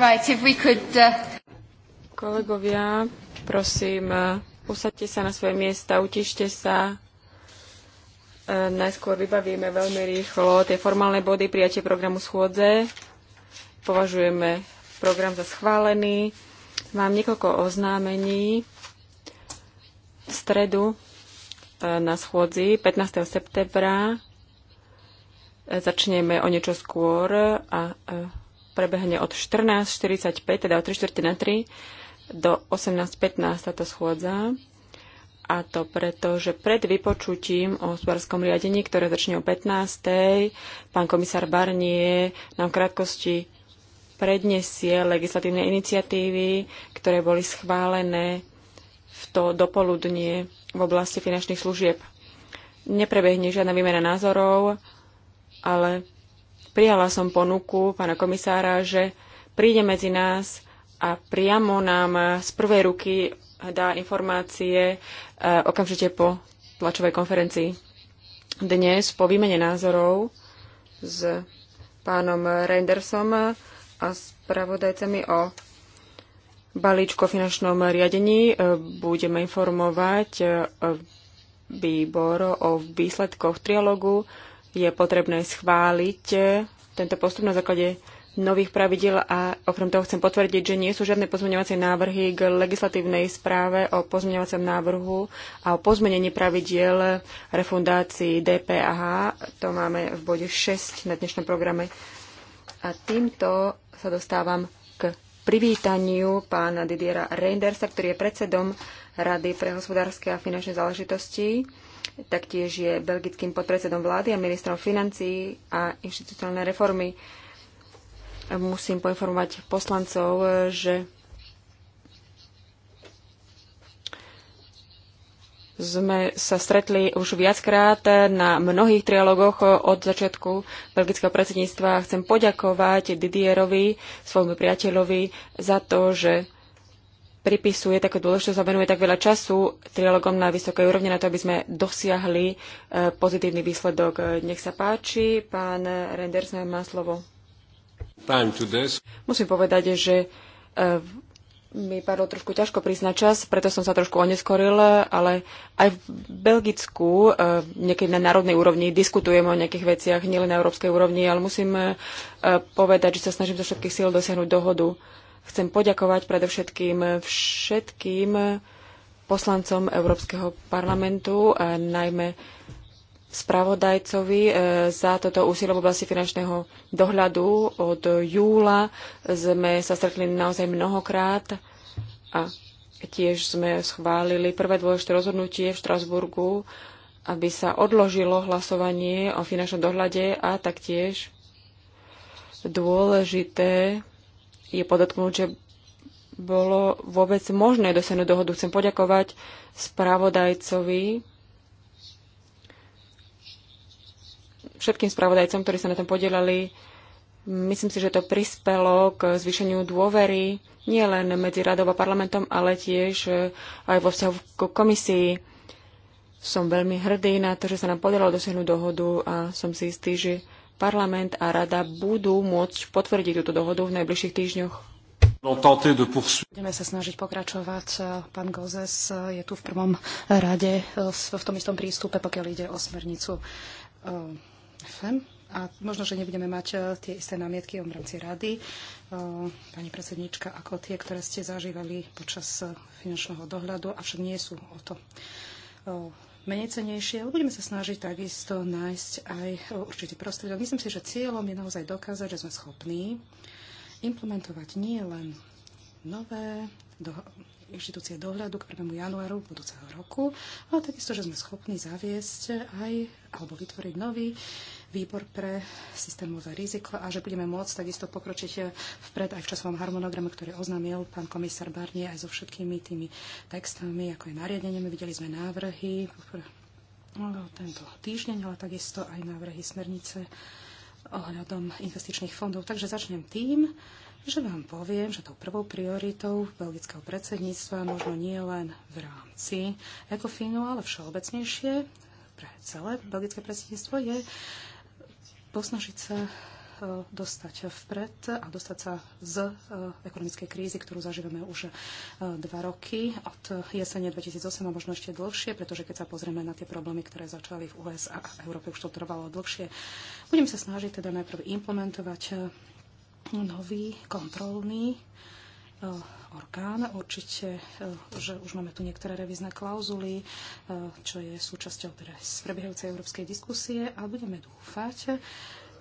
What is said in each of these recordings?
Right, if we could, uh... Kolegovia, prosím, uh, usadte sa na svoje miesta, utište sa. Uh, najskôr vybavíme veľmi rýchlo tie formálne body prijatie programu schôdze. Považujeme program za schválený. Mám niekoľko oznámení. V stredu uh, na schôdzi 15. septembra. Začneme o niečo skôr a prebehne od 14.45, teda od 3.4 na 3, do 18.15 táto schôdza. A to preto, že pred vypočutím o hospodárskom riadení, ktoré začne o 15.00, pán komisár Barnier nám v krátkosti predniesie legislatívne iniciatívy, ktoré boli schválené v to dopoludnie v oblasti finančných služieb. Neprebehne žiadna výmena názorov, ale Prijala som ponuku pána komisára, že príde medzi nás a priamo nám z prvej ruky dá informácie e, okamžite po tlačovej konferencii. Dnes po výmene názorov s pánom Reindersom a spravodajcami o balíčko finančnom riadení e, budeme informovať e, výbor o výsledkoch trialogu je potrebné schváliť e, tento postup na základe nových pravidel a okrem toho chcem potvrdiť, že nie sú žiadne pozmeňovacie návrhy k legislatívnej správe o pozmeňovacom návrhu a o pozmenení pravidiel refundácii DPAH. To máme v bode 6 na dnešnom programe. A týmto sa dostávam k privítaniu pána Didiera Reindersa, ktorý je predsedom Rady pre hospodárske a finančné záležitosti taktiež je belgickým podpredsedom vlády a ministrom financií a inštitucionálnej reformy. Musím poinformovať poslancov, že sme sa stretli už viackrát na mnohých trialogoch od začiatku belgického predsedníctva. Chcem poďakovať Didierovi, svojmu priateľovi, za to, že pripisuje takú dôležitosť a venuje tak veľa času trilogom na vysokej úrovni na to, aby sme dosiahli e, pozitívny výsledok. E, nech sa páči, pán Renders no, má slovo. Musím povedať, že e, mi padlo trošku ťažko priznať čas, preto som sa trošku oneskoril, ale aj v Belgicku niekedy na národnej úrovni diskutujeme o nejakých veciach, nielen na európskej úrovni, ale musím povedať, že sa snažím zo všetkých síl dosiahnuť dohodu Chcem poďakovať predovšetkým všetkým poslancom Európskeho parlamentu, najmä spravodajcovi eh, za toto úsilie v oblasti finančného dohľadu. Od júla sme sa stretli naozaj mnohokrát a tiež sme schválili prvé dôležité rozhodnutie v Štrasburgu, aby sa odložilo hlasovanie o finančnom dohľade a taktiež dôležité je podotknúť, že bolo vôbec možné dosiahnuť dohodu. Chcem poďakovať spravodajcovi, všetkým spravodajcom, ktorí sa na tom podielali. Myslím si, že to prispelo k zvýšeniu dôvery nielen medzi radou a parlamentom, ale tiež e, aj vo vzťahu k komisii. Som veľmi hrdý na to, že sa nám podarilo dosiahnuť dohodu a som si istý, že Parlament a rada budú môcť potvrdiť túto dohodu v najbližších týždňoch. Budeme sa snažiť pokračovať. Pán Gozes je tu v prvom rade v tom istom prístupe, pokiaľ ide o smernicu eh, FM. E a možno, že nebudeme mať eh, tie isté námietky v rámci rady, eh, pani predsednička, ako tie, ktoré ste zažívali počas finančného dohľadu, avšak nie sú o to menej cenejšie, ale budeme sa snažiť takisto nájsť aj určitý prostredok. Myslím si, že cieľom je naozaj dokázať, že sme schopní implementovať nie len nové do, inštitúcie dohľadu k 1. januáru budúceho roku, ale takisto, že sme schopní zaviesť aj alebo vytvoriť nový výbor pre systémové riziko a že budeme môcť takisto pokročiť vpred aj v časovom harmonograme, ktorý oznámil pán komisár Barnier aj so všetkými tými textami, ako je nariadeniami. My videli sme návrhy no, tento týždeň, ale takisto aj návrhy smernice ohľadom investičných fondov. Takže začnem tým, že vám poviem, že tou prvou prioritou belgického predsedníctva, možno nie len v rámci ECOFINu, ale všeobecnejšie pre celé belgické predsedníctvo je posnažiť sa e, dostať vpred a dostať sa z e, ekonomickej krízy, ktorú zažívame už e, dva roky od jesene 2008 a možno ešte dlhšie, pretože keď sa pozrieme na tie problémy, ktoré začali v USA a Európe, už to trvalo dlhšie. Budem sa snažiť teda najprv implementovať nový kontrolný E, orgán. Určite, e, že už máme tu niektoré revizné klauzuly, e, čo je súčasťou teraz prebiehajúcej európskej diskusie a budeme dúfať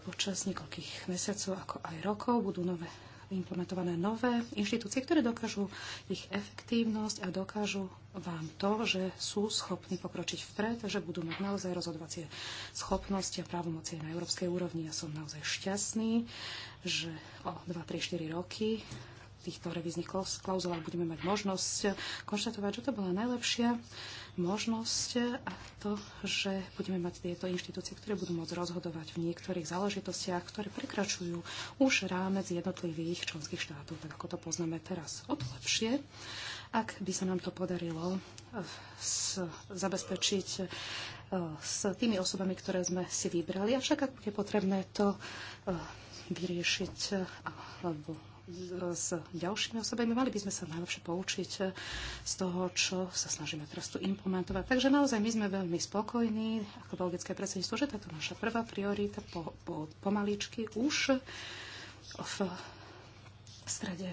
počas niekoľkých mesiacov, ako aj rokov, budú nové implementované nové inštitúcie, ktoré dokážu ich efektívnosť a dokážu vám to, že sú schopní pokročiť vpred, že budú mať naozaj rozhodovacie schopnosti a právomoci na európskej úrovni. Ja som naozaj šťastný, že o 2, 3, 4 roky týchto revíznych klauzulách budeme mať možnosť konštatovať, že to bola najlepšia možnosť a to, že budeme mať tieto inštitúcie, ktoré budú môcť rozhodovať v niektorých záležitostiach, ktoré prekračujú už rámec jednotlivých členských štátov, tak ako to poznáme teraz. O to lepšie, ak by sa nám to podarilo eh, s, zabezpečiť eh, s tými osobami, ktoré sme si vybrali. Avšak ak bude potrebné to eh, vyriešiť alebo s ďalšími osobami. Mali by sme sa najlepšie poučiť eh, z toho, čo sa snažíme teraz tu implementovať. Takže naozaj my sme veľmi spokojní ako belgické predsedníctvo, že táto naša prvá priorita po, po, pomaličky už v strede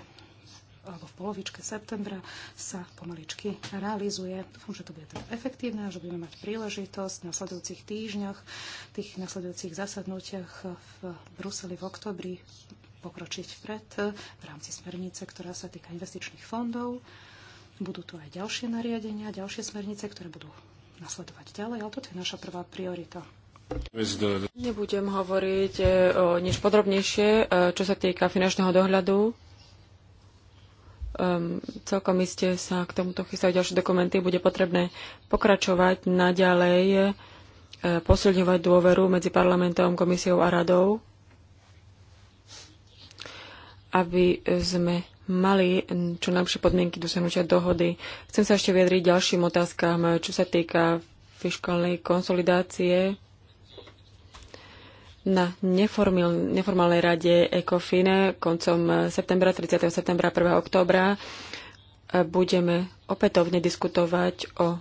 alebo v polovičke septembra sa pomaličky realizuje. Dúfam, že to bude teda efektívne a že budeme mať príležitosť v nasledujúcich týždňoch, tých nasledujúcich zasadnutiach v Bruseli v oktobri pokročiť vpred v rámci smernice, ktorá sa týka investičných fondov. Budú tu aj ďalšie nariadenia, ďalšie smernice, ktoré budú nasledovať ďalej, ale toto je naša prvá priorita. Nebudem hovoriť e, o nič podrobnejšie, e, čo sa týka finančného dohľadu. Um, celkom iste sa k tomuto chystajú ďalšie dokumenty. Bude potrebné pokračovať naďalej, e, posilňovať dôveru medzi parlamentom, komisiou a radou aby sme mali čo najlepšie podmienky dosiahnutia dohody. Chcem sa ešte vyjadriť ďalším otázkam, čo sa týka fiskálnej konsolidácie na neformálnej rade ECOFINE koncom septembra, 30. septembra, 1. októbra e, budeme opätovne diskutovať o,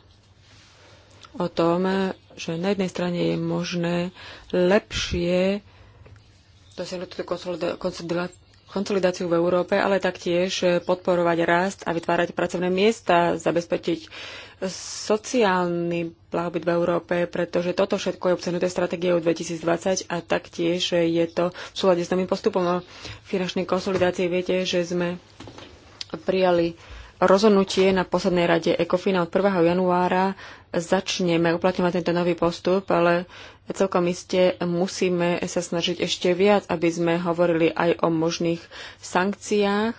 o tom, že na jednej strane je možné lepšie dosiahnuť túto konsolidáciu v Európe, ale taktiež eh, podporovať rast a vytvárať pracovné miesta, zabezpečiť eh, sociálny blahobyt v Európe, pretože toto všetko je obsahnuté stratégiou 2020 a taktiež eh, je to v súlade s novým postupom o finančnej konsolidácii. Viete, že sme prijali rozhodnutie na poslednej rade ECOFIN od 1. januára začneme uplatňovať tento nový postup, ale celkom iste musíme sa snažiť ešte viac, aby sme hovorili aj o možných sankciách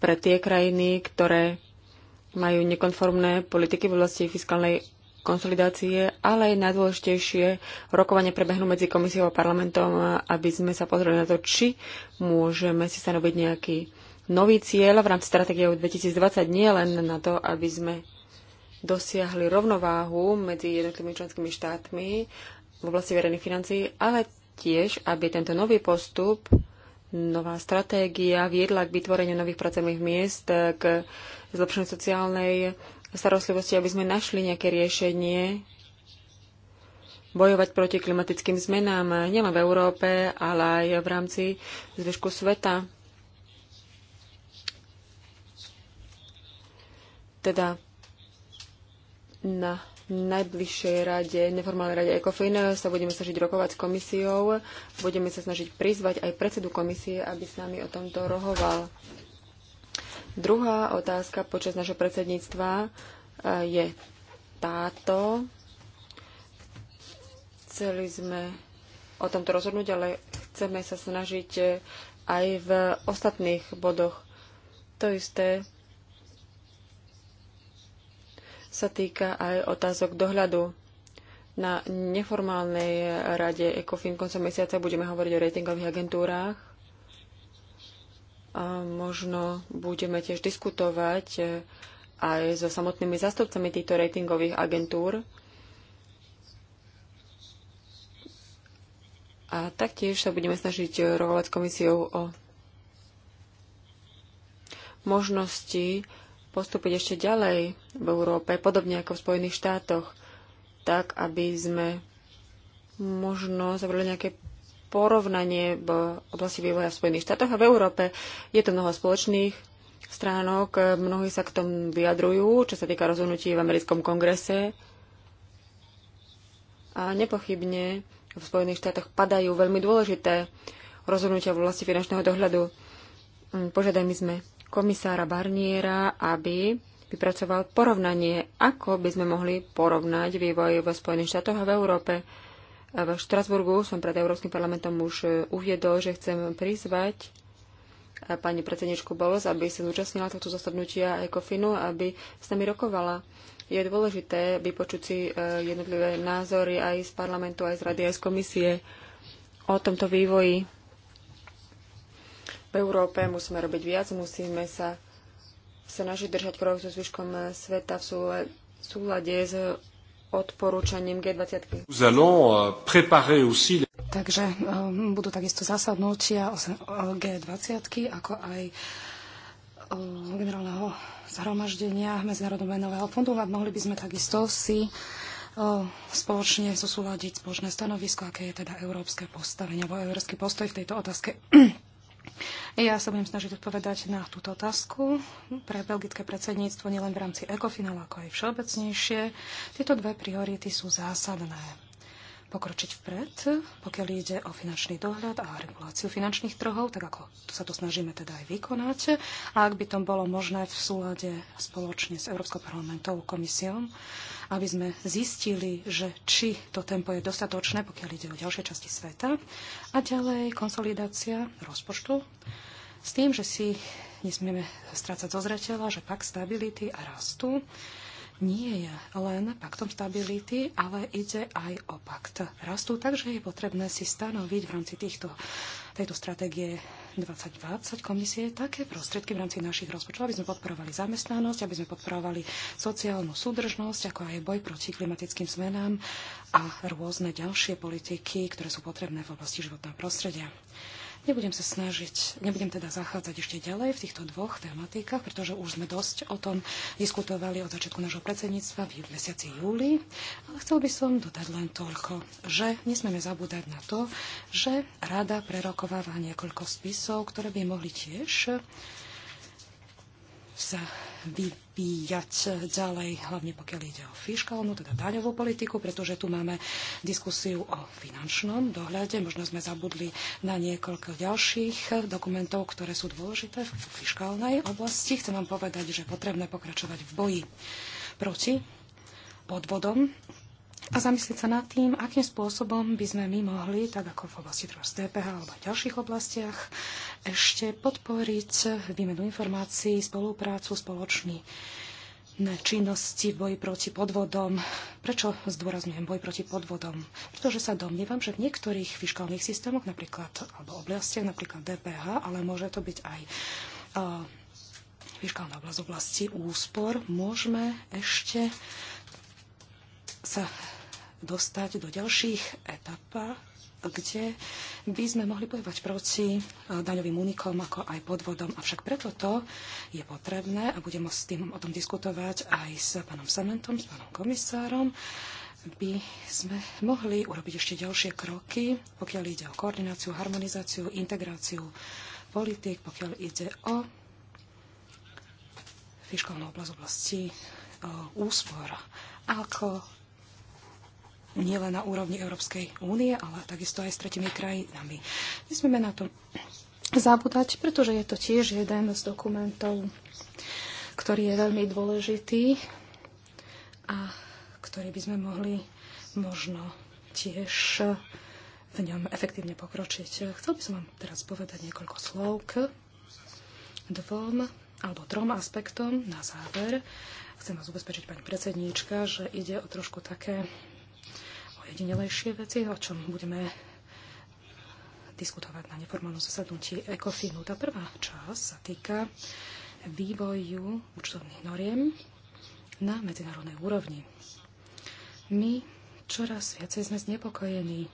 pre tie krajiny, ktoré majú nekonformné politiky v oblasti fiskálnej konsolidácie, ale aj najdôležitejšie rokovanie prebehnú medzi komisiou a parlamentom, aby sme sa pozreli na to, či môžeme si stanoviť nejaký nový cieľ v rámci stratégie 2020 nie len na to, aby sme dosiahli rovnováhu medzi jednotlivými členskými štátmi v oblasti verejných financií, ale tiež, aby tento nový postup, nová stratégia viedla k vytvoreniu nových pracovných miest, k zlepšeniu sociálnej starostlivosti, aby sme našli nejaké riešenie bojovať proti klimatickým zmenám nielen v Európe, ale aj v rámci zvyšku sveta. Teda na najbližšej rade, neformálnej rade ECOFIN sa budeme snažiť rokovať s komisiou. Budeme sa snažiť prizvať aj predsedu komisie, aby s nami o tomto rohoval. Druhá otázka počas našho predsedníctva eh, je táto. Chceli sme o tomto rozhodnúť, ale chceme sa snažiť eh, aj v ostatných bodoch. To isté sa týka aj otázok dohľadu. Na neformálnej rade ECOFIN koncom mesiaca budeme hovoriť o ratingových agentúrách. A možno budeme tiež diskutovať e, aj so samotnými zastupcami týchto ratingových agentúr. A taktiež sa budeme snažiť rovovať s komisiou o možnosti postúpiť ešte ďalej v Európe, podobne ako v Spojených štátoch, tak aby sme možno zavreli nejaké porovnanie v oblasti vývoja v Spojených štátoch a v Európe. Je to mnoho spoločných stránok, mnohí sa k tomu vyjadrujú, čo sa týka rozhodnutí v americkom kongrese. A nepochybne v Spojených štátoch padajú veľmi dôležité rozhodnutia v oblasti finančného dohľadu. Požiadajme sme komisára Barniera, aby vypracoval porovnanie, ako by sme mohli porovnať vývoj v Spojených štátoch a v Európe. V Štrasburgu som pred Európskym parlamentom už e, uviedol, že chcem prizvať e, pani predsedničku Bolos, aby sa zúčastnila tohto zasadnutia ECOFINu, aby s nami rokovala. Je dôležité vypočuť si e, jednotlivé názory aj z parlamentu, aj z rady, aj z komisie o tomto vývoji v Európe, musíme robiť viac, musíme sa snažiť držať krok so zvyškom sveta v súlade s odporúčaním G20. Euh, Takže um, budú takisto zasadnutia G20, ako aj um, generálneho zhromaždenia Medzinárodného menového fondu a mohli by sme takisto si um, spoločne zosúľadiť spoločné stanovisko, aké je teda európske postavenie alebo európsky postoj v tejto otázke. Ja sa budem snažiť odpovedať na túto otázku pre belgické predsedníctvo nielen v rámci ale ako aj všeobecnejšie. Tieto dve priority sú zásadné pokročiť vpred, pokiaľ ide o finančný dohľad a reguláciu finančných trhov, tak ako sa to snažíme teda aj vykonať. A ak by to bolo možné v súlade spoločne s Európskou parlamentou komisiou, aby sme zistili, že či to tempo je dostatočné, pokiaľ ide o ďalšie časti sveta. A ďalej konsolidácia rozpočtu s tým, že si nesmieme strácať zo zreteľa, že pak stability a rastu nie je len paktom stability, ale ide aj o pakt rastu, takže je potrebné si stanoviť v rámci týchto, tejto stratégie 2020 komisie také prostriedky v rámci našich rozpočtov, aby sme podporovali zamestnanosť, aby sme podporovali sociálnu súdržnosť, ako aj boj proti klimatickým zmenám a rôzne ďalšie politiky, ktoré sú potrebné v oblasti životného prostredia. Nebudem sa snažiť, nebudem teda zachádzať ešte ďalej v týchto dvoch tematikách, pretože už sme dosť o tom diskutovali od začiatku nášho predsedníctva v mesiaci júli, ale chcel by som dodať len toľko, že nesmieme zabúdať na to, že rada prerokováva niekoľko spisov, ktoré by mohli tiež sa vy, vyvíjať ďalej, hlavne pokiaľ ide o fiskálnu, teda daňovú politiku, pretože tu máme diskusiu o finančnom dohľade. Možno sme zabudli na niekoľko ďalších dokumentov, ktoré sú dôležité v fiskálnej oblasti. Chcem vám povedať, že potrebné pokračovať v boji proti podvodom a zamyslieť sa nad tým, akým spôsobom by sme my mohli, tak ako v oblasti z DPH alebo v ďalších oblastiach, ešte podporiť výmenu informácií, spoluprácu, spoločný činnosti v boji proti podvodom. Prečo zdôrazňujem boj proti podvodom? Pretože sa domnievam, že v niektorých fiskálnych systémoch, napríklad, alebo oblastiach, napríklad DPH, ale môže to byť aj uh, fiskálna oblasť oblasti úspor, môžeme ešte uh, sa dostať do ďalších etap, kde by sme mohli bojovať proti eh, daňovým únikom ako aj podvodom. Avšak preto to je potrebné a budeme s tým o tom diskutovať aj s pánom Samentom, s pánom komisárom, by sme mohli urobiť ešte ďalšie kroky, pokiaľ ide o koordináciu, harmonizáciu, integráciu politik, pokiaľ ide o fiskálnu oblasť oblasti eh, úspor, ako nielen na úrovni Európskej únie, ale takisto aj s tretimi krajinami. Nesmieme na to zabúdať, pretože je to tiež jeden z dokumentov, ktorý je veľmi dôležitý a ktorý by sme mohli možno tiež v ňom efektívne pokročiť. Chcel by som vám teraz povedať niekoľko slov k dvom alebo trom aspektom na záver. Chcem vás ubezpečiť, pani predsedníčka, že ide o trošku také ojedinelejšie veci, o čom budeme diskutovať na neformálnom zasadnutí ECOFINu. Tá prvá časť sa týka vývoju účtovných noriem na medzinárodnej úrovni. My čoraz viacej sme znepokojení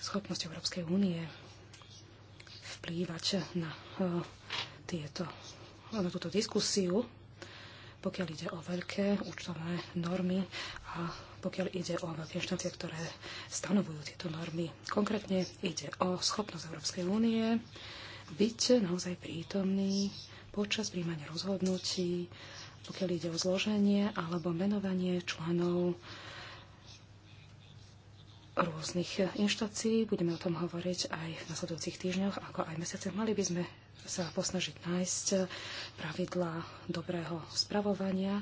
schopnosť Európskej únie vplývať na e, tieto, na túto diskusiu, pokiaľ ide o veľké účtovné normy a pokiaľ ide o inštancie, ktoré stanovujú tieto normy. Konkrétne ide o schopnosť Európskej únie byť naozaj prítomný počas príjmania rozhodnutí, pokiaľ ide o zloženie alebo menovanie členov rôznych inštácií. Budeme o tom hovoriť aj v nasledujúcich týždňoch, ako aj mesiacoch. Mali by sme sa posnažiť nájsť pravidla dobrého spravovania,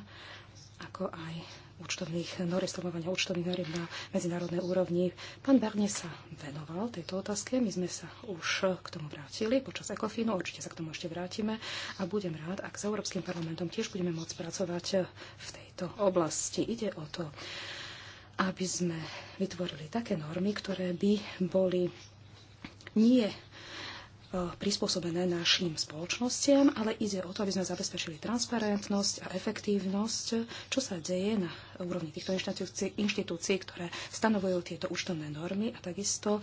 ako aj účtovných noriem, stanovania účtovných noriem na medzinárodnej úrovni. Pán Barnier sa venoval tejto otázke, my sme sa už k tomu vrátili počas ECOFINu, určite sa k tomu ešte vrátime a budem rád, ak s Európskym parlamentom tiež budeme môcť pracovať v tejto oblasti. Ide o to, aby sme vytvorili také normy, ktoré by boli nie E, prispôsobené našim spoločnostiam, ale ide o to, aby sme zabezpečili transparentnosť a efektívnosť, čo sa deje na úrovni týchto inštitúcií, inštitúcií ktoré stanovujú tieto účtovné normy a takisto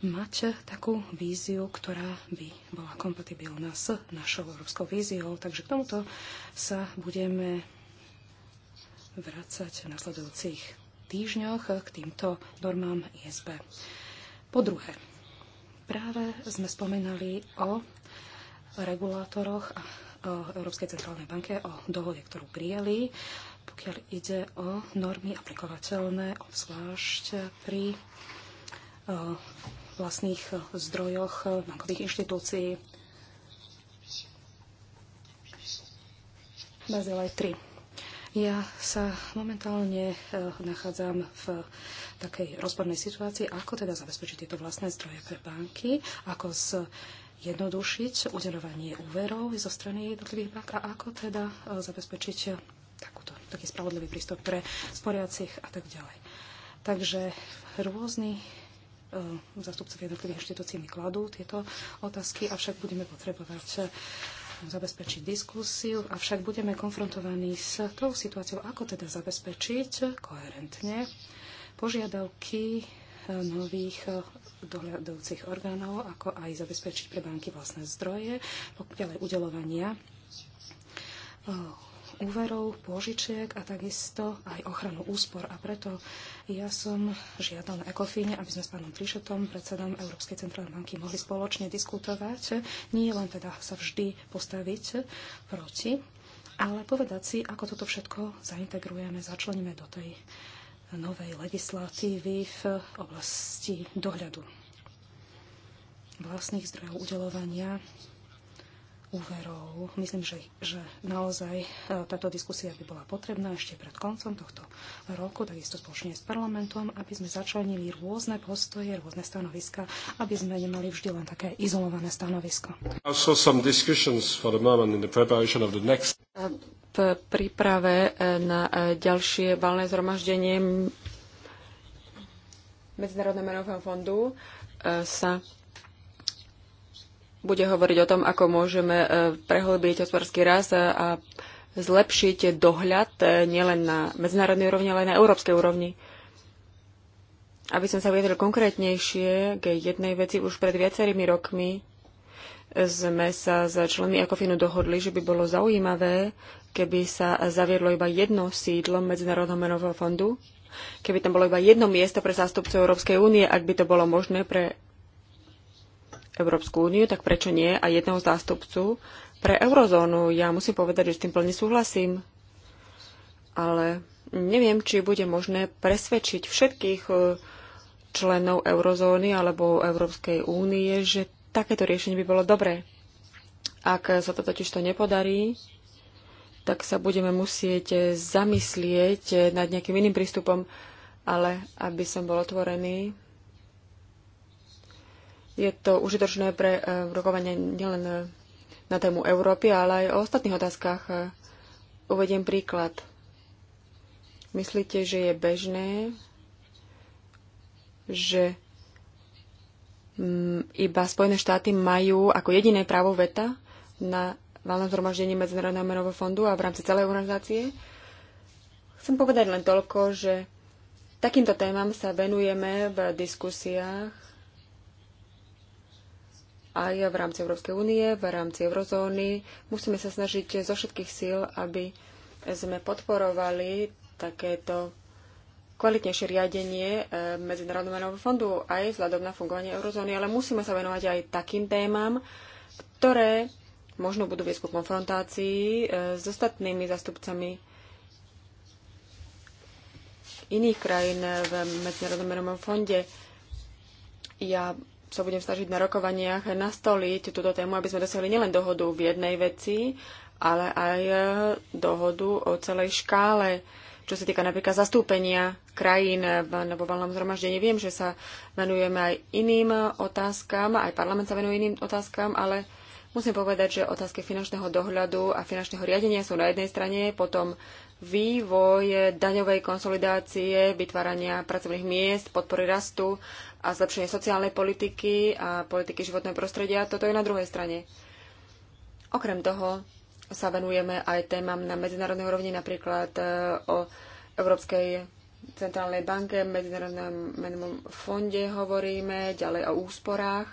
mať takú víziu, ktorá by bola kompatibilná s našou európskou víziou. Takže k tomuto sa budeme vrácať v nasledujúcich týždňoch k týmto normám ISB. Po druhé, Práve sme spomenali o regulátoroch a o Európskej centrálnej banke, o dohode, ktorú prijali, pokiaľ ide o normy aplikovateľné, obzvlášť pri o, vlastných zdrojoch bankových inštitúcií. Bazilej 3. Ja sa momentálne e, nachádzam v takej rozpornej situácii, ako teda zabezpečiť tieto vlastné zdroje pre banky, ako z jednodušiť udelovanie úverov zo strany jednotlivých bank a ako teda e, zabezpečiť takúto, taký spravodlivý prístup pre sporiacich a tak ďalej. Takže rôzni e, zástupcovia jednotlivých inštitúcií mi kladú tieto otázky, avšak budeme potrebovať zabezpečiť diskusiu, avšak budeme konfrontovaní s tou situáciou, ako teda zabezpečiť koherentne požiadavky eh, nových eh, dohľadujúcich orgánov, ako aj zabezpečiť pre banky vlastné zdroje, ďalej udelovania eh, úverov, pôžičiek a takisto aj ochranu úspor. A preto ja som žiadal na ECOFINE, aby sme s pánom Trišetom, predsedom Európskej centrálnej banky, mohli spoločne diskutovať. Nie len teda sa vždy postaviť proti, ale povedať si, ako toto všetko zaintegrujeme, začleníme do tej novej legislatívy v oblasti dohľadu vlastných zdrojov udelovania úverov. Myslím, že, že naozaj e, táto diskusia by bola potrebná ešte pred koncom tohto roku, takisto spoločne s parlamentom, aby sme začlenili rôzne postoje, rôzne stanoviska, aby sme nemali vždy len také izolované stanovisko. V príprave e, na e, ďalšie valné zhromaždenie Medzinárodného menového fondu sa bude hovoriť o tom, ako môžeme e, prehlbiť hospodársky rast a zlepšiť dohľad e, nielen na medzinárodnej úrovni, ale aj na európskej úrovni. Aby som sa vyjadril konkrétnejšie k jednej veci, už pred viacerými rokmi sme sa s členmi ECOFINu dohodli, že by bolo zaujímavé, keby sa zaviedlo iba jedno sídlo Medzinárodného menového fondu, keby tam bolo iba jedno miesto pre zástupcov Európskej únie, ak by to bolo možné pre Európsku úniu, tak prečo nie a jedného zástupcu pre eurozónu? Ja musím povedať, že s tým plne súhlasím, ale neviem, či bude možné presvedčiť všetkých e, členov eurozóny alebo Európskej únie, že takéto riešenie by bolo dobré. Ak sa to totiž to nepodarí, tak sa budeme musieť zamyslieť nad nejakým iným prístupom, ale aby som bol otvorený, je to užitočné pre e, rokovanie nielen e, na tému Európy, ale aj o ostatných otázkach. E, uvediem príklad. Myslíte, že je bežné, že mm, iba Spojené štáty majú ako jediné právo veta na valnom zhromaždení Medzinárodného menového fondu a v rámci celej organizácie? Chcem povedať len toľko, že takýmto témam sa venujeme v diskusiách aj v rámci Európskej únie, v rámci eurozóny. Musíme sa snažiť zo všetkých síl, aby sme podporovali takéto kvalitnejšie riadenie eh, Medzinárodného menového fondu aj vzhľadom na fungovanie eurozóny, ale musíme sa venovať aj takým témam, ktoré možno budú viesť ku konfrontácii eh, s ostatnými zastupcami iných krajín v Medzinárodnom menovom fonde. Ja sa budem snažiť na rokovaniach nastoliť túto tému, aby sme dosiahli nielen dohodu v jednej veci, ale aj e, dohodu o celej škále, čo sa týka napríklad zastúpenia krajín na valnom zhromaždení. Viem, že sa venujeme aj iným otázkam, aj parlament sa venuje iným otázkam, ale musím povedať, že otázky finančného dohľadu a finančného riadenia sú na jednej strane, potom vývoj daňovej konsolidácie, vytvárania pracovných miest, podpory rastu a zlepšenie sociálnej politiky a politiky životného prostredia. Toto je na druhej strane. Okrem toho sa venujeme aj témam na medzinárodnej úrovni, napríklad e, o Európskej centrálnej banke, Medzinárodnom menom fonde hovoríme, ďalej o úsporách.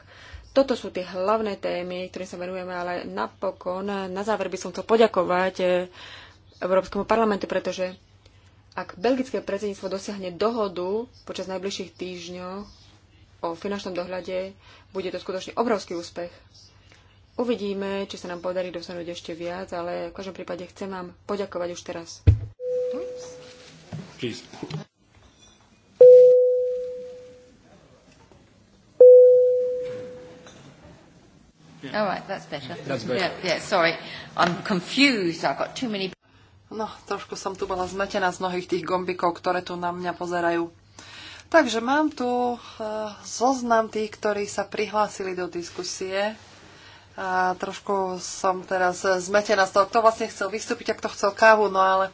Toto sú tie hlavné témy, ktorým sa venujeme, ale napokon, na záver by som chcel poďakovať e, Európskemu parlamentu, pretože ak belgické predsedníctvo dosiahne dohodu počas najbližších týždňov o finančnom dohľade, bude to skutočne obrovský úspech. Uvidíme, či sa nám podarí dosiahnuť ešte viac, ale v každom prípade chcem vám poďakovať už teraz. No, trošku som tu bola zmetená z mnohých tých gombikov, ktoré tu na mňa pozerajú. Takže mám tu e, zoznam tých, ktorí sa prihlásili do diskusie. A trošku som teraz zmetená z toho, kto vlastne chcel vystúpiť a kto chcel kávu, no ale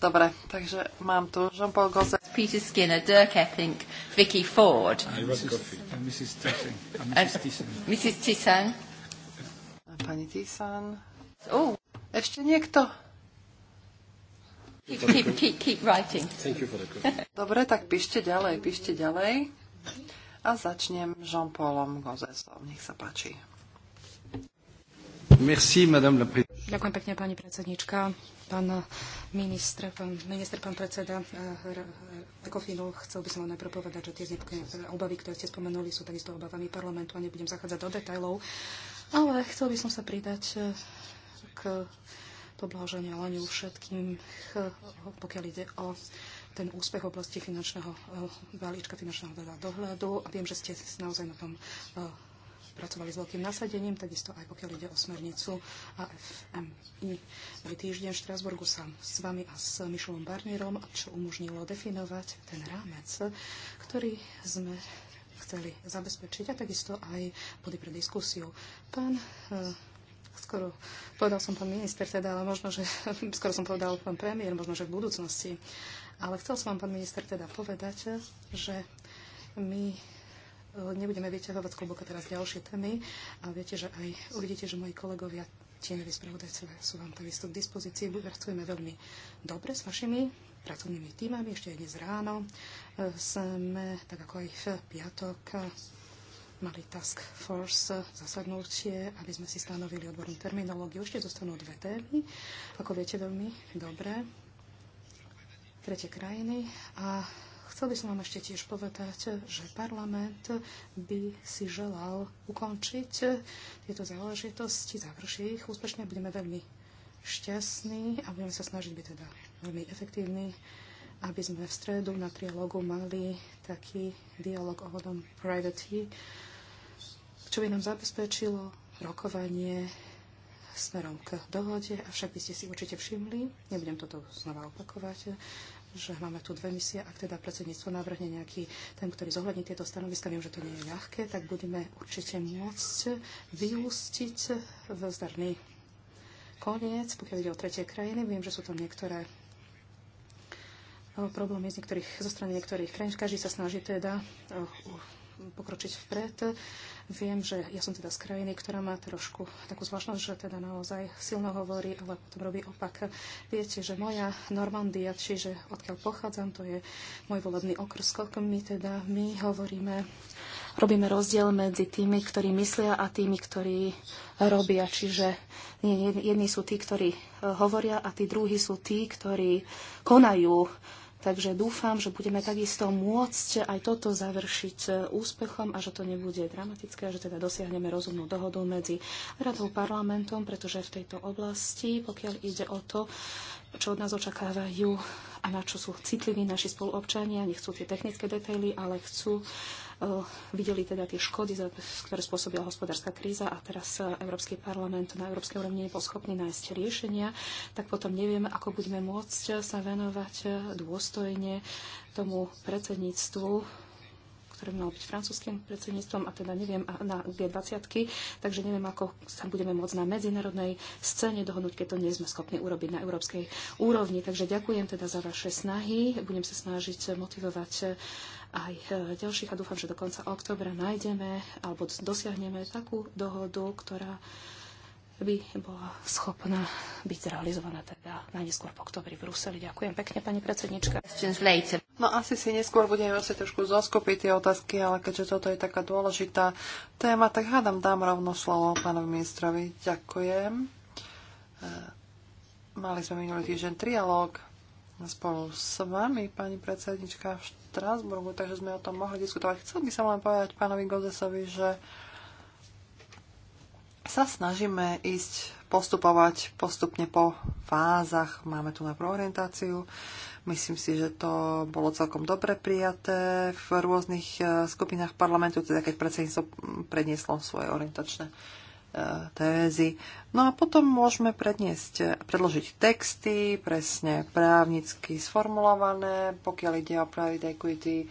dobre, takže mám tu Jean-Paul Gozet. Peter Skinner, Dirk Epping, Vicky Ford. Mrs. Tissan. Uh, pani Tissan. Oh. ešte niekto? Keep, keep, keep, writing. Thank you for the Dobre, tak píšte ďalej, píšte ďalej. A začnem Jean-Paulom Gozesom. Nech sa páči. Merci, madame la Ďakujem pekne, pani predsednička. Pán minister, pán, minister, pán predseda Ekofinu, eh, chcel by som vám najprv povedať, že tie znepokojné eh, obavy, ktoré ste spomenuli, sú takisto obavami parlamentu a nebudem zachádzať do detajlov, ale chcel by som sa pridať eh, k poblahoženia Leniu všetkým, pokiaľ ide o ten úspech v oblasti finančného eh, balíčka, finančného dohľadu. A viem, že ste naozaj na tom eh, pracovali s veľkým nasadením, takisto aj pokiaľ ide o smernicu AFMI. Minulý týždeň v Štrásburgu sa s vami a s Mišelom Barnierom, čo umožnilo definovať ten rámec, ktorý sme chceli zabezpečiť a takisto aj pod pre diskusiu. Pán eh, skoro povedal som pán minister, teda, ale možno, že skoro som povedal pán premiér, možno, že v budúcnosti. Ale chcel som vám, pán minister, teda povedať, že my eh, nebudeme vyťahovať z kluboka teraz ďalšie témy a viete, že aj uvidíte, že moji kolegovia tieňoví spravodajcovia sú vám takisto k dispozícii. Pracujeme veľmi dobre s vašimi pracovnými týmami. Ešte aj dnes ráno eh, sme, tak ako aj v piatok, mali task force zasadnutie, aby sme si stanovili odbornú terminológiu. Ešte zostanú dve témy, ako viete veľmi dobre, tretie krajiny. A chcel by som vám ešte tiež povedať, že parlament by si želal ukončiť tieto záležitosti, završiť ich úspešne. Budeme veľmi šťastní a budeme sa snažiť byť teda veľmi efektívni aby sme v stredu na trialogu mali taký dialog hodom privacy čo by nám zabezpečilo rokovanie smerom k dohode, avšak by ste si určite všimli, nebudem toto znova opakovať, že máme tu dve misie, ak teda predsedníctvo navrhne nejaký ten, ktorý zohľadní tieto stanoviska, viem, že to nie je ľahké, tak budeme určite môcť vyústiť v zdarný koniec, pokiaľ ide o tretie krajiny. Viem, že sú tam niektoré no, problémy z niektorých, zo strany niektorých krajín. Každý sa snaží teda eh, pokročiť vpred. Viem, že ja som teda z krajiny, ktorá má trošku takú zvláštnosť, že teda naozaj silno hovorí, ale potom robí opak. Viete, že moja Normandia, čiže odkiaľ pochádzam, to je môj volebný okrskok, my teda, my hovoríme, robíme rozdiel medzi tými, ktorí myslia a tými, ktorí robia. Čiže jedni sú tí, ktorí eh, hovoria a tí druhí sú tí, ktorí konajú Takže dúfam, že budeme takisto môcť aj toto završiť e, úspechom a že to nebude dramatické a že teda dosiahneme rozumnú dohodu medzi radou parlamentom, pretože v tejto oblasti, pokiaľ ide o to, čo od nás očakávajú a na čo sú citliví naši spoluobčania, nechcú tie technické detaily, ale chcú uh, videli teda tie škody, ktoré spôsobila hospodárska kríza a teraz e, Európsky parlament na európskej úrovni nebol schopný nájsť riešenia, tak potom nevieme, ako budeme môcť e, sa venovať e, dôstojne tomu predsedníctvu ktoré malo byť francúzským predsedníctvom a teda neviem na G20, takže neviem, ako sa budeme môcť na medzinárodnej scéne dohodnúť, keď to nie sme schopní urobiť na európskej úrovni. Takže ďakujem teda za vaše snahy, budem sa snažiť motivovať aj e, ďalších a dúfam, že do konca oktobra nájdeme alebo dosiahneme takú dohodu, ktorá by bola schopná byť zrealizovaná teda najneskôr v oktobri v Bruseli. Ďakujem pekne, pani predsednička. No asi si neskôr budeme asi trošku zoskupiť tie otázky, ale keďže toto je taká dôležitá téma, tak hádam dám rovno slovo pánovi ministrovi. Ďakujem. E, mali sme minulý týždeň trialóg spolu s vami, pani predsednička, v Strasburgu, takže sme o tom mohli diskutovať. Chcel by som len povedať pánovi Gozesovi, že sa snažíme ísť postupovať postupne po fázach. Máme tu na orientáciu. Myslím si, že to bolo celkom dobre prijaté v rôznych eh, skupinách parlamentu, teda keď predsedníctvo prednieslo svoje orientačné tézy. No a potom môžeme predniesť, predložiť texty, presne právnicky sformulované, pokiaľ ide o private equity.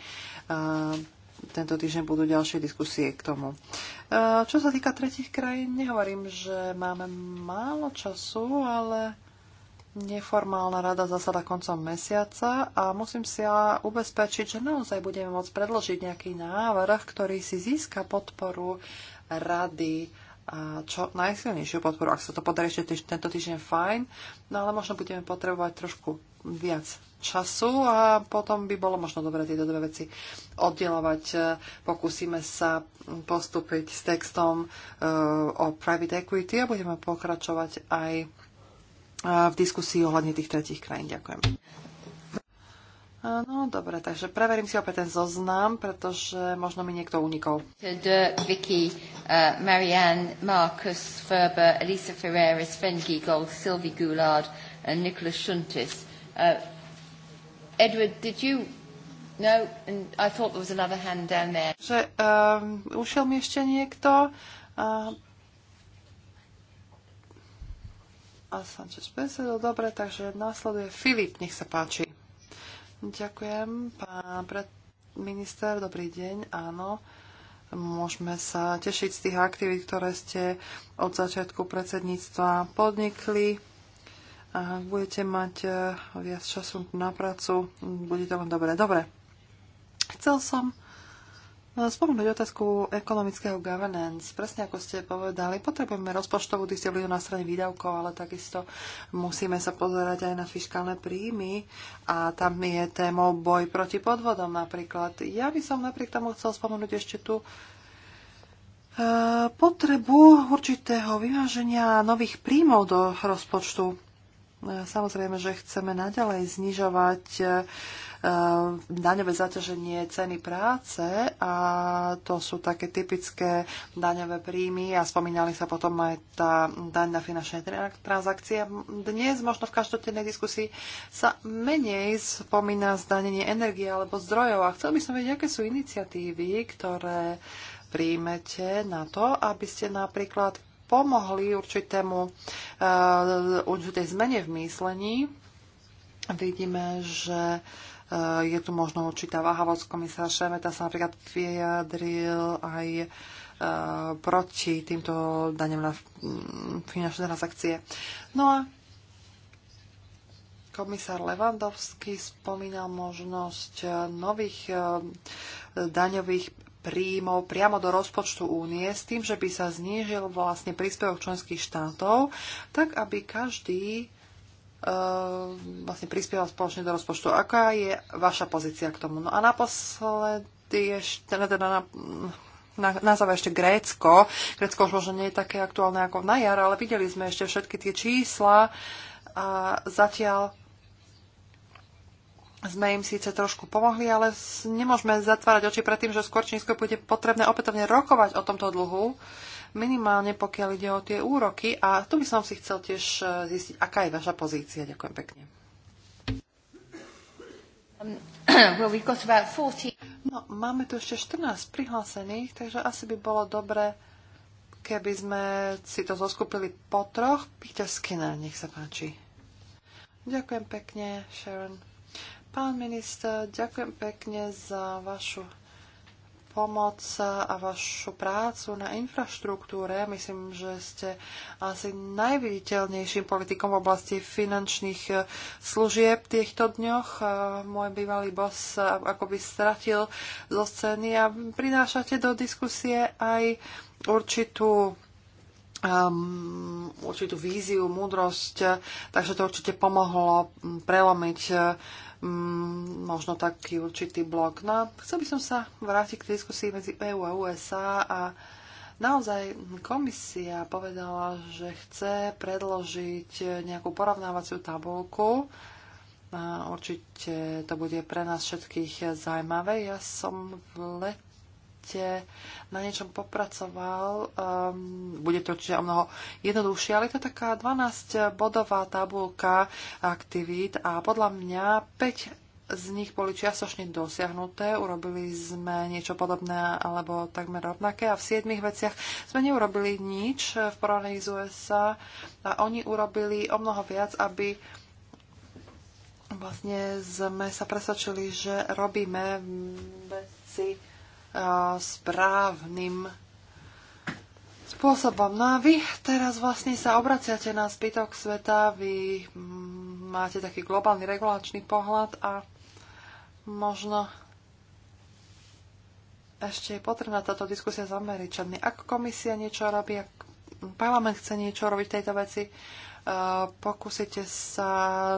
Tento týždeň budú ďalšie diskusie k tomu. Čo sa týka tretich krajín, nehovorím, že máme málo času, ale neformálna rada zasada koncom mesiaca a musím si ja ubezpečiť, že naozaj budeme môcť predložiť nejaký návrh, ktorý si získa podporu rady a čo najsilnejšiu podporu. Ak sa to podarí ešte týž, tento týždeň, fajn, no ale možno budeme potrebovať trošku viac času a potom by bolo možno dobre tieto dve veci oddelovať. E, pokúsime sa postúpiť s textom e, o private equity a budeme pokračovať aj e, v diskusii ohľadne tých tretich krajín. Ďakujem. Áno, dobre, takže preverím si opäť ten zoznam, pretože možno mi niekto unikol. Vicky, uh, Marianne, Marcus, Ferber, Elisa Ferreira, Sven Giegold, Sylvie Goulard and Nicholas Shuntis. Uh, Edward, did you... No, and I thought there was another hand down there. Že, um, ušiel mi ešte niekto. Uh, a Sanchez Pesedo, dobre, takže následuje Filip, nech sa páči. Ďakujem, pán pred... minister, dobrý deň. Áno, môžeme sa tešiť z tých aktivít, ktoré ste od začiatku predsedníctva podnikli. ak budete mať eh, viac času na prácu, bude to len dobré. Dobre. Chcel som Eh, spomenúť otázku ekonomického governance. Presne ako ste povedali, potrebujeme rozpočtovú disciplínu na strane výdavkov, ale takisto musíme sa pozerať aj na fiskálne príjmy a tam je témou boj proti podvodom napríklad. Ja by som napriek tomu chcel spomenúť ešte tú eh, potrebu určitého vyváženia nových príjmov do rozpočtu. Eh, Samozrejme, že chceme naďalej znižovať Ehm, daňové zaťaženie ceny práce a to sú také typické daňové príjmy a spomínali sa potom aj tá daň na finančné transakcie. Dnes možno v každodennej diskusii sa menej spomína zdanenie energie alebo zdrojov a chcel by som vedieť, aké sú iniciatívy, ktoré príjmete na to, aby ste napríklad pomohli určitému, uh, určitej zmene v myslení. Vidíme, že uh, Eh, je tu možno určitá váhavosť. komisára Šemeta sa napríklad vyjadril aj eh, proti týmto daňom na mm, finančné transakcie. No a komisár Levandovský spomínal možnosť eh, nových daňových príjmov priamo do rozpočtu únie s tým, že by sa znížil vlastne príspevok členských štátov, tak aby každý Ehm, vlastne prispieva spoločne do rozpočtu. Aká je vaša pozícia k tomu? No a naposledy ešte, teda na, na, na záver ešte Grécko. Grécko už možno nie je také aktuálne ako na jar, ale videli sme ešte všetky tie čísla a zatiaľ sme im síce trošku pomohli, ale nemôžeme zatvárať oči pred tým, že skôr či bude potrebné opätovne rokovať o tomto dlhu. Uh, minimálne pokiaľ ide o tie úroky. A tu by som si chcel tiež e, zistiť, aká je vaša pozícia. Ďakujem pekne. Um, no, máme tu ešte 14 prihlásených, takže asi by bolo dobre, keby sme si to zoskupili po troch. Peter Skinner, nech sa páči. Ďakujem pekne, Sharon. Pán minister, ďakujem pekne za vašu pomoc a vašu prácu na infraštruktúre. Myslím, že ste asi najviditeľnejším politikom v oblasti finančných eh, služieb v týchto dňoch. Eh, môj bývalý bos eh, akoby stratil zo scény a prinášate do diskusie aj určitú um, určitú víziu, múdrosť, takže to určite pomohlo mm, prelomiť uh, Mm, možno taký určitý blok. No a chcel by som sa vrátiť k diskusii medzi EU a USA a Naozaj komisia povedala, že chce predložiť nejakú porovnávaciu tabulku. Určite to bude pre nás všetkých zaujímavé. Ja som v let ste na niečom popracoval, um, bude to určite o mnoho jednoduchšie, ale je to taká 12-bodová tabulka aktivít a podľa mňa 5 z nich boli čiastočne dosiahnuté, urobili sme niečo podobné alebo takmer rovnaké a v siedmých veciach sme neurobili nič v porovnaní z USA a oni urobili o mnoho viac, aby vlastne sme sa presvedčili, že robíme veci správnym spôsobom. No a vy teraz vlastne sa obraciate na zbytok sveta, vy mm, máte taký globálny regulačný pohľad a možno ešte je potrebná táto diskusia s Američanmi. Ak komisia niečo robí, ak parlament chce niečo robiť v tejto veci, uh, pokúsite sa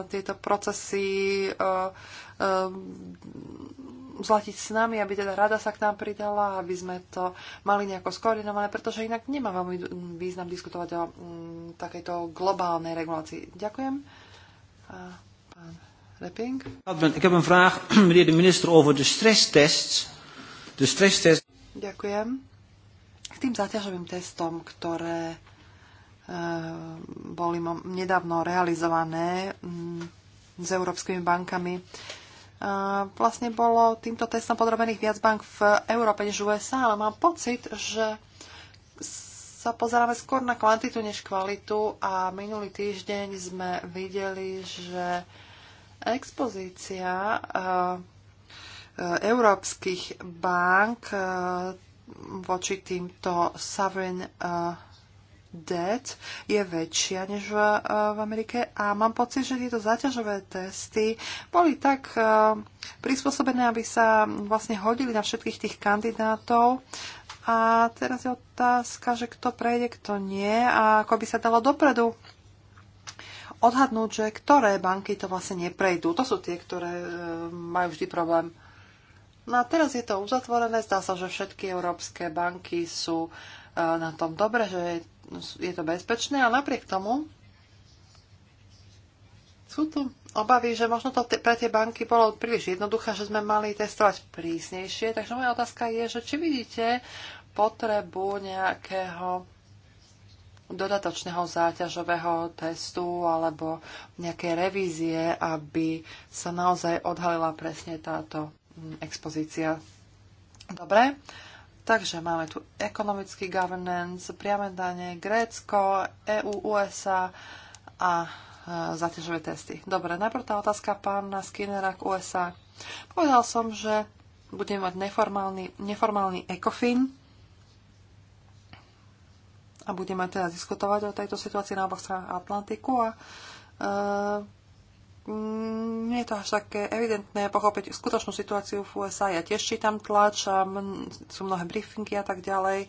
tieto procesy uh, uh, zlatiť s nami, aby teda rada sa k nám pridala, aby sme to mali nejako skoordinované, pretože inak nemá veľmi význam diskutovať o mm, takejto globálnej regulácii. Ďakujem. A pán Reping. Ik heb een vraag, meneer de minister, over de stresstests. De Ďakujem. K tým záťažovým testom, ktoré e, boli nedávno realizované mm, s európskymi bankami, Eh, vlastne bolo týmto testom podrobených viac bank v Európe než v USA, ale mám pocit, že sa pozeráme skôr na kvantitu než kvalitu a minulý týždeň sme videli, že expozícia eh, európskych bank eh, voči týmto sovereign det je väčšia než v, eh, v Amerike a mám pocit, že tieto záťažové testy boli tak eh, prispôsobené, aby sa vlastne hodili na všetkých tých kandidátov. A teraz je otázka, že kto prejde, kto nie a ako by sa dalo dopredu odhadnúť, že ktoré banky to vlastne neprejdú. To sú tie, ktoré eh, majú vždy problém. No a teraz je to uzatvorené, zdá sa, že všetky európske banky sú uh, E, na tom dobre, že je to bezpečné, ale napriek tomu sú tu obavy, že možno to pre tie banky bolo príliš jednoduché, že sme mali testovať prísnejšie. Takže moja otázka je, že či vidíte potrebu nejakého dodatočného záťažového testu alebo nejaké revízie, aby sa naozaj odhalila presne táto mm, expozícia. Dobre. Takže máme tu ekonomický governance, priame dane, Grécko, EU, USA a e, zaťažové testy. Dobre, najprv tá otázka pána Skinnera k USA. Povedal som, že budeme mať neformálny, neformálny ECOFIN a budeme teda diskutovať o tejto situácii na oboch stranách Atlantiku a e, Mm, nie je to až také evidentné pochopiť skutočnú situáciu v USA. Ja tiež čítam tlač a sú mnohé briefingy a tak ďalej e,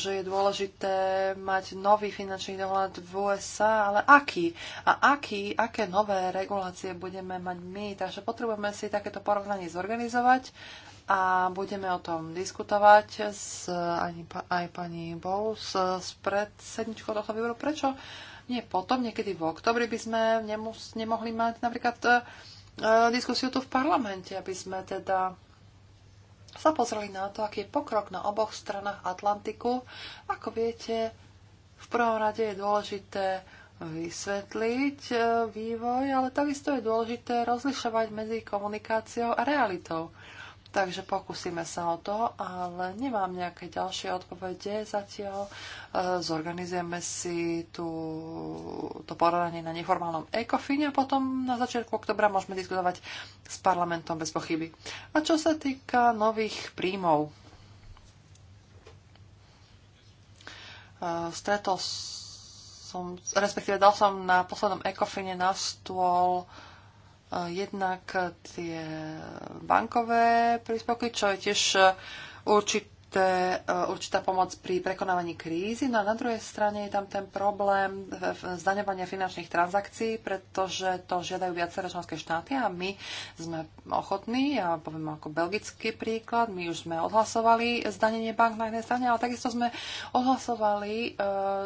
že je dôležité mať nový finančný dohľad v USA, ale aký? A aký, aké nové regulácie budeme mať my? Takže potrebujeme si takéto porovnanie zorganizovať a budeme o tom diskutovať s, aj, aj pani Bowles, s predsedničkou tohto výboru. Prečo? Uh, nie potom, niekedy v oktobri by sme nemus- nemohli mať napríklad e, e, diskusiu tu v parlamente, aby sme teda sa pozreli na to, aký je pokrok na oboch stranách Atlantiku. Ako viete, v prvom rade je dôležité vysvetliť e, vývoj, ale takisto je dôležité rozlišovať medzi komunikáciou a realitou. Takže pokúsime sa o to, ale nemám nejaké ďalšie odpovede zatiaľ. E, zorganizujeme si tú, to poradanie na neformálnom ECOFIN a potom na začiatku oktobra môžeme diskutovať s parlamentom bez pochyby. A čo sa týka nových príjmov, e, stretol som, respektíve dal som na poslednom ECOFINe na stôl uh, Eh, jednak tie bankové príspevky, čo je tiež určitý dôležité e, určitá pomoc pri prekonávaní krízy, no a na druhej strane je tam ten problém zdaňovania finančných transakcií, pretože to žiadajú viaceré členské štáty a my sme ochotní, ja poviem ako belgický príklad, my už sme odhlasovali zdanenie bank na jednej strane, ale takisto sme odhlasovali e,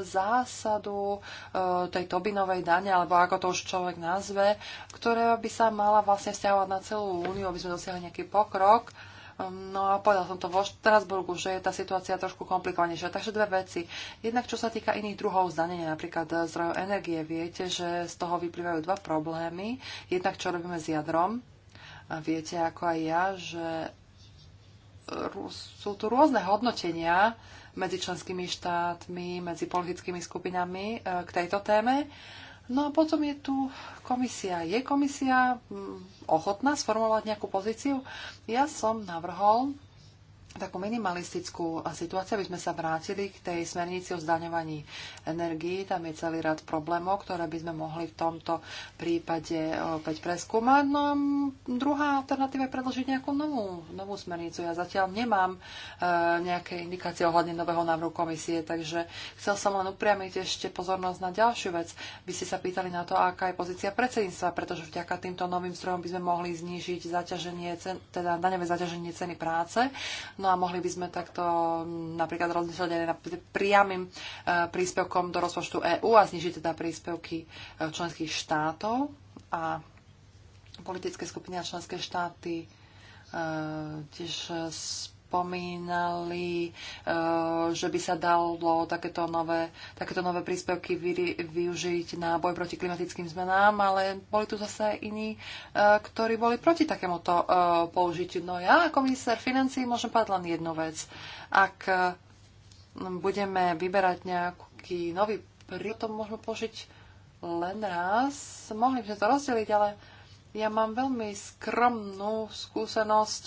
zásadu e, tej Tobinovej dane, alebo ako to už človek nazve, ktorá by sa mala vlastne vzťahovať na celú úniu, aby sme dosiahli nejaký pokrok No a povedal som to vo Strasburgu, že je tá situácia trošku komplikovanejšia. Takže dve veci. Jednak čo sa týka iných druhov zdanenia, napríklad eh, zdrojov energie, viete, že z toho vyplývajú dva problémy. Jednak čo robíme s jadrom. A viete ako aj ja, že sú tu rôzne hodnotenia medzi členskými štátmi, medzi politickými skupinami eh, k tejto téme. No a potom je tu komisia. Je komisia mm, ochotná sformulovať nejakú pozíciu? Ja som navrhol, takú minimalistickú situáciu, aby sme sa vrátili k tej smernici o zdaňovaní energií. Tam je celý rad problémov, ktoré by sme mohli v tomto prípade opäť preskúmať. No a druhá alternatíva je predložiť nejakú novú, novú smernicu. Ja zatiaľ nemám e, nejaké indikácie ohľadne nového návrhu komisie, takže chcel som len upriamiť ešte pozornosť na ďalšiu vec. Vy ste sa pýtali na to, aká je pozícia predsedníctva, pretože vďaka týmto novým strojom by sme mohli znížiť zaťaženie, teda daňové zaťaženie ceny práce. No a mohli by sme takto napríklad rozmýšľať aj na priamým e, príspevkom do rozpočtu EÚ a znižiť teda príspevky e, členských štátov a politické skupiny a členské štáty e, tiež spomínali, eh, že by sa dalo takéto nové, takéto nové príspevky vy, využiť na boj proti klimatickým zmenám, ale boli tu zase iní, eh, ktorí boli proti takémuto eh, použitiu. No ja ako minister financí môžem povedať len jednu vec. Ak budeme vyberať nejaký nový príspevok, to môžeme použiť len raz. Mohli by sme to rozdeliť, ale ja mám veľmi skromnú skúsenosť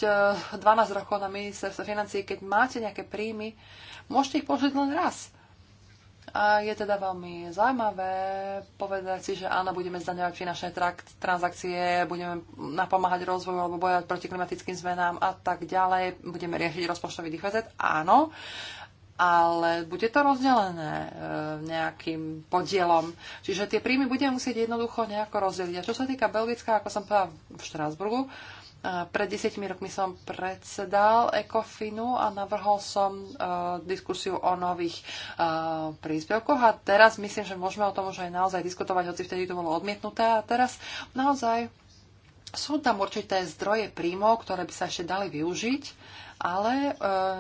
12 eh, rokov na ministerstve financií. Keď máte nejaké príjmy, môžete ich použiť len raz. A je teda veľmi zaujímavé povedať si, že áno, budeme zdaňovať finančné transakcie, budeme napomáhať rozvoju alebo bojovať proti klimatickým zmenám a tak ďalej, budeme riešiť rozpočtový deficit, áno, ale bude to rozdelené e, nejakým podielom. Čiže tie príjmy budeme musieť jednoducho nejako rozdeliť. A čo sa týka Belgická, ako som povedala v Štrásburgu, e, pred desiatimi rokmi som predsedal Ecofinu a navrhol som e, diskusiu o nových e, príspevkoch a teraz myslím, že môžeme o tom už aj naozaj diskutovať, hoci vtedy to bolo odmietnuté a teraz naozaj sú tam určité zdroje príjmov, ktoré by sa ešte dali využiť ale e,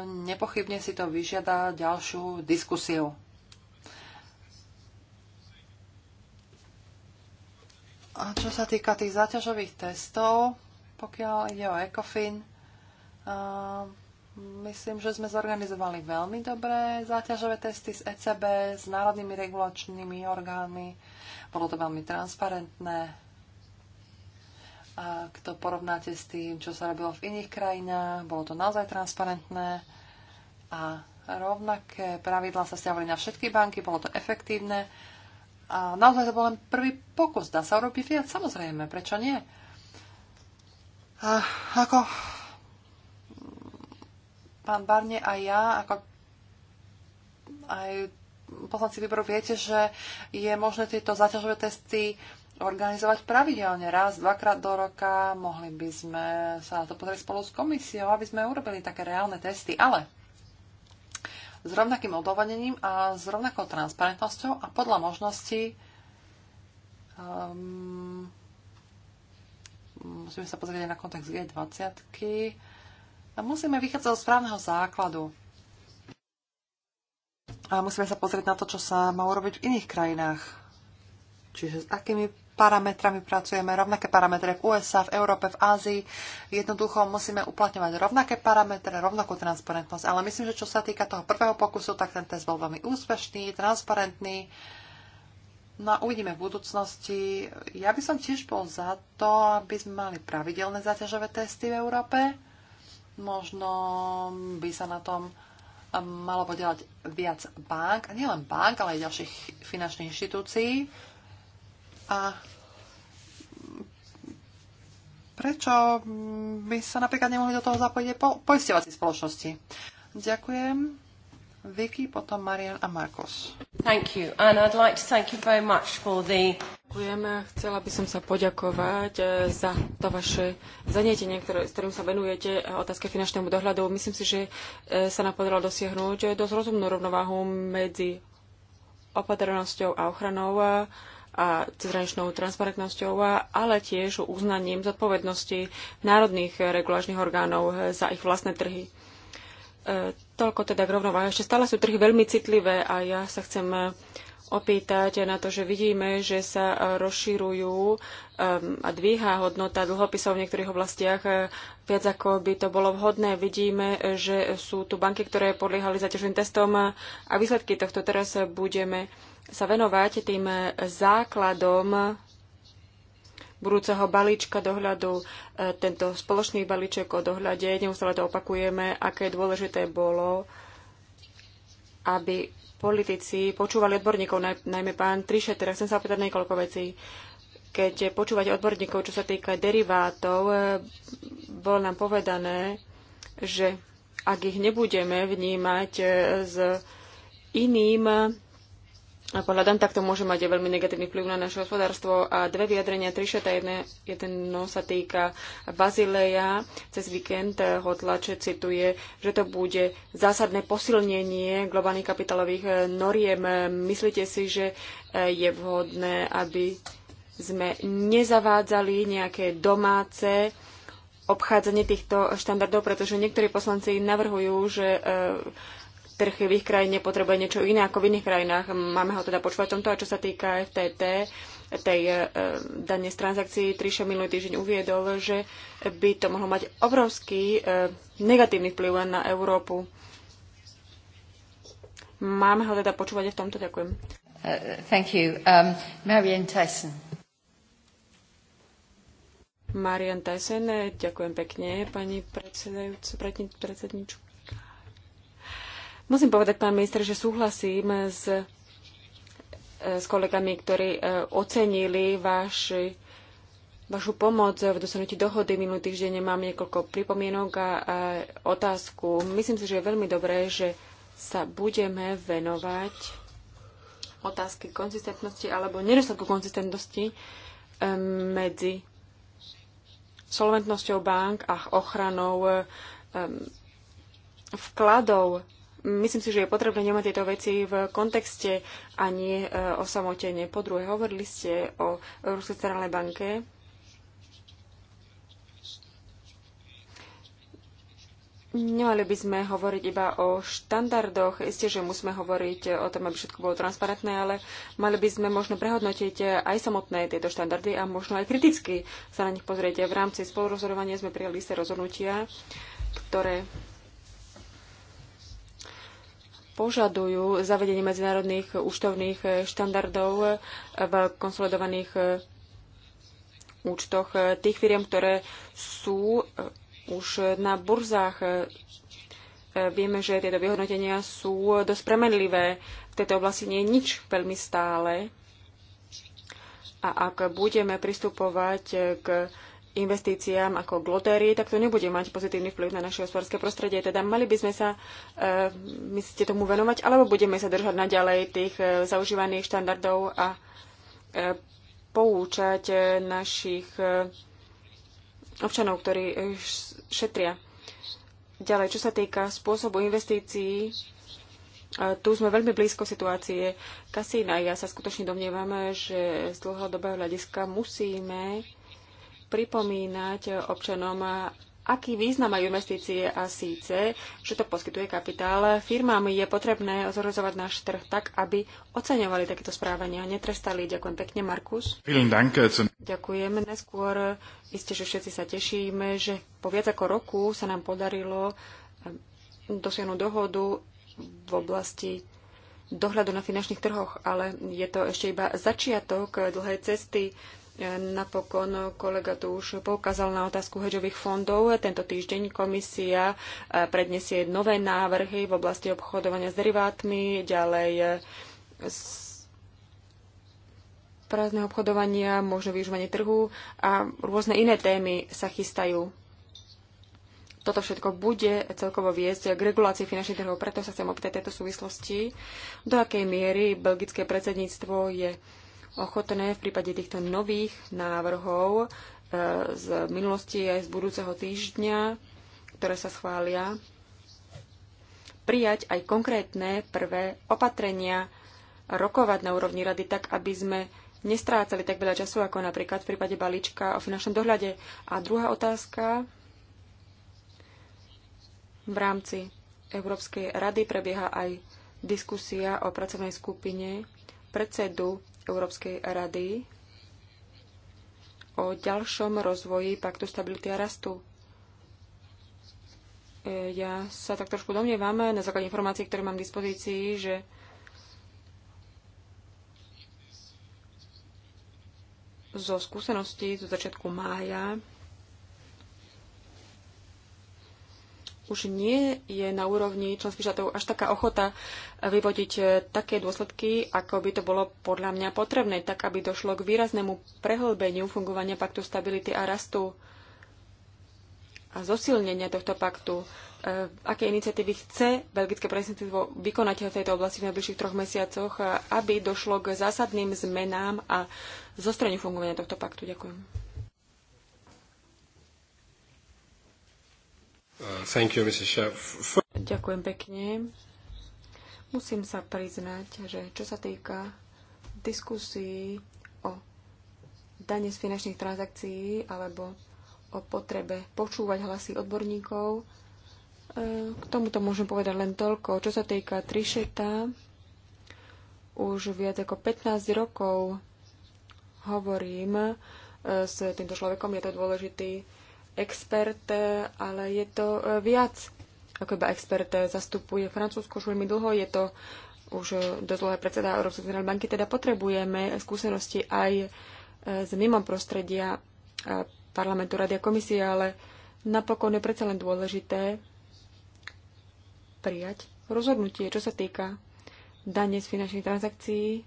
nepochybne si to vyžiada ďalšiu diskusiu. A čo sa týka tých záťažových testov, pokiaľ ide o ECOFIN, e, myslím, že sme zorganizovali veľmi dobré záťažové testy s ECB, s národnými regulačnými orgánmi. Bolo to veľmi transparentné. Ak to porovnáte s tým, čo sa robilo v iných krajinách, bolo to naozaj transparentné a rovnaké pravidlá sa stiavali na všetky banky, bolo to efektívne. A naozaj to bol len prvý pokus. Dá sa urobiť viac? Samozrejme, prečo nie? A ako pán Barne a ja, ako aj poslanci výboru viete, že je možné tieto záťažové testy organizovať pravidelne, raz, dvakrát do roka. Mohli by sme sa na to pozrieť spolu s komisiou, aby sme urobili také reálne testy, ale s rovnakým odôvodnením a s rovnakou transparentnosťou a podľa možností um, musíme sa pozrieť aj na kontext G20 a musíme vychádzať zo správneho základu. A musíme sa pozrieť na to, čo sa má urobiť v iných krajinách. Čiže s akými parametrami pracujeme, rovnaké parametre v USA, v Európe, v Ázii. Jednoducho musíme uplatňovať rovnaké parametre, rovnakú transparentnosť. Ale myslím, že čo sa týka toho prvého pokusu, tak ten test bol veľmi úspešný, transparentný. No a uvidíme v budúcnosti. Ja by som tiež bol za to, aby sme mali pravidelné záťažové testy v Európe. Možno by sa na tom um, malo podielať viac bank, a nielen bank, ale aj ďalších finančných inštitúcií. A prečo by sa napríklad nemohli do toho zapojiť aj po, poisťovacie spoločnosti? Ďakujem. Vicky, potom Marian a Markus. Thank you. And I'd like to thank you very much for the... Ďakujem. Chcela by som sa poďakovať eh, za to vaše zanietenie, ktoré, s ktorým sa venujete eh, otázke finančnému dohľadu. Myslím si, že eh, sa nám podarilo dosiahnuť dosť rozumnú rovnováhu medzi opatrnosťou a ochranou. A a cezhraničnou transparentnosťou, ale tiež uznaním zodpovednosti národných regulačných orgánov za ich vlastné trhy. E, toľko teda k rovnováhe. Ešte stále sú trhy veľmi citlivé a ja sa chcem opýtať na to, že vidíme, že sa rozširujú ehm, a dvíha hodnota dlhopisov v niektorých oblastiach e, viac ako by to bolo vhodné. Vidíme, že sú tu banky, ktoré podliehali zaťažovým testom a výsledky tohto teraz budeme sa venovať tým základom budúceho balíčka dohľadu, e, tento spoločný balíček o dohľade. Neustále to opakujeme, aké dôležité bolo, aby politici počúvali odborníkov, najmä pán Trišet. Teraz chcem sa opýtať niekoľko vecí. Keď počúvate odborníkov, čo sa týka derivátov, e, bolo nám povedané, že ak ich nebudeme vnímať e, s iným a podľa tak to môže mať veľmi negatívny vplyv na naše hospodárstvo. A dve vyjadrenia, tri šeta, jedne, jedno sa týka Bazileja. Cez víkend eh, ho tlače cituje, že to bude zásadné posilnenie globálnych kapitálových eh, noriem. Myslíte si, že eh, je vhodné, aby sme nezavádzali nejaké domáce obchádzanie týchto štandardov, pretože niektorí poslanci navrhujú, že trh v ich krajine potrebuje niečo iné ako v iných krajinách. Máme ho teda počúvať tomto. A čo sa týka FTT, tej e, dane z transakcií, Triša minulý týždeň uviedol, že by to mohlo mať obrovský e, negatívny vplyv na Európu. Máme ho teda počúvať aj v tomto. Ďakujem. Uh, thank you. Um, Marian Tyson. Marian Tyson, ďakujem pekne, pani predsedajúca predsedničku. Musím povedať, pán minister, že súhlasím s, eh, s kolegami, ktorí eh, ocenili váš, vašu pomoc v dosiahnutí dohody. Minulý týždeň mám niekoľko pripomienok a, a otázku. Myslím si, že je veľmi dobré, že sa budeme venovať otázky konzistentnosti alebo nedostatku konzistentnosti eh, medzi solventnosťou bank a ochranou vkladov myslím si, že je potrebné nemať tieto veci v kontexte a nie e, samotene. Po druhé, hovorili ste o Ruskej centrálnej banke. Nemali by sme hovoriť iba o štandardoch. Isté, že musíme hovoriť o tom, aby všetko bolo transparentné, ale mali by sme možno prehodnotiť aj samotné tieto štandardy a možno aj kriticky sa na nich pozrieť. V rámci spolurozhodovania sme prijali isté rozhodnutia, ktoré požadujú zavedenie medzinárodných účtovných štandardov v konsolidovaných eh, účtoch eh, tých firiem, ktoré sú eh, už na burzách. Vieme, že tieto vyhodnotenia sú dosť premenlivé. V tejto oblasti nie je nič veľmi stále. A ak budeme pristupovať k investíciám ako glotérii, tak to nebude mať pozitívny vplyv na naše hospodárske prostredie. Teda mali by sme sa, e, eh, myslíte, tomu venovať, alebo budeme sa držať naďalej tých eh, zaužívaných štandardov a eh, poučať našich občanov, ktorí šetria. Ďalej, čo sa týka spôsobu investícií, tu sme veľmi blízko situácie kasína. Ja sa skutočne domnievam, že z dlhodobého hľadiska musíme pripomínať občanom, aký význam majú investície a síce, že to poskytuje kapitál. Firmám je potrebné zorozovať náš trh tak, aby oceňovali takéto správanie a netrestali. Ďakujem pekne, Markus. Ďakujem. Neskôr iste, že všetci sa tešíme, že po viac ako roku sa nám podarilo ehm, dosiahnuť dohodu v oblasti dohľadu na finančných trhoch, ale je to ešte iba začiatok dlhej cesty E, napokon kolega tu už poukázal na otázku hedžových fondov. Tento týždeň komisia e, predniesie nové návrhy v oblasti obchodovania s derivátmi, ďalej e, prázdne obchodovania, možno využívanie trhu a rôzne iné témy sa chystajú. Toto všetko bude celkovo viesť k regulácii finančných trhov. Preto sa chcem opýtať tejto súvislosti, do akej miery belgické predsedníctvo je ochotné v prípade týchto nových návrhov e, z minulosti aj z budúceho týždňa, ktoré sa schvália, prijať aj konkrétne prvé opatrenia, rokovať na úrovni rady tak, aby sme nestrácali tak veľa času, ako napríklad v prípade balíčka o finančnom dohľade. A druhá otázka v rámci Európskej rady prebieha aj diskusia o pracovnej skupine predsedu Európskej rady o ďalšom rozvoji paktu stability a rastu. E, ja sa tak trošku domnievam na základe informácií, ktoré mám v dispozícii, že zo skúseností zo začiatku mája už nie je na úrovni členských štátov až taká ochota vyvodiť eh, také dôsledky, ako by to bolo podľa mňa potrebné, tak aby došlo k výraznému prehlbeniu fungovania paktu stability a rastu a zosilnenia tohto paktu. Eh, aké iniciatívy chce belgické predsedníctvo vykonať v tejto oblasti v najbližších troch mesiacoch, eh, aby došlo k zásadným zmenám a zostreniu fungovania tohto paktu? Ďakujem. Thank you, Mrs. Ďakujem pekne. Musím sa priznať, že čo sa týka diskusí o dane z finančných transakcií alebo o potrebe počúvať hlasy odborníkov, e, k tomuto môžem povedať len toľko. Čo sa týka Trišeta, už viac ako 15 rokov hovorím e, s týmto človekom. Je to dôležitý expert, ale je to e, viac ako iba expert. E, zastupuje Francúzsko už veľmi dlho, je to už e, dosť dlhé predseda Európskej centrálnej banky, teda potrebujeme skúsenosti aj z mimo prostredia parlamentu, rady a komisie, ale napokon je predsa len dôležité prijať rozhodnutie, čo sa týka dane z finančných transakcií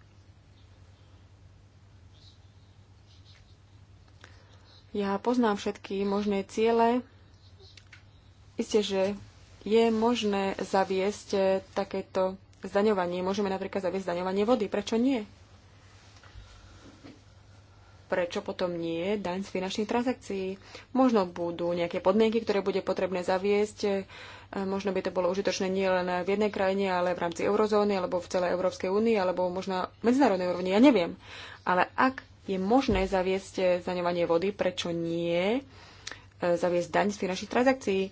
Ja poznám všetky možné ciele. Isté, že je možné zaviesť eh, takéto zdaňovanie. Môžeme napríklad zaviesť zdaňovanie vody. Prečo nie? Prečo potom nie daň z finančných transakcií? Možno budú nejaké podmienky, ktoré bude potrebné zaviesť. Eh, možno by to bolo užitočné nielen v jednej krajine, ale v rámci eurozóny, alebo v celej Európskej únii, alebo možno medzinárodnej úrovni. Ja neviem. Ale ak je možné zaviesť zdaňovanie vody, prečo nie e, zaviesť daň z finančných transakcií.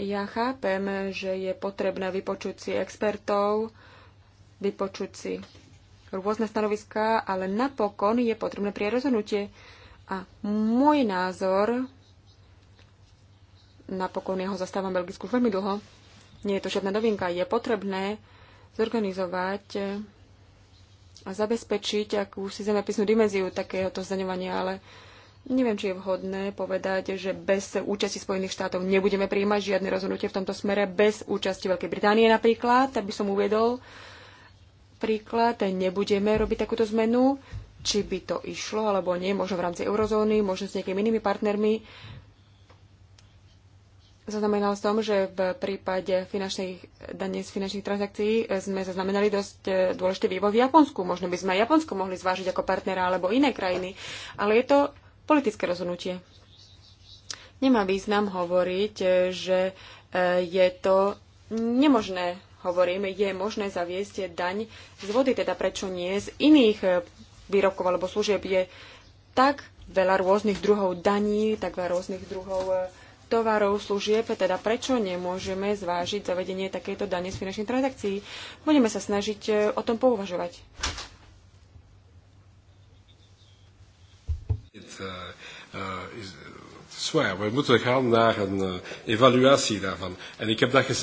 Ja chápem, že je potrebné vypočuť si expertov, vypočuť si rôzne stanoviská, ale napokon je potrebné prie rozhodnutie. A môj názor, napokon jeho zastávam Belgicku veľmi dlho, nie je to žiadna novinka, je potrebné zorganizovať a zabezpečiť akúsi zemepisnú dimenziu takéhoto zdaňovania, ale neviem, či je vhodné povedať, že bez účasti Spojených štátov nebudeme príjmať žiadne rozhodnutie v tomto smere, bez účasti Veľkej Británie napríklad, aby som uviedol príklad, nebudeme robiť takúto zmenu, či by to išlo alebo nie, možno v rámci eurozóny, možno s nejakými inými partnermi zaznamenal som, že v prípade finančných, dane z finančných transakcií sme zaznamenali dosť e, dôležitý vývoj v Japonsku. Možno by sme aj Japonsko mohli zvážiť ako partnera alebo iné krajiny, ale je to politické rozhodnutie. Nemá význam hovoriť, e, že e, je to nemožné, hovorím, je možné zaviesť daň z vody, teda prečo nie z iných výrobkov alebo služieb. Je tak veľa rôznych druhov daní, tak veľa rôznych druhov tovarov, služieb, teda prečo nemôžeme zvážiť zavedenie takéto dane z finančných transakcií. Budeme sa snažiť e, o tom pouvažovať. Uh, uh, uh, e,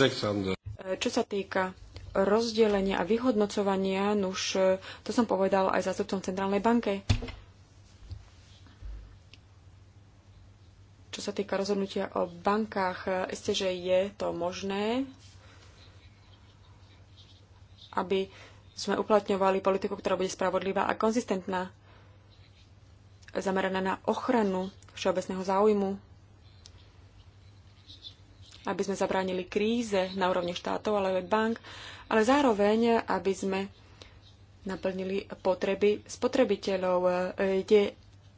čo sa týka rozdelenia a vyhodnocovania, už e, to som povedal aj zástupcom Centrálnej banke. Čo sa týka rozhodnutia o bankách, isté, že je to možné, aby sme uplatňovali politiku, ktorá bude spravodlivá a konzistentná, zameraná na ochranu všeobecného záujmu, aby sme zabránili kríze na úrovni štátov, ale aj bank, ale zároveň, aby sme naplnili potreby spotrebiteľov. Je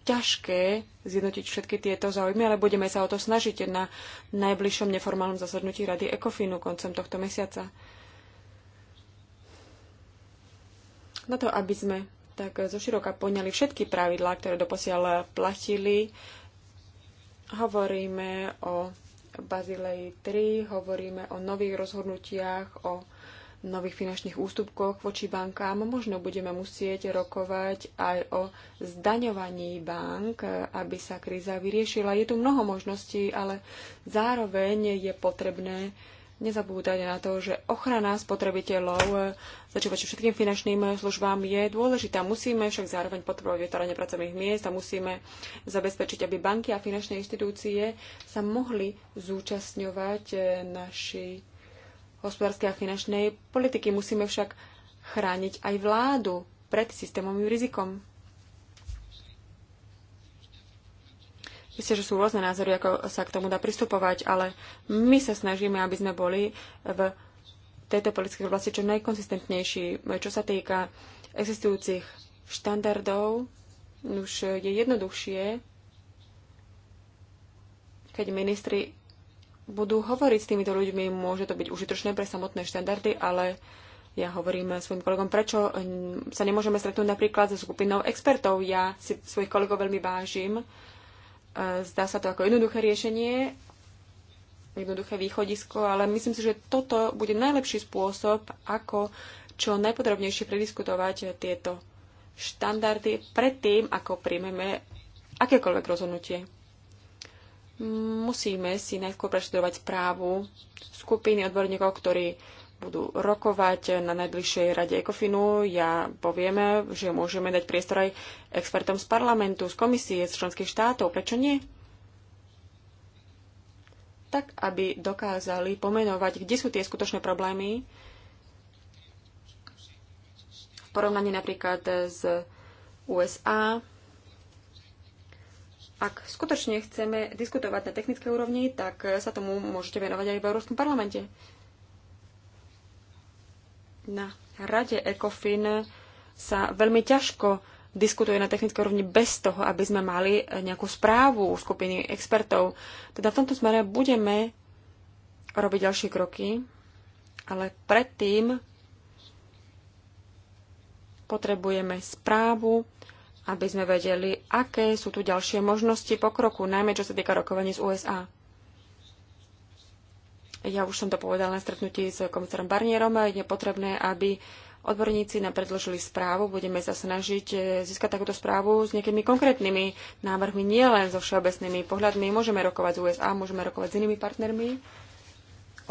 ťažké zjednotiť všetky tieto záujmy, ale budeme sa o to snažiť na najbližšom neformálnom zasadnutí Rady Ekofinu koncom tohto mesiaca. Na to, aby sme tak zoširoka poňali všetky pravidlá, ktoré doposiaľ platili, hovoríme o Bazilei 3, hovoríme o nových rozhodnutiach, o nových finančných ústupkoch voči bankám. Možno budeme musieť rokovať aj o zdaňovaní bank, aby sa kríza vyriešila. Je tu mnoho možností, ale zároveň je potrebné nezabúdať na to, že ochrana spotrebiteľov začívači všetkým finančným službám je dôležitá. Musíme však zároveň podporovať vytvorenie pracovných miest a musíme zabezpečiť, aby banky a finančné inštitúcie sa mohli zúčastňovať naši hospodárskej a finančnej politiky. Musíme však chrániť aj vládu pred systémovým rizikom. Myslím, že sú rôzne názory, ako sa k tomu dá pristupovať, ale my sa snažíme, aby sme boli v tejto politickej oblasti čo najkonsistentnejší. Čo sa týka existujúcich štandardov, už je jednoduchšie, keď ministri budú hovoriť s týmito ľuďmi. Môže to byť užitočné pre samotné štandardy, ale ja hovorím svojim kolegom, prečo hm, sa nemôžeme stretnúť napríklad so skupinou expertov. Ja si svojich kolegov veľmi vážim. E, zdá sa to ako jednoduché riešenie, jednoduché východisko, ale myslím si, že toto bude najlepší spôsob, ako čo najpodrobnejšie prediskutovať tieto štandardy predtým, ako príjmeme akékoľvek rozhodnutie musíme si najskôr preštudovať správu skupiny odborníkov, ktorí budú rokovať na najbližšej rade ECOFINu. Ja povieme, že môžeme dať priestor aj expertom z parlamentu, z komisie, z členských štátov. Prečo nie? Tak, aby dokázali pomenovať, kde sú tie skutočné problémy v porovnaní napríklad s USA, ak skutočne chceme diskutovať na technické úrovni, tak sa tomu môžete venovať aj v Európskom parlamente. Na rade ECOFIN sa veľmi ťažko diskutuje na technické úrovni bez toho, aby sme mali nejakú správu skupiny expertov. Teda v tomto smere budeme robiť ďalšie kroky, ale predtým potrebujeme správu aby sme vedeli, aké sú tu ďalšie možnosti pokroku, najmä čo sa týka rokovaní z USA. Ja už som to povedal na stretnutí s komisárom Barnierom. Je potrebné, aby odborníci nám predložili správu. Budeme sa snažiť eh, získať takúto správu s nejakými konkrétnymi návrhmi, nielen so všeobecnými pohľadmi. Môžeme rokovať z USA, môžeme rokovať s inými partnermi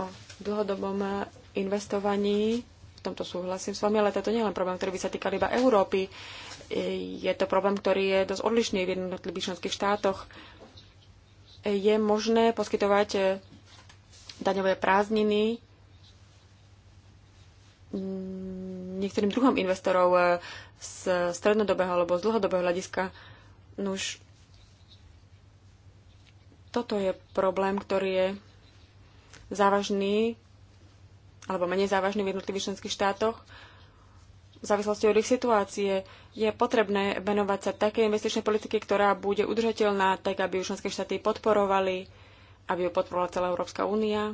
o dlhodobom eh, investovaní. V tomto súhlasím s vami, ale toto nie je len problém, ktorý by sa týkal iba Európy je to problém, ktorý je dosť odlišný v jednotlivých členských štátoch. Je možné poskytovať e, daňové prázdniny mm, niektorým druhom investorov e, z strednodobého alebo z dlhodobého hľadiska. Nuž, toto je problém, ktorý je závažný alebo menej závažný v jednotlivých členských štátoch v závislosti od ich situácie. Je potrebné venovať sa takej investičnej politike, ktorá bude udržateľná, tak aby ju členské štáty podporovali, aby ju podporovala celá Európska únia.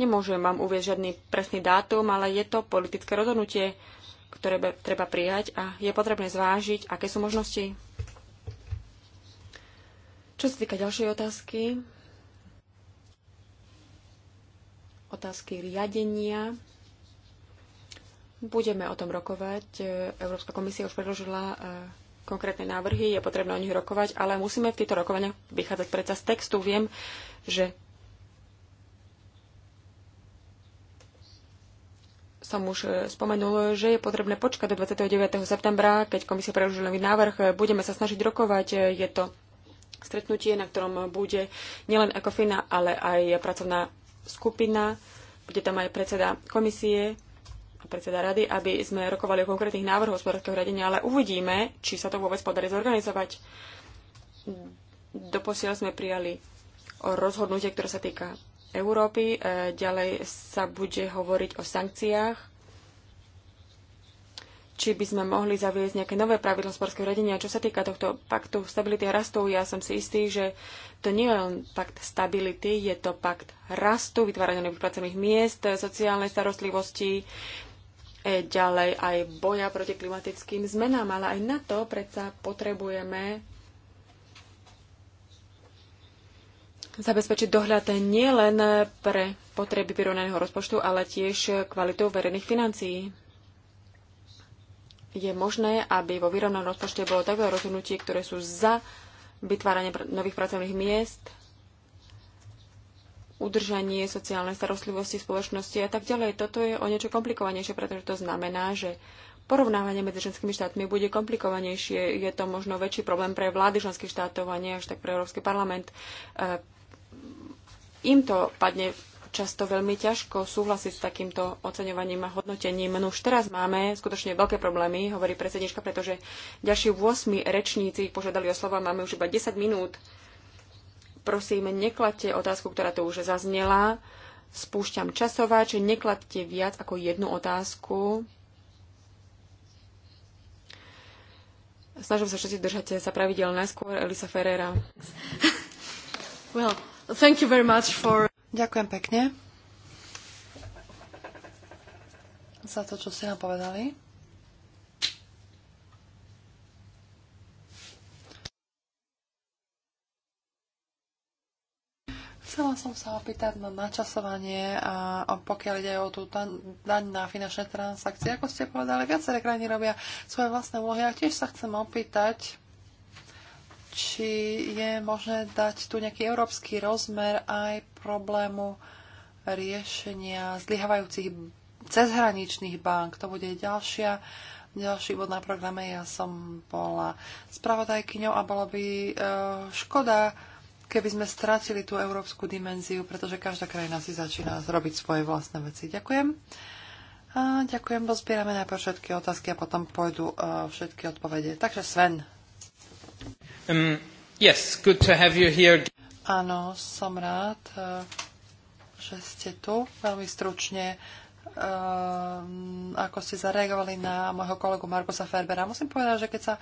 Nemôžem vám uvieť žiadny presný dátum, ale je to politické rozhodnutie, ktoré treba prijať a je potrebné zvážiť, aké sú možnosti. Čo sa týka ďalšej otázky, otázky riadenia Budeme o tom rokovať. E, Európska komisia už predložila e, konkrétne návrhy, je potrebné o nich rokovať, ale musíme v týchto rokovaniach vychádzať predsa z textu. Viem, že som už e, spomenul, že je potrebné počkať do 29. septembra, keď komisia predložila nový návrh. Budeme sa snažiť rokovať. Je to stretnutie, na ktorom bude nielen ECOFINA, ale aj pracovná skupina. Bude tam aj predseda komisie predseda rady, aby sme rokovali o konkrétnych návrhoch hospodárskeho radenia, ale uvidíme, či sa to vôbec podarí zorganizovať. Doposiaľ sme prijali rozhodnutie, ktoré sa týka Európy. E, ďalej sa bude hovoriť o sankciách. Či by sme mohli zaviesť nejaké nové pravidlo hospodárskeho radenia. Čo sa týka tohto paktu stability a rastu, ja som si istý, že to nie je len pakt stability, je to pakt rastu, vytvárania nových pracovných miest, sociálnej starostlivosti, E, ďalej aj boja proti klimatickým zmenám, ale aj na to predsa potrebujeme zabezpečiť dohľad nielen pre potreby vyrovnaného rozpočtu, ale tiež kvalitou verejných financií. Je možné, aby vo vyrovnanom rozpočte bolo takové rozhodnutie, ktoré sú za vytváranie nových pracovných miest, udržanie sociálnej starostlivosti spoločnosti a tak ďalej. Toto je o niečo komplikovanejšie, pretože to znamená, že porovnávanie medzi členskými štátmi bude komplikovanejšie. Je to možno väčší problém pre vlády členských štátov a nie až tak pre Európsky parlament. E, Im to padne často veľmi ťažko súhlasiť s takýmto oceňovaním a hodnotením. No už teraz máme skutočne veľké problémy, hovorí predsednička, pretože ďalší 8 rečníci požiadali o slova, máme už iba 10 minút prosím, nekladte otázku, ktorá tu už zaznela. Spúšťam časovač, nekladte viac ako jednu otázku. Snažím sa všetci držať sa pravidel najskôr. Elisa Ferreira. Well, thank you very much for... Ďakujem pekne za to, čo ste nám povedali. Chcela som sa opýtať na načasovanie a, pokiaľ ide o tú daň na finančné transakcie. Ako ste povedali, viaceré krajiny robia svoje vlastné úlohy a tiež sa chcem opýtať, či je možné dať tu nejaký európsky rozmer aj problému riešenia zlyhavajúcich cezhraničných bank. To bude ďalšia, ďalší bod na programe. Ja som bola spravodajkyňou a bolo by e, škoda, keby sme strátili tú európsku dimenziu, pretože každá krajina si začína robiť svoje vlastné veci. Ďakujem. A ďakujem, bo zbierame najprv všetky otázky a potom pôjdu uh, všetky odpovede. Takže Sven. Um, yes, good to have you here. Áno, som rád, e, že ste tu. Veľmi stručne Ehm, ako ste zareagovali na môjho kolegu Markusa Ferbera. Musím povedať, že keď sa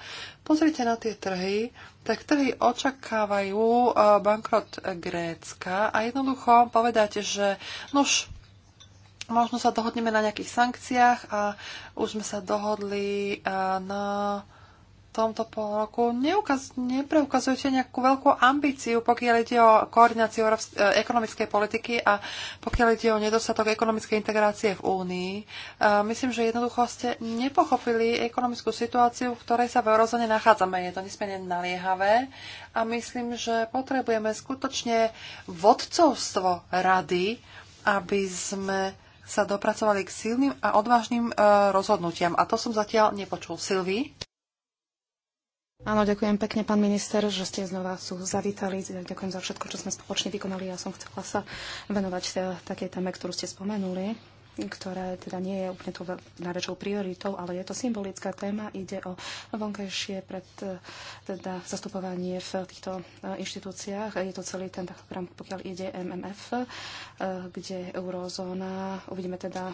pozrite na tie trhy, tak trhy očakávajú e, bankrot Grécka a jednoducho povedáte, že nož možno sa dohodneme na nejakých sankciách a už sme sa dohodli e, na tomto pol roku neukaz, nepreukazujete nejakú veľkú ambíciu, pokiaľ ide o koordináciu e, ekonomickej politiky a pokiaľ ide o nedostatok ekonomickej integrácie v Únii. E, myslím, že jednoducho ste nepochopili ekonomickú situáciu, v ktorej sa v eurozóne nachádzame. Je to nesmierne naliehavé a myslím, že potrebujeme skutočne vodcovstvo rady, aby sme sa dopracovali k silným a odvážnym e, rozhodnutiam. A to som zatiaľ nepočul. Silvi? Áno, ďakujem pekne, pán minister, že ste znova sú zavítali. Ďakujem za všetko, čo sme spoločne vykonali. Ja som chcela sa venovať e, takej téme, ktorú ste spomenuli ktoré teda nie je úplne tou najväčšou prioritou, ale je to symbolická téma. Ide o vonkajšie pred, e, teda zastupovanie v týchto e, inštitúciách. Je to celý ten program, pokiaľ ide MMF, kde eurozóna, uvidíme teda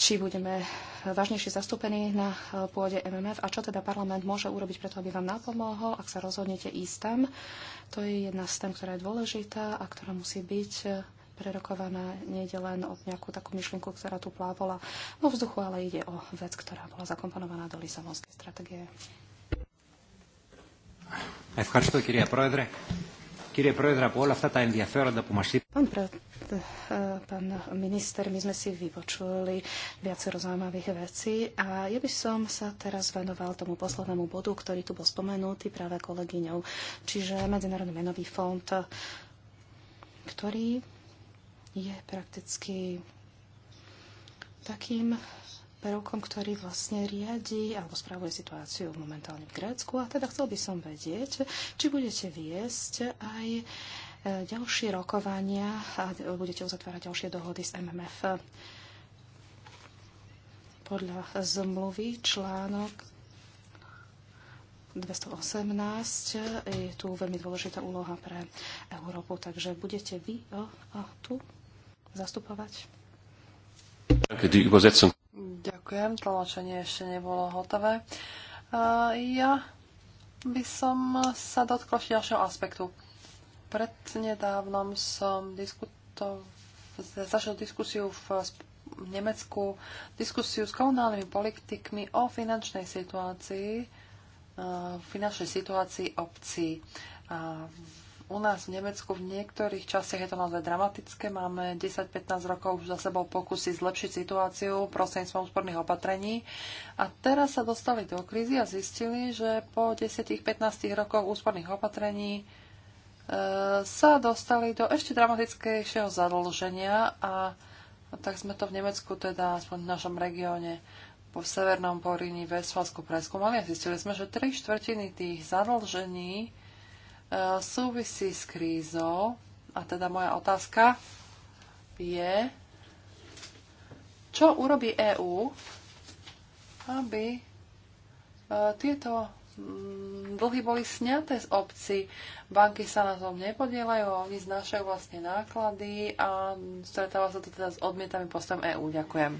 či budeme vážnejšie zastúpení na eh, pôde MMF a čo teda parlament môže urobiť preto, aby vám napomohol, ak sa rozhodnete ísť tam. To je jedna z tém, ktorá je dôležitá a ktorá musí byť eh, prerokovaná. Nejde len o nejakú takú myšlienku, ktorá tu plávala vo vzduchu, ale ide o vec, ktorá bola zakomponovaná do Lisabonskej stratégie. Ευχαριστώ κυρία Πρόεδρε. Κύριε Πρόεδρε, από όλα αυτά τα ενδιαφέροντα που μας είπε... pán minister, my sme si vypočuli viacero zaujímavých vecí a ja by som sa teraz venoval tomu poslednému bodu, ktorý tu bol spomenutý práve kolegyňou, čiže Medzinárodný menový fond, ktorý je prakticky takým prvkom, ktorý vlastne riadi alebo spravuje situáciu momentálne v Grécku. A teda chcel by som vedieť, či budete viesť aj e, ďalšie rokovania a budete uzatvárať ďalšie dohody s MMF. Podľa zmluvy článok 218 je tu veľmi dôležitá úloha pre Európu, takže budete vy o, o, tu zastupovať. Ďakujem. Ďakujem, tlmočenie ešte nebolo hotové. Uh, ja by som sa dotkla ďalšieho aspektu. Prednedávnom som diskuto- začal diskusiu v Nemecku, diskusiu s komunálnymi politikmi o finančnej situácii, uh, finančnej situácii obcí. U nás v Nemecku v niektorých častiach je to naozaj dramatické. Máme 10-15 rokov už za sebou pokusy zlepšiť situáciu prostredníctvom úsporných opatrení. A teraz sa dostali do krízy a zistili, že po 10-15 rokoch úsporných opatrení e, sa dostali do ešte dramatickejšieho zadlženia a tak sme to v Nemecku, teda aspoň v našom regióne, po severnom Poríni Vesfalsku preskúmali a zistili sme, že tri štvrtiny tých zadlžení Eh, súvisí s krízou. A teda moja otázka je, čo urobí EÚ, aby eh, tieto mm, dlhy boli sňaté z obci. Banky sa na tom nepodielajú, oni znášajú vlastne náklady a stretáva sa to teda s odmietami postom EÚ. Ďakujem.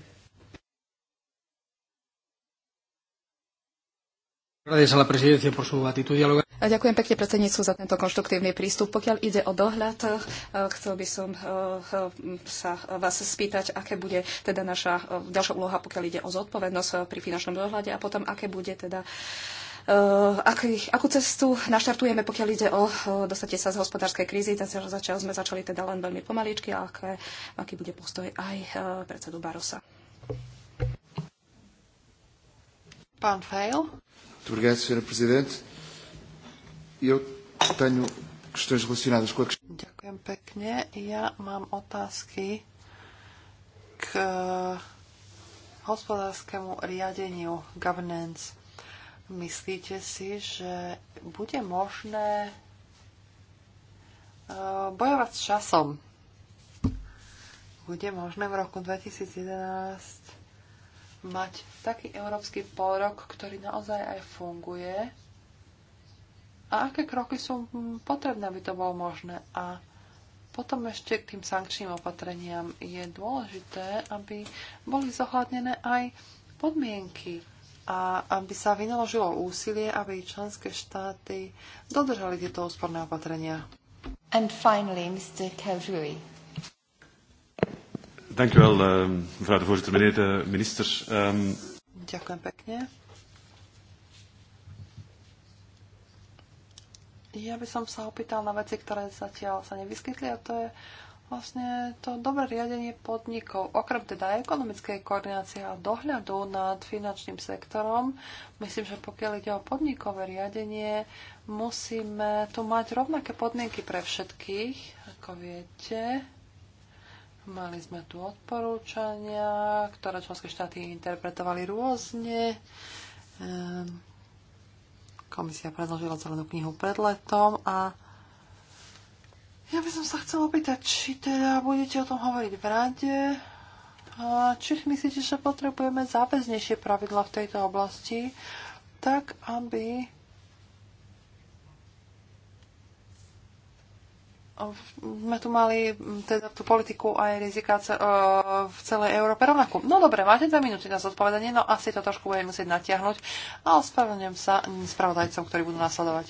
Gracias a la presidencia por su actitud dialogada. Ďakujem pekne predsednicu za tento konštruktívny prístup. Pokiaľ ide o dohľad, eh, chcel by som eh, eh, sa vás spýtať, aké bude teda naša ďalšia úloha, pokiaľ ide o zodpovednosť pri finančnom dohľade a potom, aké bude teda aký, akú cestu naštartujeme, pokiaľ ide o dostatie sa z hospodárskej krízy. Začal, sme začali teda len veľmi pomaličky a aké, aký bude postoj aj predsedu Barosa. Pán Fejl. Ďakujem, pán prezident eu tenho questões relacionadas com a questão. Ďakujem pekne. Ja mám otázky k hospodárskému riadeniu governance. Myslíte si, že bude možné e, bojovať s časom? Bude možné v roku 2011 mať taký európsky pôrok, ktorý naozaj aj funguje a aké kroky sú potrebné, aby to bolo možné. A potom ešte k tým sankčným opatreniam je dôležité, aby boli zohľadnené aj podmienky a aby sa vynaložilo úsilie, aby členské štáty dodržali tieto úsporné opatrenia. And finally, Mr. Kaljuri. Dank u wel, eh, mevrouw de voorzitter. Meneer de minister. Um... Ďakujem pekne. Ja by som sa opýtal na veci, ktoré zatiaľ sa nevyskytli a to je vlastne to dobré riadenie podnikov. Okrem teda ekonomickej koordinácie a dohľadu nad finančným sektorom, myslím, že pokiaľ ide o podnikové riadenie, musíme tu mať rovnaké podmienky pre všetkých, ako viete. Mali sme tu odporúčania, ktoré členské štáty interpretovali rôzne. Ehm Komisia predložila zelenú knihu pred letom a ja by som sa chcela opýtať, či teda budete o tom hovoriť v rade, a či myslíte, že potrebujeme záväznejšie pravidla v tejto oblasti, tak aby sme tu mali teda tú politiku aj rizika v celej Európe rovnakú. No dobre, máte dve minúty na zodpovedanie, no asi to trošku budem musieť natiahnuť a ospravedlňujem sa spravodajcom, ktorí budú nasledovať.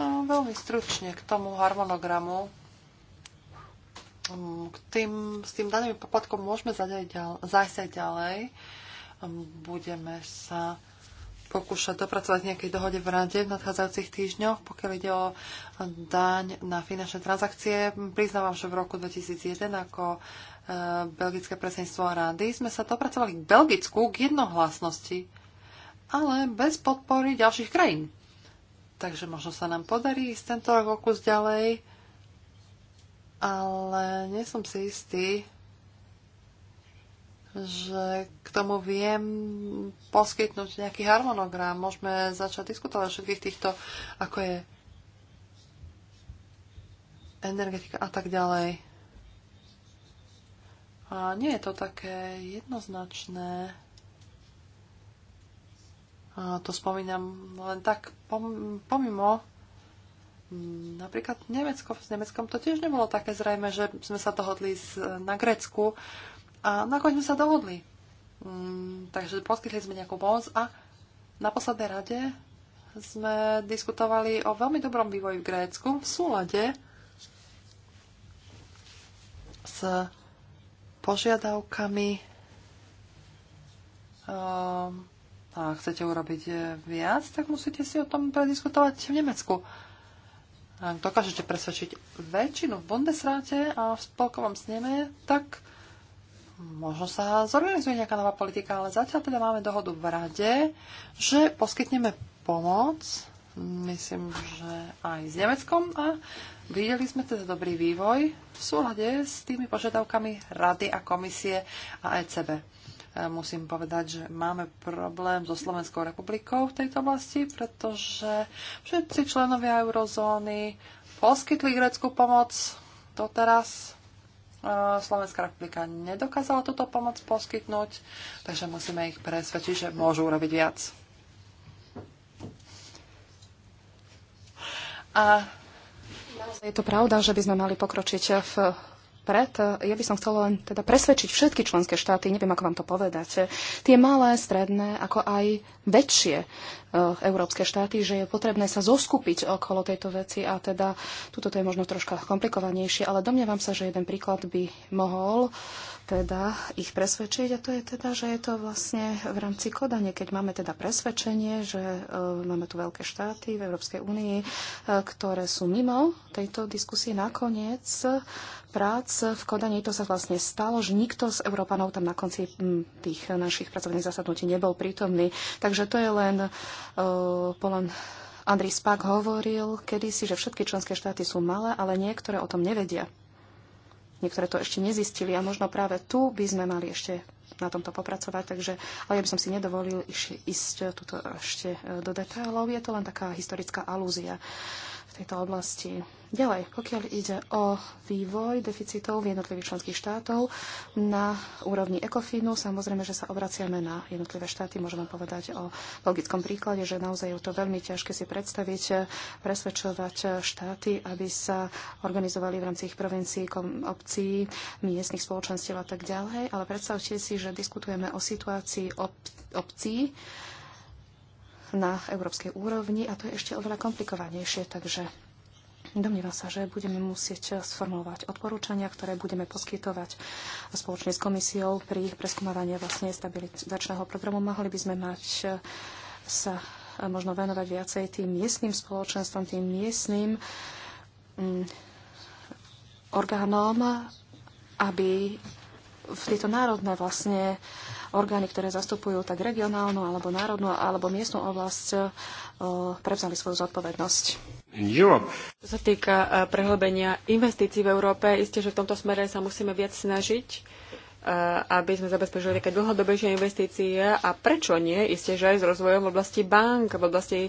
No, veľmi stručne k tomu harmonogramu. Mm, k tým, s tým daným poplatkom môžeme zajsť aj ďalej. Budeme sa pokúšať dopracovať nejakej dohode v rade v nadchádzajúcich týždňoch, pokiaľ ide o daň na finančné transakcie. Priznávam, že v roku 2001 ako e, belgické predsedníctvo rady sme sa dopracovali k Belgicku k jednohlasnosti, ale bez podpory ďalších krajín. Takže možno sa nám podarí ísť tento rok kus ďalej, ale nie som si istý, že k tomu viem poskytnúť nejaký harmonogram. Môžeme začať diskutovať o všetkých týchto, ako je energetika a tak ďalej. A nie je to také jednoznačné. A to spomínam len tak pomimo. Napríklad Nemecko, s Nemeckom to tiež nebolo také zrejme, že sme sa dohodli na Grecku, a nakoniec sme sa dohodli. Mm, takže poskytli sme nejakú pomoc a na poslednej rade sme diskutovali o veľmi dobrom vývoji v Grécku v súlade s požiadavkami um, a chcete urobiť viac, tak musíte si o tom prediskutovať v Nemecku. Ak dokážete presvedčiť väčšinu v Bundesráte a v spolkovom sneme, tak možno sa zorganizuje nejaká nová politika, ale zatiaľ teda máme dohodu v rade, že poskytneme pomoc, myslím, že aj s Nemeckom a videli sme teda dobrý vývoj v súlade s tými požiadavkami rady a komisie a ECB e, musím povedať, že máme problém so Slovenskou republikou v tejto oblasti, pretože všetci členovia eurozóny poskytli grécku pomoc doteraz Eh, Slovenská republika nedokázala túto pomoc poskytnúť, takže musíme ich presvedčiť, že môžu urobiť viac. A je to pravda, že by sme mali pokročiť v pred, ja by som chcela len teda presvedčiť všetky členské štáty, neviem, ako vám to povedať, tie malé, stredné, ako aj väčšie Eh, európske štáty, že je potrebné sa zoskupiť okolo tejto veci a teda tuto to je možno troška komplikovanejšie, ale domnievam sa, že jeden príklad by mohol teda ich presvedčiť a to je teda, že je to vlastne v rámci Kodane, keď máme teda presvedčenie, že e, máme tu veľké štáty v Európskej únii, e, ktoré sú mimo tejto diskusie nakoniec prác v Kodani. To sa vlastne stalo, že nikto z Európanov tam na konci hm, tých našich pracovných zasadnutí nebol prítomný. Takže to je len Eh, Polan Andrý Spak hovoril kedysi, že všetky členské štáty sú malé, ale niektoré o tom nevedia. Niektoré to ešte nezistili a možno práve tu by sme mali ešte na tomto popracovať, takže, ale ja by som si nedovolil iš, ísť eh, tuto ešte eh, do detailov. Je to len taká historická alúzia. Uh, tejto oblasti. Ďalej, pokiaľ ide o vývoj deficitov v jednotlivých členských štátov na úrovni ECOFINu, samozrejme, že sa obraciame na jednotlivé štáty. Môžeme povedať o logickom príklade, že naozaj je to veľmi ťažké si predstaviť, presvedčovať štáty, aby sa organizovali v rámci ich provincií, obcí, miestnych spoločenstiev a tak ďalej. Ale predstavte si, že diskutujeme o situácii ob obcí, na európskej úrovni a to je ešte oveľa komplikovanejšie, takže domnívam sa, že budeme musieť sformulovať odporúčania, ktoré budeme poskytovať spoločne s komisiou pri preskúmavaní vlastne stabilizačného programu. Mohli by sme mať eh, sa eh, možno venovať viacej tým miestnym spoločenstvom, tým miestnym mm, orgánom, aby v tieto národné vlastne orgány, ktoré zastupujú tak regionálnu alebo národnú alebo miestnú oblasť, e, prevzali svoju zodpovednosť. Čo sa týka e, prehlbenia investícií v Európe, isté, že v tomto smere sa musíme viac snažiť e, aby sme zabezpečili také dlhodobejšie investície a prečo nie, isté, že aj s rozvojom v oblasti bank, v oblasti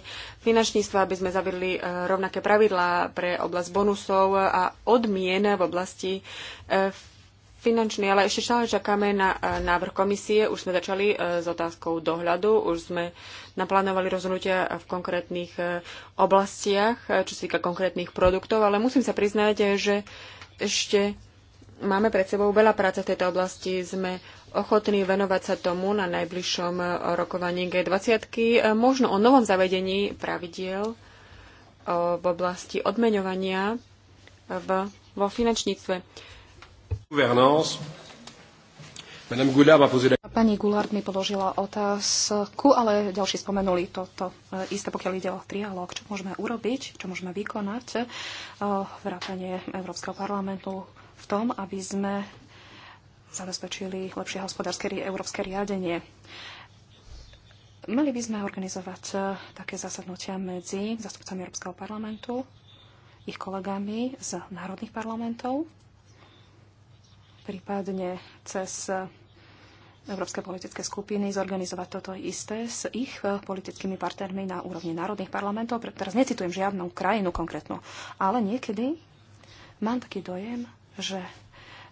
finančníctva, aby sme zaviedli rovnaké pravidlá pre oblasť bonusov a odmien v oblasti finančný, ale ešte stále čakáme na e, návrh komisie. Už sme začali e, s otázkou dohľadu, už sme naplánovali rozhodnutia v konkrétnych e, oblastiach, čo sa týka konkrétnych produktov, ale musím sa priznať, že ešte máme pred sebou veľa práce v tejto oblasti. Sme ochotní venovať sa tomu na najbližšom rokovaní G20, možno o novom zavedení pravidiel v oblasti odmeňovania v, vo finančníctve. Pani Goulard mi položila otázku, ale ďalší spomenuli toto e, isté, pokiaľ ide o trialog, čo môžeme urobiť, čo môžeme vykonať, e, vrátanie Európskeho parlamentu v tom, aby sme zabezpečili lepšie hospodárske európske riadenie. Mali by sme organizovať e, také zasadnutia medzi zastupcami Európskeho parlamentu, ich kolegami z národných parlamentov prípadne cez európske politické skupiny zorganizovať toto isté s ich politickými partnermi na úrovni národných parlamentov. Teraz necitujem žiadnu krajinu konkrétnu, ale niekedy mám taký dojem, že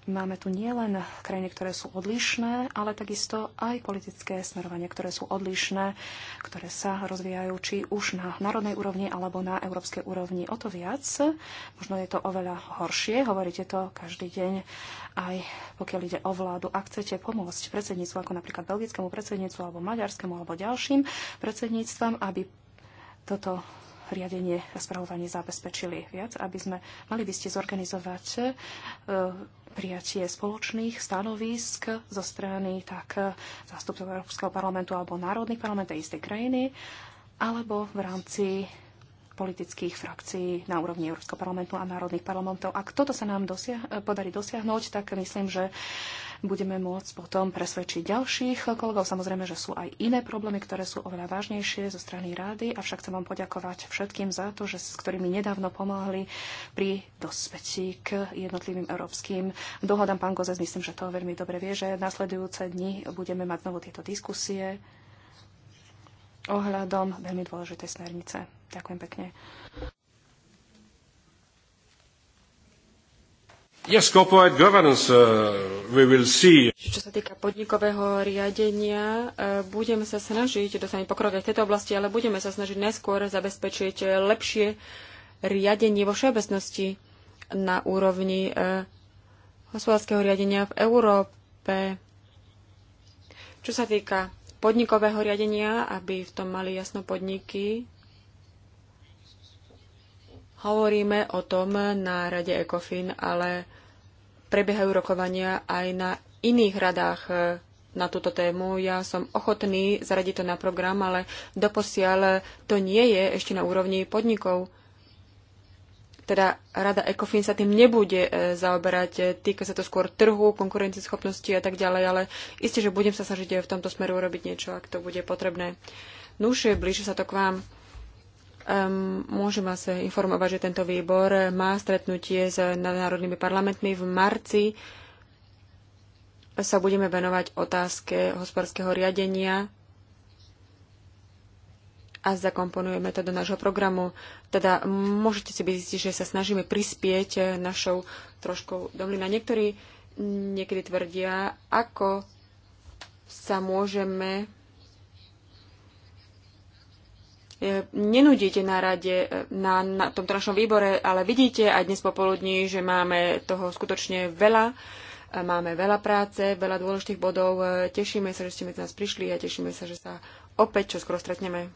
Máme tu nielen krajiny, ktoré sú odlišné, ale takisto aj politické smerovania, ktoré sú odlišné, ktoré sa rozvíjajú či už na národnej úrovni alebo na európskej úrovni. O to viac, možno je to oveľa horšie, hovoríte to každý deň, aj pokiaľ ide o vládu. Ak chcete pomôcť predsedníctvu, ako napríklad belgickému predsedníctvu alebo maďarskému alebo ďalším predsedníctvam, aby toto riadenie a spravovanie zabezpečili viac, aby sme mali by ste zorganizovať e, prijatie spoločných stanovisk zo strany tak e, zástupcov Európskeho parlamentu alebo národných parlamentov istej krajiny, alebo v rámci politických frakcií na úrovni Európskeho parlamentu a národných parlamentov. Ak toto sa nám dosia- podarí dosiahnuť, tak myslím, že budeme môcť potom presvedčiť ďalších kolegov. Samozrejme, že sú aj iné problémy, ktoré sú oveľa vážnejšie zo strany rády, avšak chcem vám poďakovať všetkým za to, že s ktorými nedávno pomohli pri dospetí k jednotlivým európskym dohodám. Pán Gozes, myslím, že to veľmi dobre vie, že nasledujúce dni budeme mať znovu tieto diskusie ohľadom veľmi dôležitej smernice. Ďakujem pekne. Yes, corporate governance. Uh we will see. Čo sa týka podnikového riadenia, e, budeme sa snažiť dosiahnuť pokrok v tejto oblasti, ale budeme sa snažiť najskôr zabezpečiť lepšie riadenie vo všeobecnosti na úrovni e, hospodárskeho riadenia v Európe. Čo sa týka podnikového riadenia, aby v tom mali jasno podniky, hovoríme o tom na Rade ECOFIN, ale prebiehajú rokovania aj na iných radách e, na túto tému. Ja som ochotný zaradiť to na program, ale doposiaľ to nie je ešte na úrovni podnikov. Teda rada ECOFIN sa tým nebude e, zaoberať, e, týka sa to skôr trhu, konkurencieschopnosti a tak ďalej, ale isté, že budem sa snažiť v tomto smeru urobiť niečo, ak to bude potrebné. Nuž, blíži sa to k vám. Um, môžem vás informovať, že tento výbor má stretnutie s národnými parlamentmi v marci. Sa budeme venovať otázke hospodárskeho riadenia a zakomponujeme to do nášho programu. Teda môžete si byť že sa snažíme prispieť našou troškou domlina. Niektorí niekedy tvrdia, ako sa môžeme E, nenudíte na rade, e, na, na tomto našom výbore, ale vidíte aj dnes popoludní, že máme toho skutočne veľa. E, máme veľa práce, veľa dôležitých bodov. Tešíme sa, že ste medzi nás prišli a tešíme sa, že sa opäť čoskoro stretneme.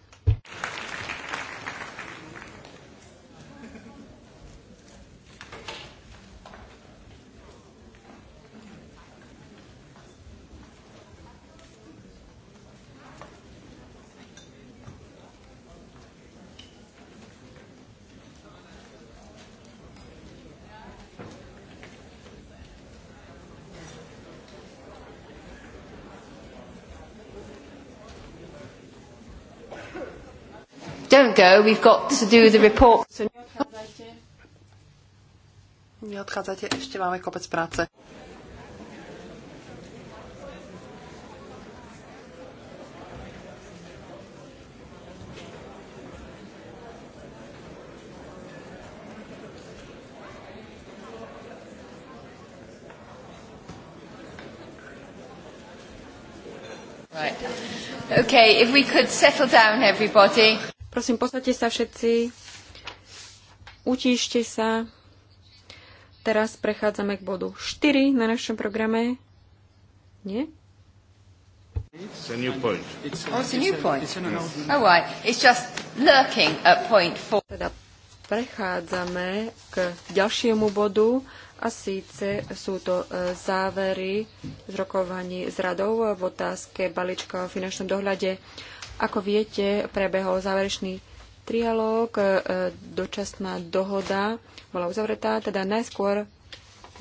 don't go, we've got to do the report. So neodchádzajte. Neodchádzajte, ešte máme kopec práce. Right. Okay, if we could settle down everybody. Prosím, posadte sa všetci, utíšte sa. Teraz prechádzame k bodu 4 na našom programe. Nie? It's a new point. Oh, it's a new point. Oh, why? It's just lurking at point 4. Teda prechádzame k ďalšiemu bodu a síce sú to e, závery z rokovaní s radou v otázke balíčka o finančnom dohľade. Ako viete, prebehol záverečný trialóg, e, dočasná dohoda bola uzavretá, teda najskôr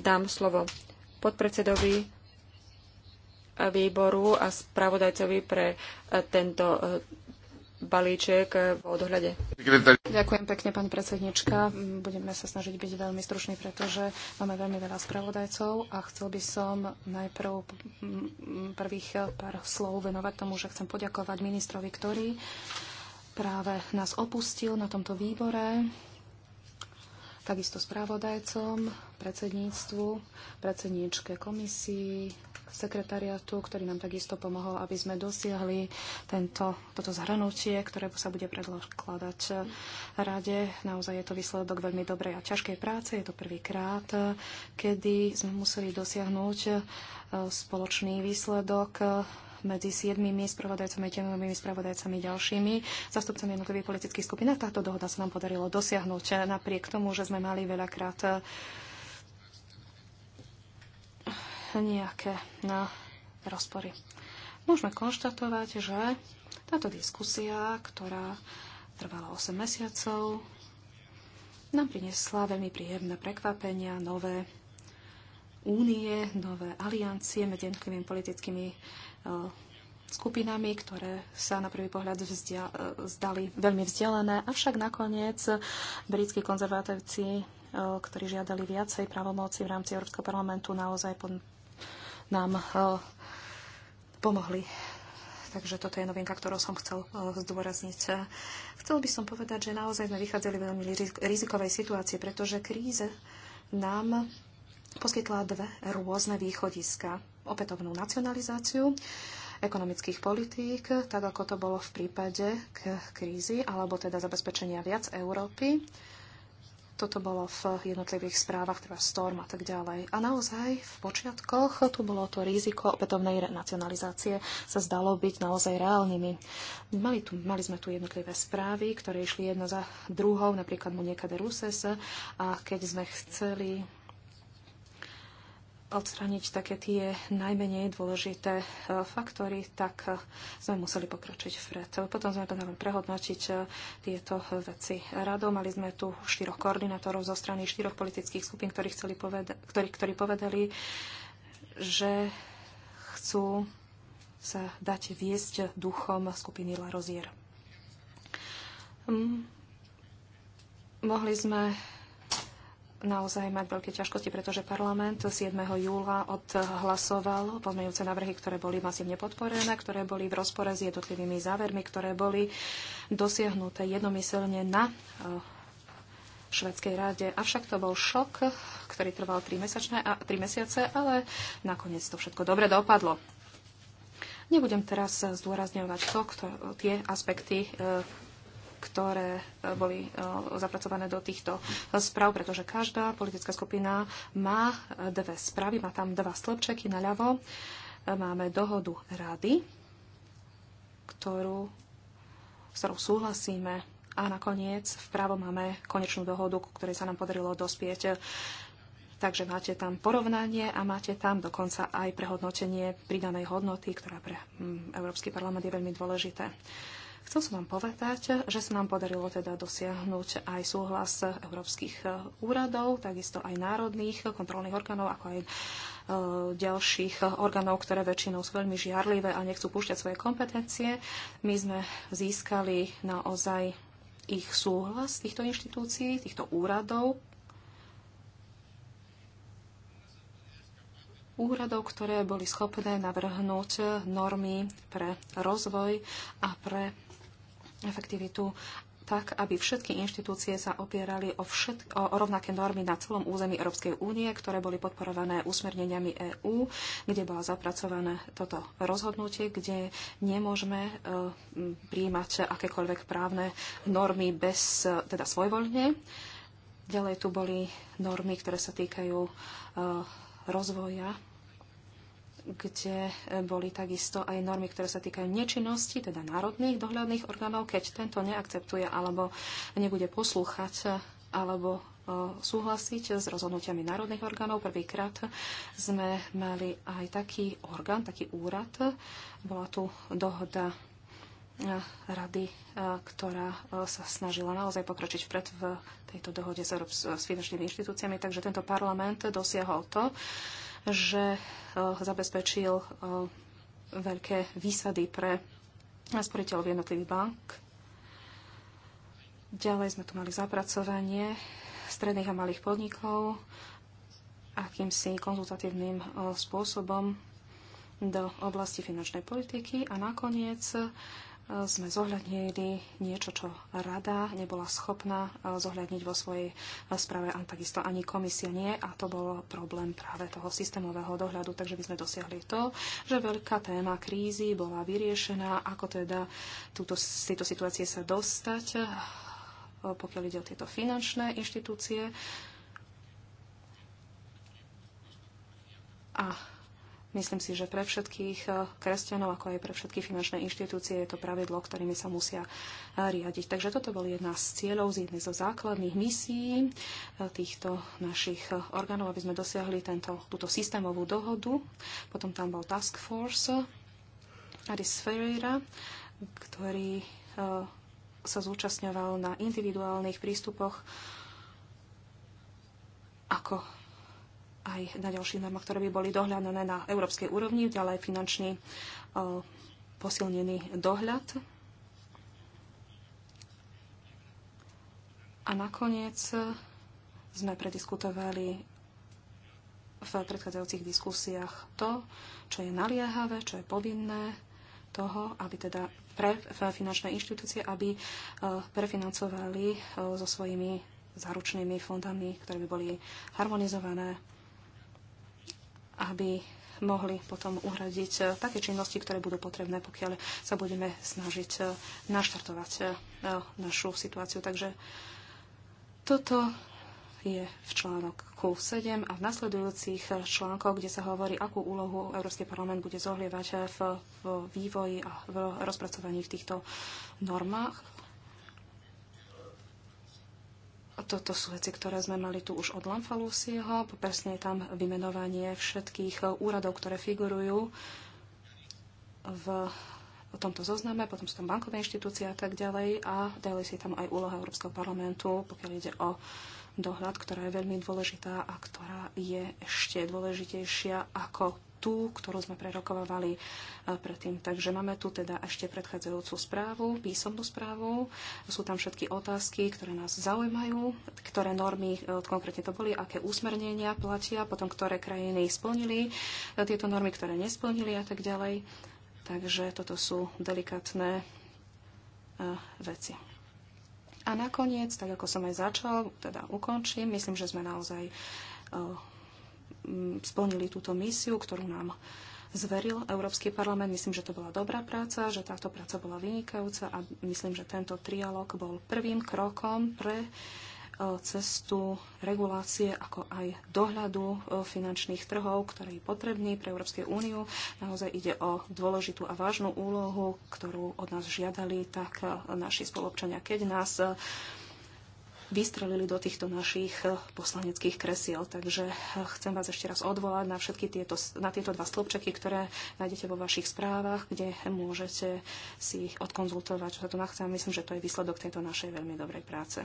dám slovo podpredsedovi výboru a spravodajcovi pre e, tento e, balíček v odhľade. Ďakujem pekne, pani predsednička. Budeme sa snažiť byť veľmi stručný, pretože máme veľmi veľa spravodajcov a chcel by som najprv mm, prvých pár slov venovať tomu, že chcem poďakovať ministrovi, ktorý práve nás opustil na tomto výbore takisto správodajcom, predsedníctvu, predsedníčke komisii, sekretariatu, ktorý nám takisto pomohol, aby sme dosiahli tento, toto zhrnutie, ktoré sa bude predkladať rade. Naozaj je to výsledok veľmi dobrej a ťažkej práce. Je to prvýkrát, kedy sme museli dosiahnuť eh, spoločný výsledok medzi siedmimi spravodajcami, tenovými spravodajcami ďalšími, zastupcami jednotlivých politických skupín. A táto dohoda sa nám podarilo dosiahnuť napriek tomu, že sme mali veľakrát eh, nejaké na no, rozpory. Môžeme konštatovať, že táto diskusia, ktorá trvala 8 mesiacov, nám priniesla veľmi príjemné prekvapenia, nové únie, nové aliancie medzi jednotlivými politickými skupinami, ktoré sa na prvý pohľad vzdia, zdali veľmi vzdialené, avšak nakoniec britskí konzervatívci, e, ktorí žiadali viacej právomoci v rámci Európskeho parlamentu, naozaj pod, nám e, pomohli. Takže toto je novinka, ktorú som chcel e, zdôrazniť. Chcel by som povedať, že naozaj sme vychádzali veľmi rizikovej situácie, pretože kríze nám poskytla dve rôzne východiska opätovnú nacionalizáciu ekonomických politík, tak ako to bolo v prípade k krízy, alebo teda zabezpečenia viac Európy. Toto bolo v jednotlivých správach, teda Storm a tak ďalej. A naozaj v počiatkoch tu bolo to riziko opätovnej nacionalizácie sa zdalo byť naozaj reálnymi. Mali, tu, mali sme tu jednotlivé správy, ktoré išli jedna za druhou, napríklad mu niekade Ruses, a keď sme chceli odstraniť také tie najmenej dôležité e, faktory, tak e, sme museli pokročiť vpred. Potom sme potrebovali prehodnotiť e, tieto veci radou. Mali sme tu štyroch koordinátorov zo strany štyroch politických skupín, ktorí, chceli poveda- ktorí, ktorí povedali, že chcú sa dať viesť duchom skupiny La Rozier. Mohli sme naozaj mať veľké ťažkosti, pretože parlament 7. júla odhlasoval pozmeňujúce návrhy, ktoré boli masívne podporené, ktoré boli v rozpore s jednotlivými závermi, ktoré boli dosiahnuté jednomyselne na eh, Švedskej rade. Avšak to bol šok, ktorý trval 3, mesačné, a, 3 mesiace, ale nakoniec to všetko dobre dopadlo. Nebudem teraz zdôrazňovať to, kto, tie aspekty, eh, ktoré e, boli e, zapracované do týchto e, správ, pretože každá politická skupina má dve správy, má tam dva stĺpčeky naľavo. Máme dohodu rady, ktorú, s ktorou súhlasíme a nakoniec vpravo máme konečnú dohodu, ku ktorej sa nám podarilo dospieť Takže máte tam porovnanie a máte tam dokonca aj prehodnotenie pridanej hodnoty, ktorá pre mm, Európsky parlament je veľmi dôležité. Chcel som vám povedať, že sa nám podarilo teda dosiahnuť aj súhlas európskych e, úradov, takisto aj národných kontrolných orgánov, ako aj e, ďalších orgánov, ktoré väčšinou sú veľmi žiarlivé a nechcú púšťať svoje kompetencie. My sme získali naozaj ich súhlas týchto inštitúcií, týchto úradov, úradov, ktoré boli schopné navrhnúť normy pre rozvoj a pre efektivitu tak, aby všetky inštitúcie sa opierali o, všet, o rovnaké normy na celom území Európskej únie, ktoré boli podporované usmerneniami EÚ, kde bola zapracované toto rozhodnutie, kde nemôžeme e, príjmať akékoľvek právne normy bez, e, teda svojvoľne. Ďalej tu boli normy, ktoré sa týkajú e, rozvoja kde e, boli takisto aj normy, ktoré sa týkajú nečinnosti, teda národných dohľadných orgánov, keď tento neakceptuje alebo nebude poslúchať e, alebo e, súhlasiť s rozhodnutiami národných orgánov. Prvýkrát sme mali aj taký orgán, taký úrad. Bola tu dohoda rady, ktorá sa snažila naozaj pokročiť vpred v tejto dohode s, s finančnými inštitúciami. Takže tento parlament dosiahol to, že e, zabezpečil e, veľké výsady pre sporiteľov jednotlivých bank. Ďalej sme tu mali zapracovanie stredných a malých podnikov akýmsi konzultatívnym e, spôsobom do oblasti finančnej politiky a nakoniec sme zohľadnili niečo, čo rada nebola schopná e, zohľadniť vo svojej e, správe a takisto ani komisia nie a to bol problém práve toho systémového dohľadu, takže by sme dosiahli to, že veľká téma krízy bola vyriešená, ako teda túto, z tejto situácie sa dostať, e, pokiaľ ide o tieto finančné inštitúcie. A Myslím si, že pre všetkých eh, kresťanov, ako aj pre všetky finančné inštitúcie je to pravidlo, ktorými sa musia eh, riadiť. Takže toto bol jedna z cieľov, z jednej zo základných misií eh, týchto našich orgánov, aby sme dosiahli tento, túto systémovú dohodu. Potom tam bol Task Force Aris Ferreira, ktorý sa zúčastňoval na individuálnych prístupoch ako aj na ďalších normách, ktoré by boli dohľadané na európskej úrovni, ďalej finančný e, posilnený dohľad. A nakoniec e, sme prediskutovali v predchádzajúcich diskusiách to, čo je naliehavé, čo je povinné toho, aby teda pre finančné inštitúcie, aby e, prefinancovali so svojimi záručnými fondami, ktoré by boli harmonizované aby mohli potom uhradiť eh, také činnosti, ktoré budú potrebné, pokiaľ sa budeme snažiť eh, naštartovať eh, našu situáciu. Takže toto je v článok q 7 a v nasledujúcich článkoch, kde sa hovorí, akú úlohu Európsky parlament bude zohlievať v, v vývoji a v rozpracovaní v týchto normách toto sú veci, ktoré sme mali tu už od Lamfalusieho. Presne je tam vymenovanie všetkých úradov, ktoré figurujú v tomto zozname, potom sú tam bankové inštitúcie a tak ďalej a ďalej si tam aj úloha Európskeho parlamentu, pokiaľ ide o dohľad, ktorá je veľmi dôležitá a ktorá je ešte dôležitejšia ako tú, ktorú sme prerokovali e, predtým. Takže máme tu teda ešte predchádzajúcu správu, písomnú správu. Sú tam všetky otázky, ktoré nás zaujímajú, ktoré normy e, konkrétne to boli, aké úsmernenia platia, potom ktoré krajiny splnili e, tieto normy, ktoré nesplnili a tak ďalej. Takže toto sú delikatné veci. A nakoniec, tak ako som aj začal, teda ukončím, myslím, že sme naozaj Mm, splnili túto misiu, ktorú nám zveril Európsky parlament. Myslím, že to bola dobrá práca, že táto práca bola vynikajúca a myslím, že tento trialog bol prvým krokom pre e, cestu regulácie, ako aj dohľadu e, finančných trhov, ktorý je potrebný pre Európsku úniu. Naozaj ide o dôležitú a vážnu úlohu, ktorú od nás žiadali tak e, naši spolobčania, keď nás vystrelili do týchto našich eh, poslaneckých kresiel. Takže eh, chcem vás ešte raz odvolať na všetky tieto, na tieto dva stĺpčeky, ktoré nájdete vo vašich správach, kde môžete si ich odkonzultovať, čo sa tu nachcem. Myslím, že to je výsledok tejto našej veľmi dobrej práce.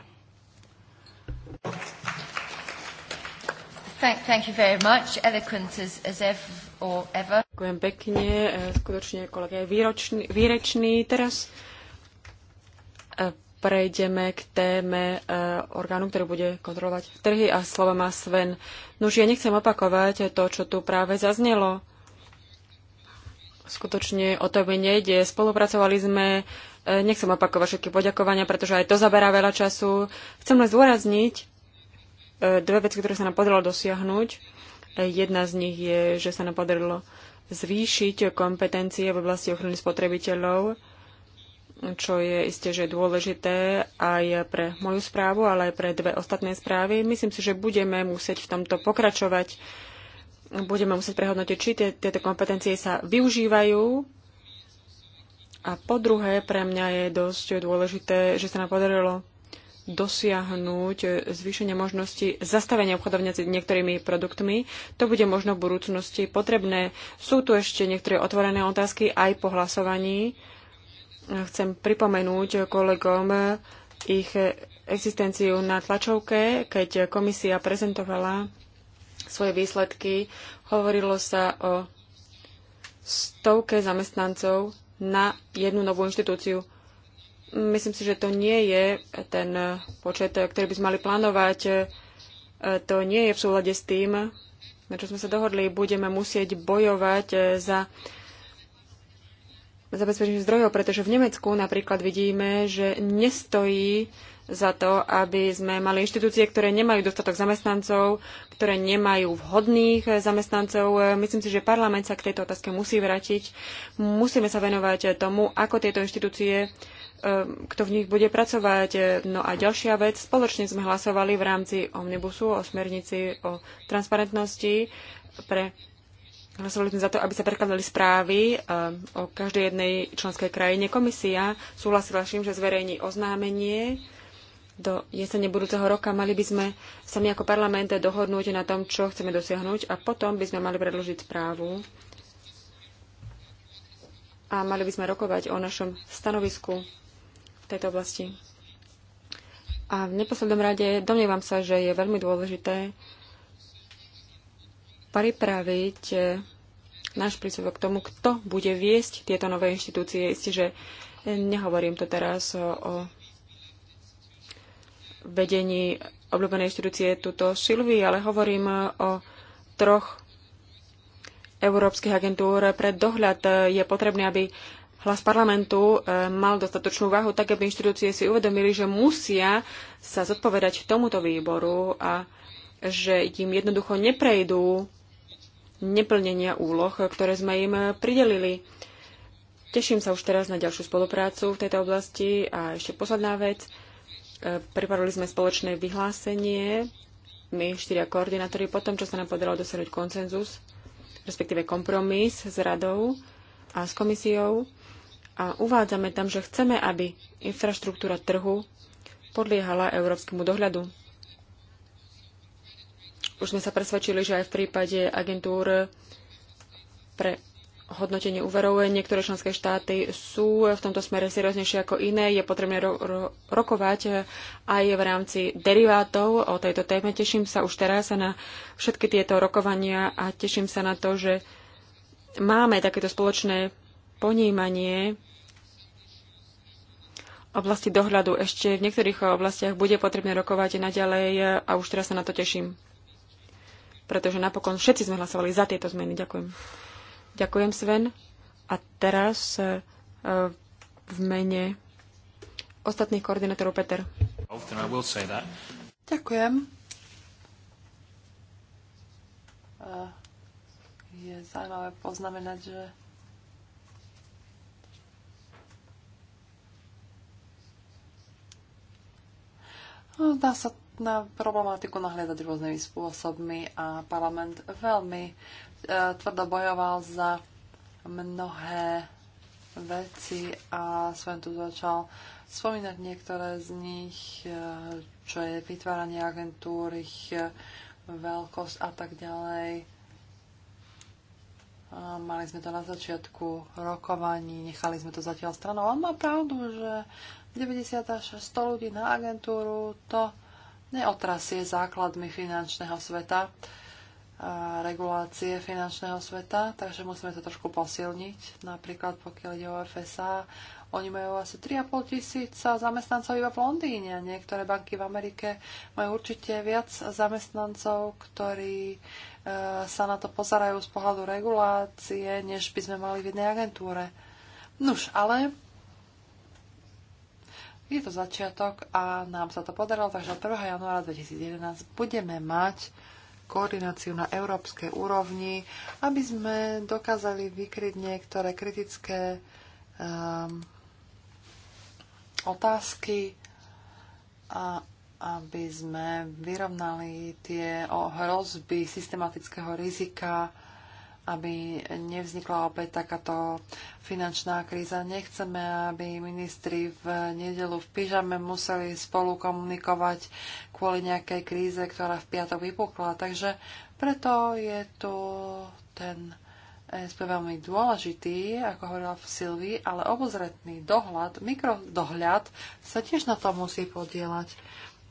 Thank, thank you very much. Eloquent as, as ever or ever. Ďakujem pekne. Eh, skutočne kolega je výročný, výrečný. Teraz prejdeme k téme e, orgánu, ktorý bude kontrolovať trhy a slovo má Sven. Nož ja nechcem opakovať to, čo tu práve zaznelo. Skutočne o to mi nejde. Spolupracovali sme, e, nechcem opakovať všetky poďakovania, pretože aj to zaberá veľa času. Chcem len zdôrazniť e, dve veci, ktoré sa nám podarilo dosiahnuť. Jedna z nich je, že sa nám podarilo zvýšiť kompetencie v oblasti ochrany spotrebiteľov čo je isté, že dôležité aj pre moju správu, ale aj pre dve ostatné správy. Myslím si, že budeme musieť v tomto pokračovať. Budeme musieť prehodnotiť, či tieto kompetencie sa využívajú. A po druhé, pre mňa je dosť dôležité, že sa nám podarilo dosiahnuť zvýšenie možnosti zastavenia obchodovania s niektorými produktmi. To bude možno v budúcnosti potrebné. Sú tu ešte niektoré otvorené otázky aj po hlasovaní Chcem pripomenúť kolegom ich existenciu na tlačovke, keď komisia prezentovala svoje výsledky. Hovorilo sa o stovke zamestnancov na jednu novú inštitúciu. Myslím si, že to nie je ten počet, ktorý by sme mali plánovať. To nie je v súlade s tým, na čo sme sa dohodli. Budeme musieť bojovať za zabezpečených zdrojov, pretože v Nemecku napríklad vidíme, že nestojí za to, aby sme mali inštitúcie, ktoré nemajú dostatok zamestnancov, ktoré nemajú vhodných zamestnancov. Myslím si, že parlament sa k tejto otázke musí vrátiť. Musíme sa venovať tomu, ako tieto inštitúcie e, kto v nich bude pracovať. No a ďalšia vec, spoločne sme hlasovali v rámci Omnibusu o smernici o transparentnosti pre Hlasovali sme za to, aby sa prekladali správy eh, o každej jednej členskej krajine. Komisia súhlasila s tým, že zverejní oznámenie do jesene budúceho roka. Mali by sme sa my ako parlament dohodnúť na tom, čo chceme dosiahnuť a potom by sme mali predložiť správu a mali by sme rokovať o našom stanovisku v tejto oblasti. A v neposlednom rade domnievam sa, že je veľmi dôležité, pripraviť e, náš príspevok k tomu, kto bude viesť tieto nové inštitúcie. Isté, že e, nehovorím to teraz o, o vedení obľúbenej inštitúcie tuto Silvy, ale hovorím e, o troch európskych agentúr pre dohľad. Je potrebné, aby hlas parlamentu mal dostatočnú váhu, tak aby inštitúcie si uvedomili, že musia sa zodpovedať tomuto výboru a že im jednoducho neprejdú neplnenia úloh, ktoré sme im pridelili. Teším sa už teraz na ďalšiu spoluprácu v tejto oblasti. A ešte posledná vec. E, Pripravili sme spoločné vyhlásenie, my štyria koordinátori, po tom, čo sa nám podarilo dosiahnuť konsenzus, respektíve kompromis s radou a s komisiou. A uvádzame tam, že chceme, aby infraštruktúra trhu podliehala európskemu dohľadu. Už sme sa presvedčili, že aj v prípade agentúr pre hodnotenie úverov niektoré členské štáty sú v tomto smere serióznejšie ako iné. Je potrebné ro- ro- rokovať aj v rámci derivátov o tejto téme. Teším sa už teraz na všetky tieto rokovania a teším sa na to, že máme takéto spoločné ponímanie oblasti dohľadu. Ešte v niektorých oblastiach bude potrebné rokovať naďalej a už teraz sa na to teším pretože napokon všetci sme hlasovali za tieto zmeny. Ďakujem. Ďakujem, Sven. A teraz e, e, v mene ostatných koordinátorov Peter. Ďakujem. Je zaujímavé poznamenať, že no, Dá sa na problematiku nahliadať rôznymi spôsobmi a parlament veľmi e, tvrdo bojoval za mnohé veci a svojom tu začal spomínať niektoré z nich, e, čo je vytváranie agentúr, ich e, veľkosť a tak ďalej. A mali sme to na začiatku rokovaní, nechali sme to zatiaľ stranou. On má pravdu, že 90 až 100 ľudí na agentúru, to neotrasie základmi finančného sveta, regulácie finančného sveta, takže musíme to trošku posilniť. Napríklad pokiaľ ide o FSA, oni majú asi 3,5 tisíca zamestnancov iba v Londýne. Niektoré banky v Amerike majú určite viac zamestnancov, ktorí e, sa na to pozerajú z pohľadu regulácie, než by sme mali v jednej agentúre. Nuž, ale je to začiatok a nám sa to podarilo, takže od 1. januára 2011 budeme mať koordináciu na európskej úrovni, aby sme dokázali vykryť niektoré kritické um, otázky a aby sme vyrovnali tie hrozby systematického rizika aby nevznikla opäť takáto finančná kríza. Nechceme, aby ministri v nedelu v pyžame museli spolu komunikovať kvôli nejakej kríze, ktorá v piatok vypukla. Takže preto je tu ten SP veľmi dôležitý, ako hovorila v Silvii, ale obozretný dohľad, mikrodohľad sa tiež na to musí podielať.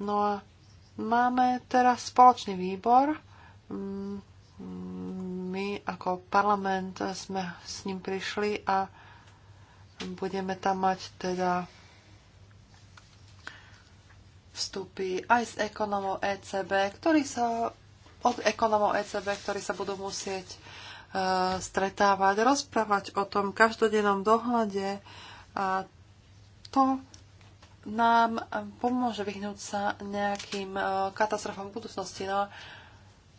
No a máme teraz spoločný výbor, mm, my ako parlament sme s ním prišli a budeme tam mať teda vstupy aj z ekonomov ECB, ktorí sa od ekonomov ECB, ktorí sa budú musieť uh, stretávať, rozprávať o tom každodennom dohľade a to nám pomôže vyhnúť sa nejakým uh, e, katastrofom v budúcnosti. No, a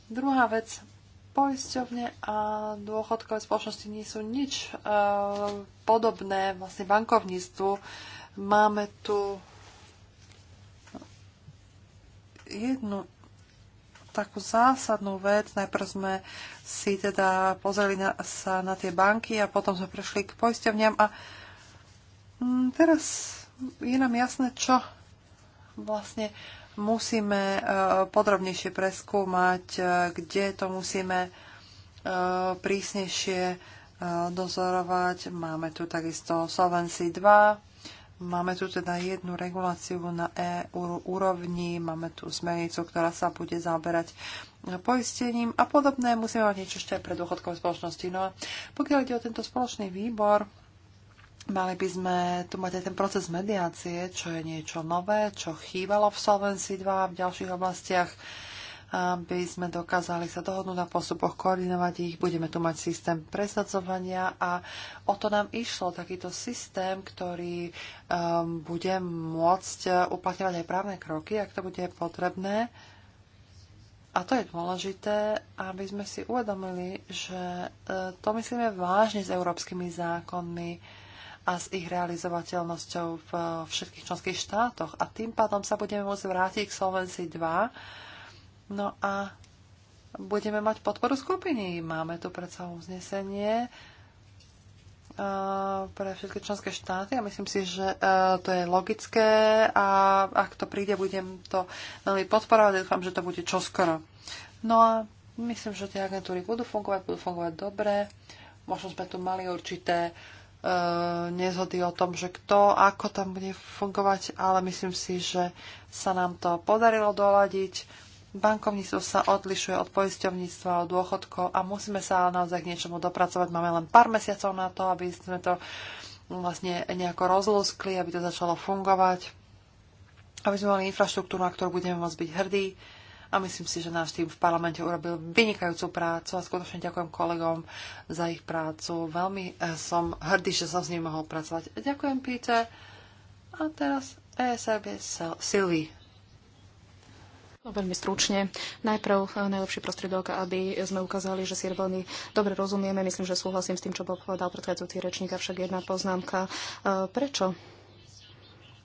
druhá vec, poisťovne a dôchodkové spoločnosti nie sú nič e, podobné vlastne bankovníctvu. Máme tu jednu takú zásadnú vec. Najprv sme si teda pozreli na, sa na tie banky a potom sme prešli k poisťovňam a mm, teraz je nám jasné, čo vlastne musíme e, podrobnejšie preskúmať, e, kde to musíme e, prísnejšie dozorovať. Máme tu takisto Solvency 2, máme tu teda jednu reguláciu na EU úrovni, máme tu smernicu, ktorá sa bude zaberať poistením a podobné. Musíme mať niečo ešte aj pre dôchodkové spoločnosti. No a pokiaľ ide o tento spoločný výbor, Mali by sme tu mať aj ten proces mediácie, čo je niečo nové, čo chýbalo v Solvency 2 a v ďalších oblastiach, aby sme dokázali sa dohodnúť na postupoch, koordinovať ich. Budeme tu mať systém presadzovania a o to nám išlo takýto systém, ktorý um, bude môcť uplatňovať aj právne kroky, ak to bude potrebné. A to je dôležité, aby sme si uvedomili, že e, to myslíme vážne s európskymi zákonmi a s ich realizovateľnosťou v všetkých členských štátoch. A tým pádom sa budeme môcť vrátiť k Solvency 2. No a budeme mať podporu skupiny. Máme tu predsa uznesenie e, pre všetky členské štáty a myslím si, že e, to je logické a ak to príde, budem to veľmi podporovať. Dúfam, že to bude čoskoro. No a myslím, že tie agentúry budú fungovať, budú fungovať dobre. Možno sme tu mali určité uh, E, nezhody o tom, že kto, ako tam bude fungovať, ale myslím si, že sa nám to podarilo doladiť. Bankovníctvo sa odlišuje od poisťovníctva, od dôchodkov a musíme sa ale naozaj k niečomu dopracovať. Máme len pár mesiacov na to, aby sme to vlastne nejako rozlúskli, aby to začalo fungovať, aby sme mali infraštruktúru, na ktorú budeme môcť byť hrdí a myslím si, že náš tým v parlamente urobil vynikajúcu prácu a skutočne ďakujem kolegom za ich prácu. Veľmi eh, som hrdý, že som s ním mohol pracovať. Ďakujem, Píte. A teraz ESRB Sylvie. Veľmi stručne. Najprv eh, najlepší prostriedok, aby sme ukázali, že si veľmi dobre rozumieme. Myslím, že súhlasím s tým, čo povedal predchádzajúci rečník, avšak jedna poznámka. Eh, prečo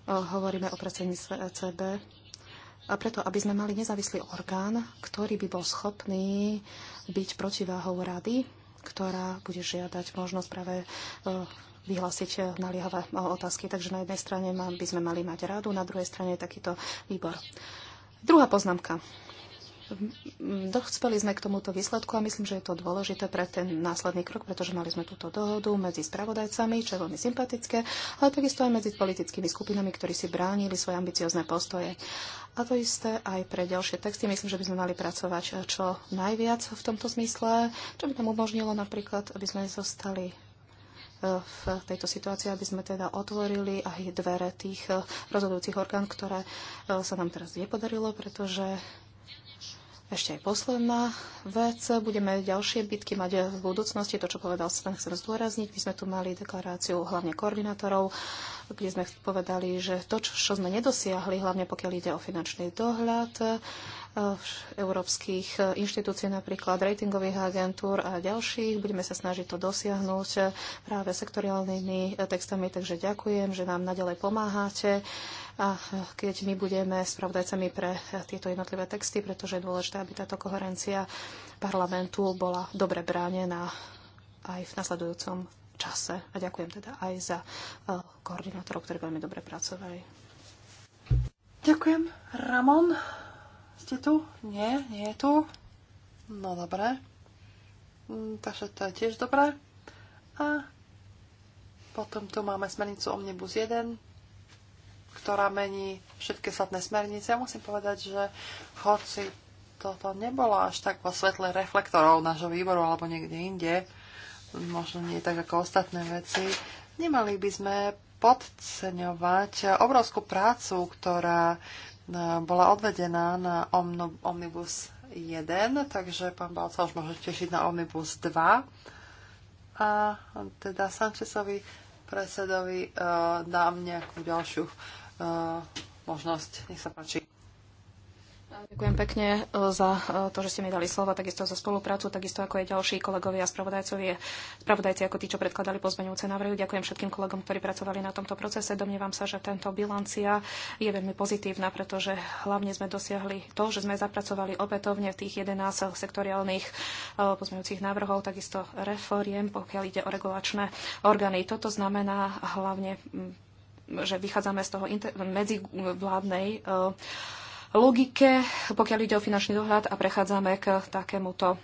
hovoríme o predsedníctve ECB? a preto, aby sme mali nezávislý orgán, ktorý by bol schopný byť protiváhou rady, ktorá bude žiadať možnosť práve e, vyhlásiť e, naliehavé e, otázky. Takže na jednej strane by sme mali mať radu, na druhej strane takýto výbor. Druhá poznámka. Dochceli sme k tomuto výsledku a myslím, že je to dôležité pre ten následný krok, pretože mali sme túto dohodu medzi spravodajcami, čo je veľmi sympatické, ale takisto aj medzi politickými skupinami, ktorí si bránili svoje ambiciozne postoje. A to isté aj pre ďalšie texty. Myslím, že by sme mali pracovať eh, čo najviac v tomto zmysle, čo by nám umožnilo napríklad, aby sme zostali eh, v tejto situácii, aby sme teda otvorili aj dvere tých eh, rozhodujúcich orgán, ktoré sa nám teraz nepodarilo, pretože ešte aj posledná vec. Budeme ďalšie bitky mať v budúcnosti. To, čo povedal Sven, chcem zdôrazniť. My sme tu mali deklaráciu hlavne koordinátorov, kde sme povedali, že to, čo sme nedosiahli, hlavne pokiaľ ide o finančný dohľad, Eh, európskych eh, inštitúcií, napríklad ratingových agentúr a ďalších. Budeme sa snažiť to dosiahnuť eh, práve sektoriálnymi textami, takže ďakujem, že nám nadalej pomáhate a keď my budeme spravodajcami pre tieto jednotlivé texty, pretože je dôležité, aby táto koherencia parlamentu bola dobre bránená aj v nasledujúcom čase. A ďakujem teda aj za koordinátorov, ktorí veľmi dobre pracovali. Ďakujem, Ramon. Ste tu? Nie, nie je tu. No dobré, mm, Takže to je tiež dobré. A potom tu máme smernicu Omnibus 1, ktorá mení všetky ostatné smernice. Ja musím povedať, že hoci toto nebolo až tak vo svetle reflektorov nášho výboru alebo niekde inde, možno nie tak ako ostatné veci, nemali by sme podceňovať obrovskú prácu, ktorá bola odvedená na Omnibus 1, takže pán Balca už môže tešiť na Omnibus 2. A teda Sančesovi predsedovi e, dám nejakú ďalšiu e, možnosť. Nech sa páči. Ďakujem pekne e, za e, to, že ste mi dali slovo, takisto za spoluprácu, takisto ako aj ďalší kolegovia a spravodajcovie, spravodajci ako tí, čo predkladali pozmeňujúce návrhy. Ďakujem všetkým kolegom, ktorí pracovali na tomto procese. Domnievam sa, že tento bilancia je veľmi pozitívna, pretože hlavne sme dosiahli to, že sme zapracovali opätovne v tých 11 sektoriálnych e, pozmeňujúcich návrhov, takisto reforiem, pokiaľ ide o regulačné orgány. Toto znamená hlavne, že vychádzame z toho medzivládnej vládnej logike, pokiaľ ide o finančný dohľad a prechádzame k takémuto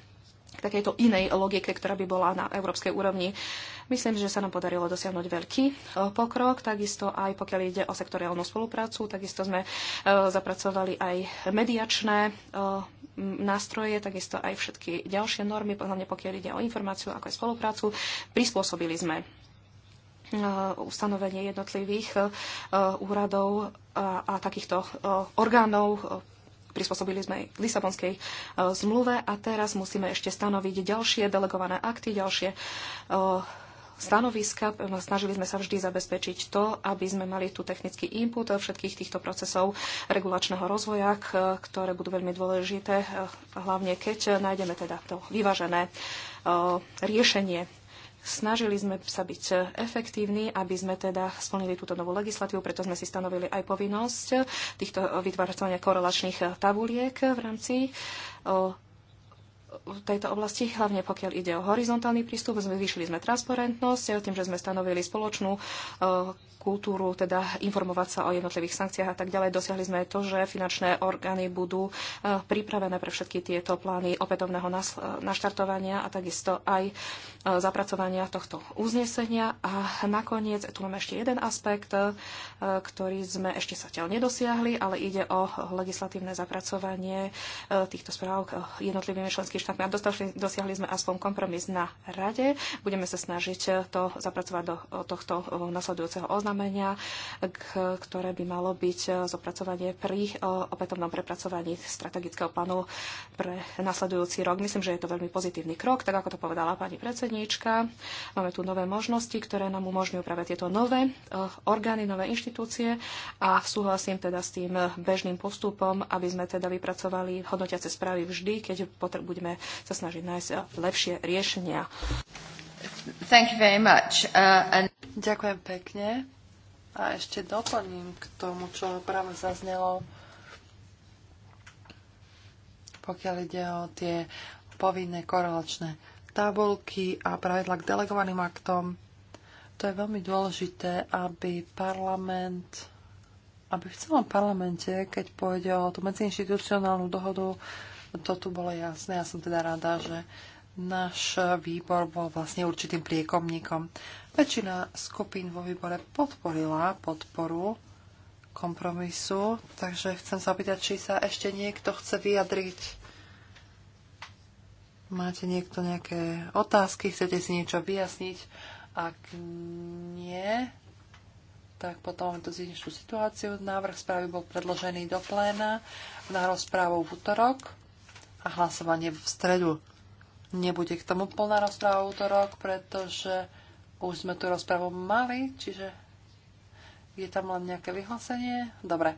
k takejto inej logike, ktorá by bola na európskej úrovni. Myslím, že sa nám podarilo dosiahnuť veľký e, pokrok, takisto aj pokiaľ ide o sektoriálnu spoluprácu, takisto sme e, zapracovali aj mediačné e, nástroje, takisto aj všetky ďalšie normy, hlavne pokiaľ ide o informáciu, ako aj spoluprácu, prispôsobili sme ustanovenie jednotlivých úradov a, a takýchto e, orgánov e, prispôsobili sme Lisabonskej e, zmluve a teraz musíme ešte stanoviť ďalšie delegované akty, ďalšie stanoviska. No, snažili sme sa vždy zabezpečiť to, aby sme mali tu technický input všetkých týchto procesov regulačného rozvoja, ktoré budú veľmi dôležité, hlavne keď nájdeme teda to vyvážené riešenie Snažili sme sa byť efektívni, aby sme teda splnili túto novú legislatívu, preto sme si stanovili aj povinnosť týchto vytvárania korelačných tabuliek v rámci v tejto oblasti, hlavne pokiaľ ide o horizontálny prístup. Zvýšili sme transparentnosť eh, tým, že sme stanovili spoločnú eh, kultúru, teda informovať sa o jednotlivých sankciách a tak ďalej. Dosiahli sme to, že finančné orgány budú eh, pripravené pre všetky tieto plány opätovného naštartovania a takisto aj zapracovania tohto uznesenia. A nakoniec, tu máme ešte jeden aspekt, ktorý sme ešte zatiaľ nedosiahli, ale ide o legislatívne zapracovanie týchto správ jednotlivými členskými štátmi a dostali, dosiahli sme aspoň kompromis na rade. Budeme sa snažiť to zapracovať do tohto nasledujúceho oznámenia, ktoré by malo byť zopracovanie pri e, opätovnom prepracovaní strategického plánu pre nasledujúci rok. Myslím, že je to veľmi pozitívny krok, tak ako to povedala pani predsedníčka. Máme tu nové možnosti, ktoré nám umožňujú práve tieto nové e, orgány, nové inštitúcie a súhlasím teda s tým bežným postupom, aby sme teda vypracovali hodnotiace správy vždy, keď budeme budeme sa snažiť nájsť eh, lepšie riešenia. Thank you very much. Uh, and... Ďakujem pekne. A ešte doplním k tomu, čo práve zaznelo, pokiaľ ide o tie povinné korelačné tabulky a pravidla k delegovaným aktom. To je veľmi dôležité, aby parlament, aby v celom parlamente, keď pôjde o tú medziinstitucionálnu dohodu, to tu bolo jasné. Ja som teda rada, že náš výbor bol vlastne určitým priekomníkom. Väčšina skupín vo výbore podporila podporu kompromisu, takže chcem sa opýtať, či sa ešte niekto chce vyjadriť. Máte niekto nejaké otázky, chcete si niečo vyjasniť? Ak nie, tak potom máme tu zjednečnú situáciu. Návrh správy bol predložený do pléna na rozprávu v útorok a hlasovanie v stredu. Nebude k tomu plná rozpráva útorok, pretože už sme tu rozprávu mali, čiže je tam len nejaké vyhlásenie. Dobre.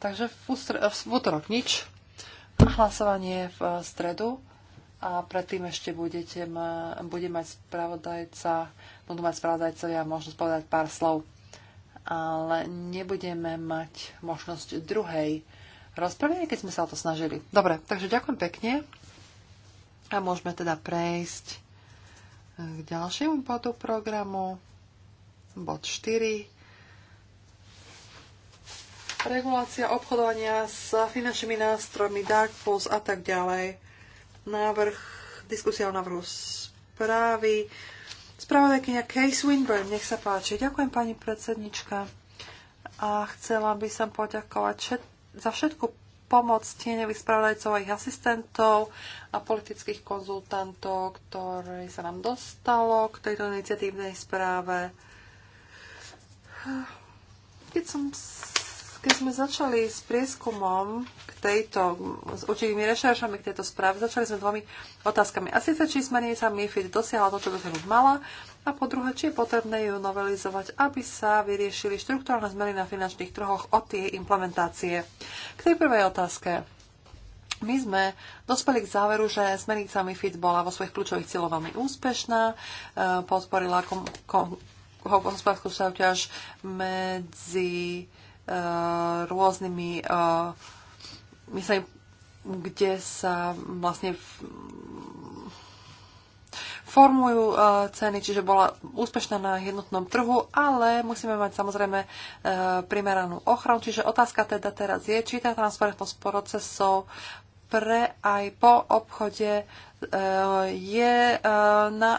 Takže v, ústr- v útorok nič. A hlasovanie v stredu. A predtým ešte budete ma, bude mať spravodajca, budú mať spravodajcovia možnosť povedať pár slov. Ale nebudeme mať možnosť druhej rozprave, keď sme sa o to snažili. Dobre, takže ďakujem pekne a môžeme teda prejsť eh, k ďalšiemu bodu programu, bod 4. Regulácia obchodovania s finančnými nástrojmi, dark plus a tak ďalej. Návrh, diskusia o návrhu správy. Spravodajkynia Case Winburn, nech sa páči. Ďakujem pani predsednička a chcela by som poďakovať všetkým za všetku pomoc tieňových spravodajcov a ich asistentov a politických konzultantov, ktorí sa nám dostalo k tejto iniciatívnej správe. Keď, som, keď sme začali s prieskumom k tejto, s určitými rešeršami k tejto správe, začali sme dvomi otázkami. Asi sa či sa MIFID dosiahla to, čo by sa mala a po druhé, či je potrebné ju novelizovať, aby sa vyriešili štruktúrne zmeny na finančných trhoch od jej implementácie. K tej prvej otázke. My sme dospeli k záveru, že smernica MIFID bola vo svojich kľúčových cieľov veľmi úspešná, e, podporila kom, kom, hospodárskú súťaž medzi uh, rôznymi uh, myslím, kde sa vlastne formujú e, ceny, čiže bola úspešná na jednotnom trhu, ale musíme mať samozrejme e, primeranú ochranu. Čiže otázka teda teraz je, či tá transparentnosť procesov pre aj po obchode e, je na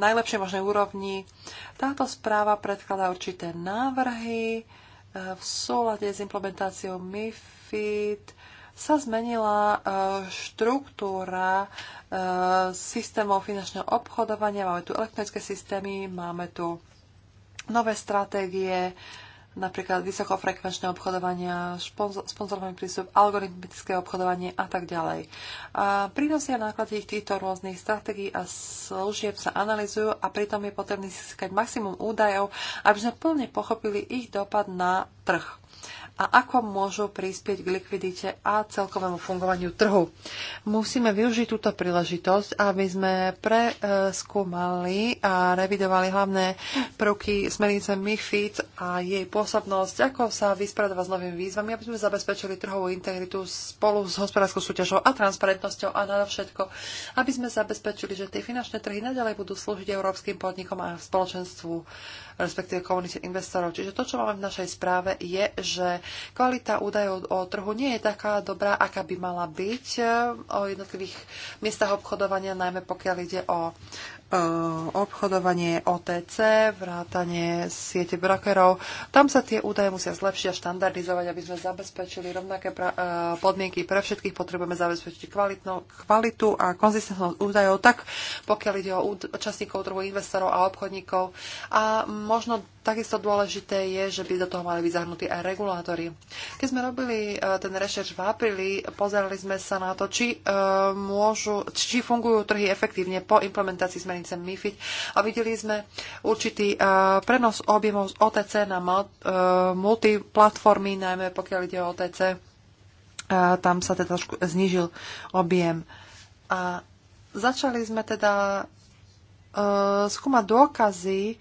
najlepšej možnej úrovni. Táto správa predkladá určité návrhy v súlade s implementáciou MIFID sa zmenila eh, štruktúra eh, systémov finančného obchodovania. Máme tu elektronické systémy, máme tu nové stratégie, napríklad vysokofrekvenčné obchodovania, sponzorovaný prístup, algoritmické obchodovanie a tak ďalej. A prínosy a náklady týchto rôznych stratégií a služieb sa analizujú a pritom je potrebné získať maximum údajov, aby sme plne pochopili ich dopad na trh a ako môžu prispieť k likvidite a celkovému fungovaniu trhu. Musíme využiť túto príležitosť, aby sme preskúmali a revidovali hlavné prvky smernice MIFID a jej pôsobnosť, ako sa vysporiadovať s novými výzvami, aby sme zabezpečili trhovú integritu spolu s hospodárskou súťažou a transparentnosťou a na všetko, aby sme zabezpečili, že tie finančné trhy naďalej budú slúžiť európskym podnikom a spoločenstvu respektíve komunite investorov. Čiže to, čo máme v našej správe, je, že kvalita údajov o trhu nie je taká dobrá, aká by mala byť eh, o jednotlivých miestach obchodovania, najmä pokiaľ ide o Eh, obchodovanie OTC, vrátanie siete brokerov. Tam sa tie údaje musia zlepšiť a štandardizovať, aby sme zabezpečili rovnaké eh, podmienky pre všetkých. Potrebujeme zabezpečiť kvalitnú, kvalitu a konzistentnosť údajov, tak pokiaľ ide o účastníkov trhu, investorov a obchodníkov. A možno takisto dôležité je, že by do toho mali byť zahrnutí aj regulátory. Keď sme robili eh, ten rešerš v apríli, pozerali sme sa na to, či, môžu, či fungujú trhy efektívne po implementácii zmeny smernicem MIFID a videli sme určitý e, prenos objemov z OTC na e, multiplatformy, najmä pokiaľ ide o OTC. E, tam sa teda trošku znižil objem. A začali sme teda skúmať dôkazy,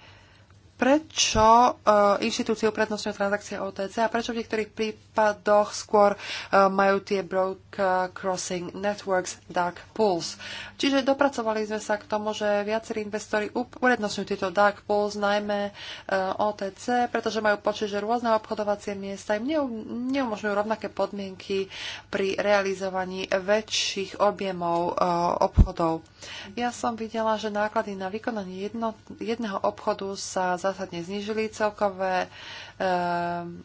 prečo eh, inštitúcie uprednostňujú transakcie OTC a prečo v niektorých prípadoch skôr eh, majú tie broker eh, crossing networks dark pools. Čiže dopracovali sme sa k tomu, že viacerí investori uprednostňujú tieto dark pools, najmä OTC, pretože majú počet, že rôzne obchodovacie miesta im neumožňujú rovnaké podmienky pri realizovaní väčších objemov obchodov. Ja som videla, že náklady na vykonanie jedno, jedného obchodu sa zase zásadne znižili Celkové ehm,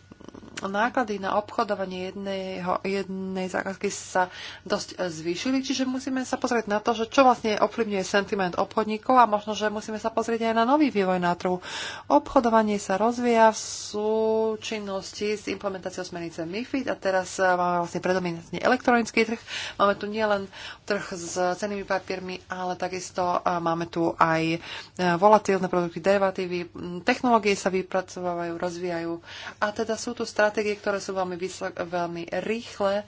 náklady na obchodovanie jedného, jednej zákazky sa dosť e, zvýšili, čiže musíme sa pozrieť na to, že čo vlastne ovplyvňuje sentiment obchodníkov a možno, že musíme sa pozrieť aj na nový vývoj na trhu. Obchodovanie sa rozvíja v súčinnosti s implementáciou smernice MIFID a teraz e, máme vlastne predominantne elektronický trh. Máme tu nielen trh s cenými papiermi, ale takisto e, máme tu aj volatilné produkty, derivatívy, technológie sa vypracovávajú, rozvíjajú a teda sú tu stratégie, ktoré sú veľmi, vysok- veľmi rýchle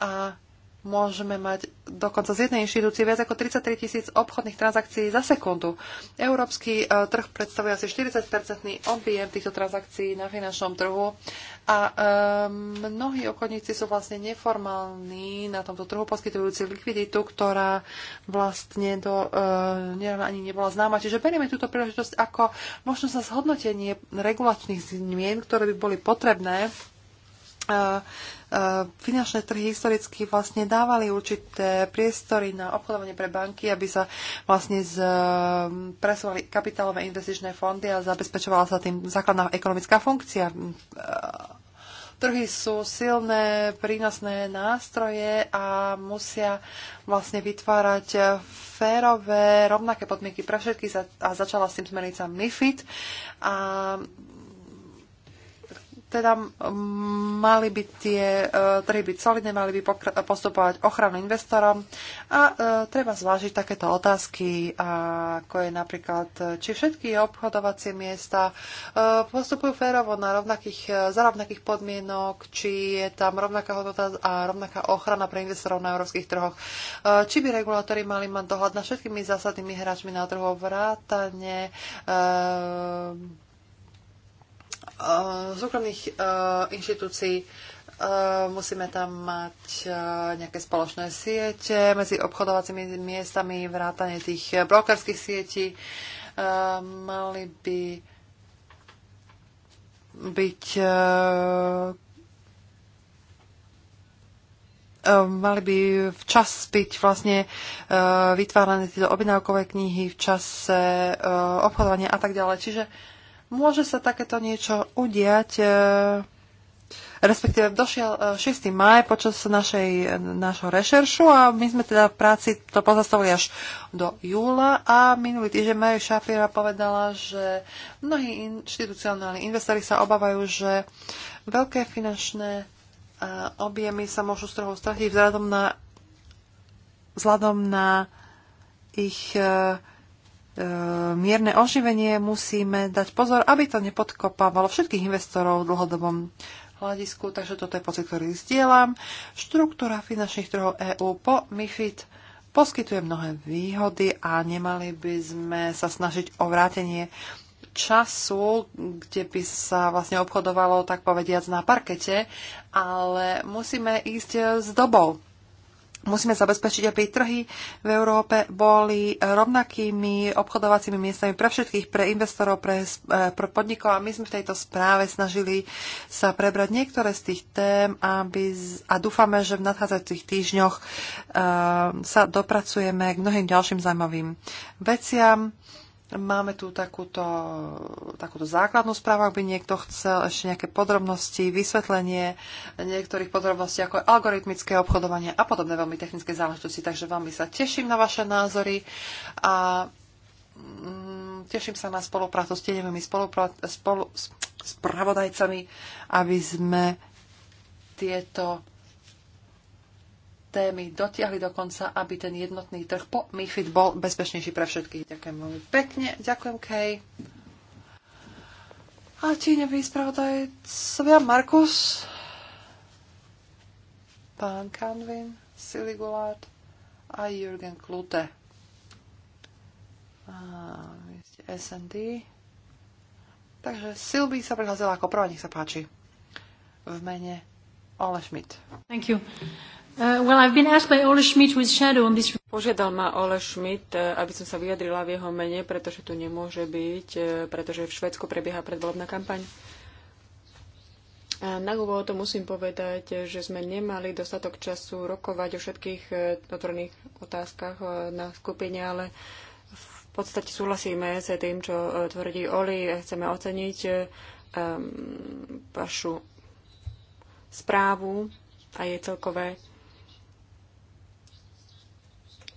a môžeme mať dokonca z jednej inštitúcie viac ako 33 tisíc obchodných transakcií za sekundu. Európsky e, trh predstavuje asi 40-percentný objem týchto transakcií na finančnom trhu a um, mnohí obchodníci sú vlastne neformálni na tomto trhu, poskytujúci likviditu, ktorá vlastne do, uh, ani nebola známa. Čiže berieme túto príležitosť ako možnosť na zhodnotenie regulačných zmien, ktoré by boli potrebné uh, E, finančné trhy historicky vlastne dávali určité priestory na obchodovanie pre banky, aby sa vlastne z, e, presúvali kapitálové investičné fondy a zabezpečovala sa tým základná ekonomická funkcia. E, trhy sú silné, prínosné nástroje a musia vlastne vytvárať férové, rovnaké podmienky pre všetky a začala s tým smernica MIFID. A teda mali by tie e, trhy byť solidné, mali by postupovať ochranu investorom a e, treba zvážiť takéto otázky, ako je napríklad, či všetky obchodovacie miesta e, postupujú férovo na rovnakých, za rovnakých podmienok, či je tam rovnaká hodnota a rovnaká ochrana pre investorov na európskych trhoch, či by regulátori mali mať dohľad na všetkými zásadnými hráčmi na trhu vrátane z uh, inštitúcií. Eh, musíme tam mať eh, nejaké spoločné siete medzi obchodovacími miestami, vrátanie tých brokerských sietí. Mali by byť mali by včas byť vlastne vytvárané tieto objednávkové knihy v čase obchodovania a tak ďalej. Čiže Môže sa takéto niečo udiať, e, respektíve došiel 6. E, maj počas našej, našho rešeršu a my sme teda v práci to pozastavili až do júla a minulý týždeň Mary Shapira povedala, že mnohí inštitucionálni investori sa obávajú, že veľké finančné e, objemy sa môžu z trhu stratiť vzhľadom na, vzhľadom na ich uh, E, mierne oživenie, musíme dať pozor, aby to nepodkopávalo všetkých investorov v dlhodobom hľadisku, takže toto je pocit, ktorý zdieľam. Štruktúra finančných trhov EÚ po MIFID poskytuje mnohé výhody a nemali by sme sa snažiť o vrátenie času, kde by sa vlastne obchodovalo, tak povediac, na parkete, ale musíme ísť s dobou musíme zabezpečiť, aby trhy v Európe boli rovnakými obchodovacími miestami pre všetkých, pre investorov, pre, eh, pre podnikov a my sme v tejto správe snažili sa prebrať niektoré z tých tém aby, a dúfame, že v nadchádzajúcich týždňoch uh, sa dopracujeme k mnohým ďalším zaujímavým veciam. Máme tu takúto, takúto základnú správu, ak by niekto chcel ešte nejaké podrobnosti, vysvetlenie niektorých podrobností, ako algoritmické obchodovanie a podobné veľmi technické záležitosti. Takže veľmi sa teším na vaše názory a mm, teším sa na spoluprácu s tenevými spolu, spravodajcami, aby sme tieto témy dotiahli do konca, aby ten jednotný trh po MIFID bol bezpečnejší pre všetkých. Ďakujem veľmi pekne. Ďakujem, Kej. A ti nevý spravodajcovia Markus, pán Kanvin, Siligulát a Jürgen Klute. A vy ste SND. Takže Silby sa prihlásila ako prvá, nech sa páči. V mene Ole Schmidt. Thank you. Uh, well, I've been asked by Ole Schmidt shadow on this... Požiadal ma Ole Schmidt, eh, aby som sa vyjadrila v jeho mene, pretože tu nemôže byť, eh, pretože v Švedsku prebieha predvolebná kampaň. A na úvod to musím povedať, že sme nemali dostatok času rokovať o všetkých eh, otvorených otázkach na skupine, ale v podstate súhlasíme s tým, čo tvrdí Oli. Chceme oceniť um, vašu správu a jej celkové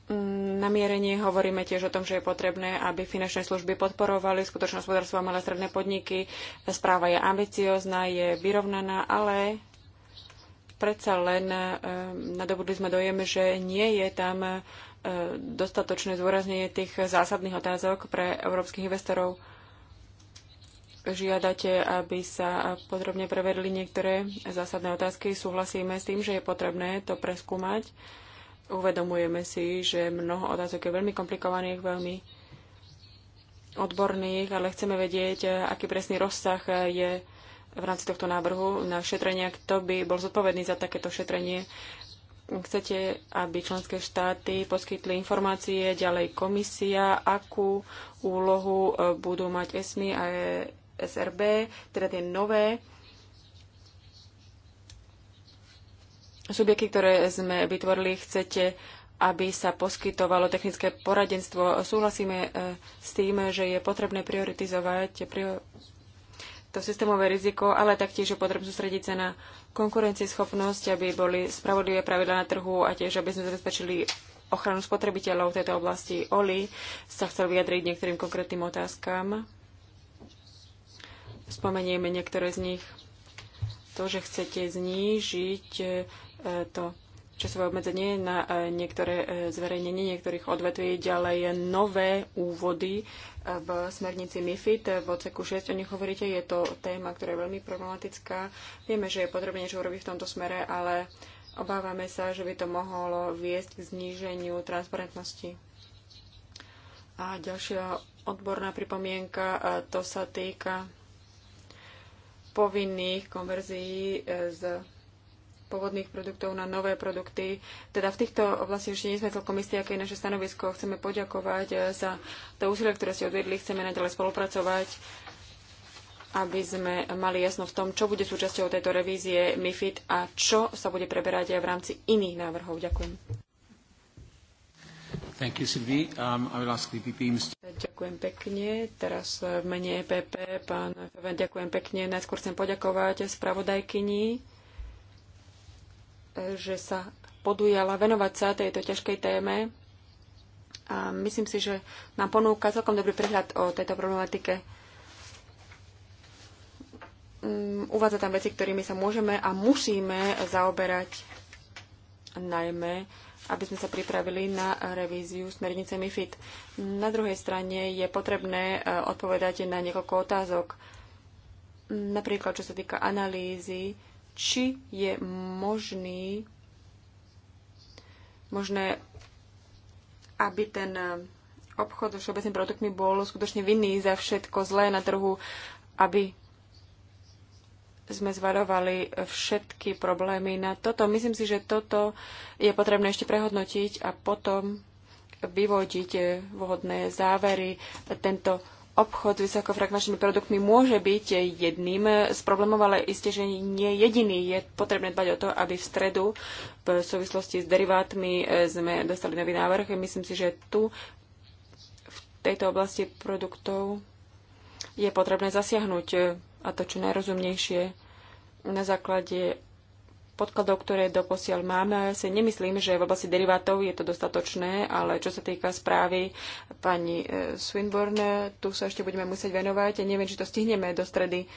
namierenie. Hovoríme tiež o tom, že je potrebné, aby finančné služby podporovali skutočné hospodárstvo a malé stredné podniky. Správa je ambiciozná, je vyrovnaná, ale predsa len e, nadobudli sme dojem, že nie je tam e, dostatočné zdôraznenie tých zásadných otázok pre európskych investorov. Žiadate, aby sa podrobne preverili niektoré zásadné otázky. Súhlasíme s tým, že je potrebné to preskúmať Uvedomujeme si, že mnoho otázok je veľmi komplikovaných, veľmi odborných, ale chceme vedieť, aký presný rozsah je v rámci tohto návrhu na šetrenia, kto by bol zodpovedný za takéto šetrenie. Chcete, aby členské štáty poskytli informácie ďalej komisia, akú úlohu e, budú mať ESMI a e SRB, teda tie nové subjekty, ktoré sme vytvorili, chcete, aby sa poskytovalo technické poradenstvo. Súhlasíme e, s tým, že je potrebné prioritizovať to systémové riziko, ale taktiež je potrebné sústrediť sa na konkurencieschopnosť, aby boli spravodlivé pravidla na trhu a tiež, aby sme zabezpečili ochranu spotrebiteľov v tejto oblasti. Oli sa chcel vyjadriť niektorým konkrétnym otázkam. Spomenieme niektoré z nich. To, že chcete znížiť e, E, to časové obmedzenie na e, niektoré e, zverejnenie niektorých odvetví, ďalej nové úvody v smernici MIFID v odseku 6. O nich hovoríte, je to téma, ktorá je veľmi problematická. Vieme, že je potrebné niečo urobiť v tomto smere, ale obávame sa, že by to mohlo viesť k zníženiu transparentnosti. A ďalšia odborná pripomienka, to sa týka povinných konverzií z pôvodných produktov na nové produkty. Teda v týchto oblastiach ešte nie sme celkom istí, aké je naše stanovisko. Chceme poďakovať eh, za to úsilie, ktoré ste odvedli. Chceme naďalej spolupracovať, aby sme mali jasno v tom, čo bude súčasťou tejto revízie MIFID a čo sa bude preberať aj v rámci iných návrhov. Ďakujem. Thank you, Um, I will ask the e Ďakujem pekne. Teraz eh, v mene EPP, pán Feven, ďakujem pekne. Najskôr chcem poďakovať spravodajkyni že sa podujala venovať sa tejto ťažkej téme a myslím si, že nám ponúka celkom dobrý prehľad o tejto problematike. Mm, uvádza tam veci, ktorými sa môžeme a musíme zaoberať najmä aby sme sa pripravili na revíziu smernice MIFID. Na druhej strane je potrebné e, odpovedať na niekoľko otázok. Napríklad, čo sa týka analýzy či je možný, možné, aby ten eh, obchod so všeobecnými produktmi bol skutočne vinný za všetko zlé na trhu, aby sme zvarovali všetky problémy na toto. Myslím si, že toto je potrebné ešte prehodnotiť a potom vyvodiť eh, vhodné závery. Tento obchod s vysokofrekvenčnými produktmi môže byť jedným z problémov, ale isté, že nie jediný. Je potrebné dbať o to, aby v stredu v súvislosti s derivátmi e, sme dostali nový návrh. Myslím si, že tu v tejto oblasti produktov je potrebné zasiahnuť e, a to čo najrozumnejšie na základe podkladov, ktoré doposiaľ máme, si nemyslím, že v oblasti derivátov je to dostatočné, ale čo sa týka správy pani e, Swinburne, tu sa ešte budeme musieť venovať. Ja neviem, či to stihneme do stredy.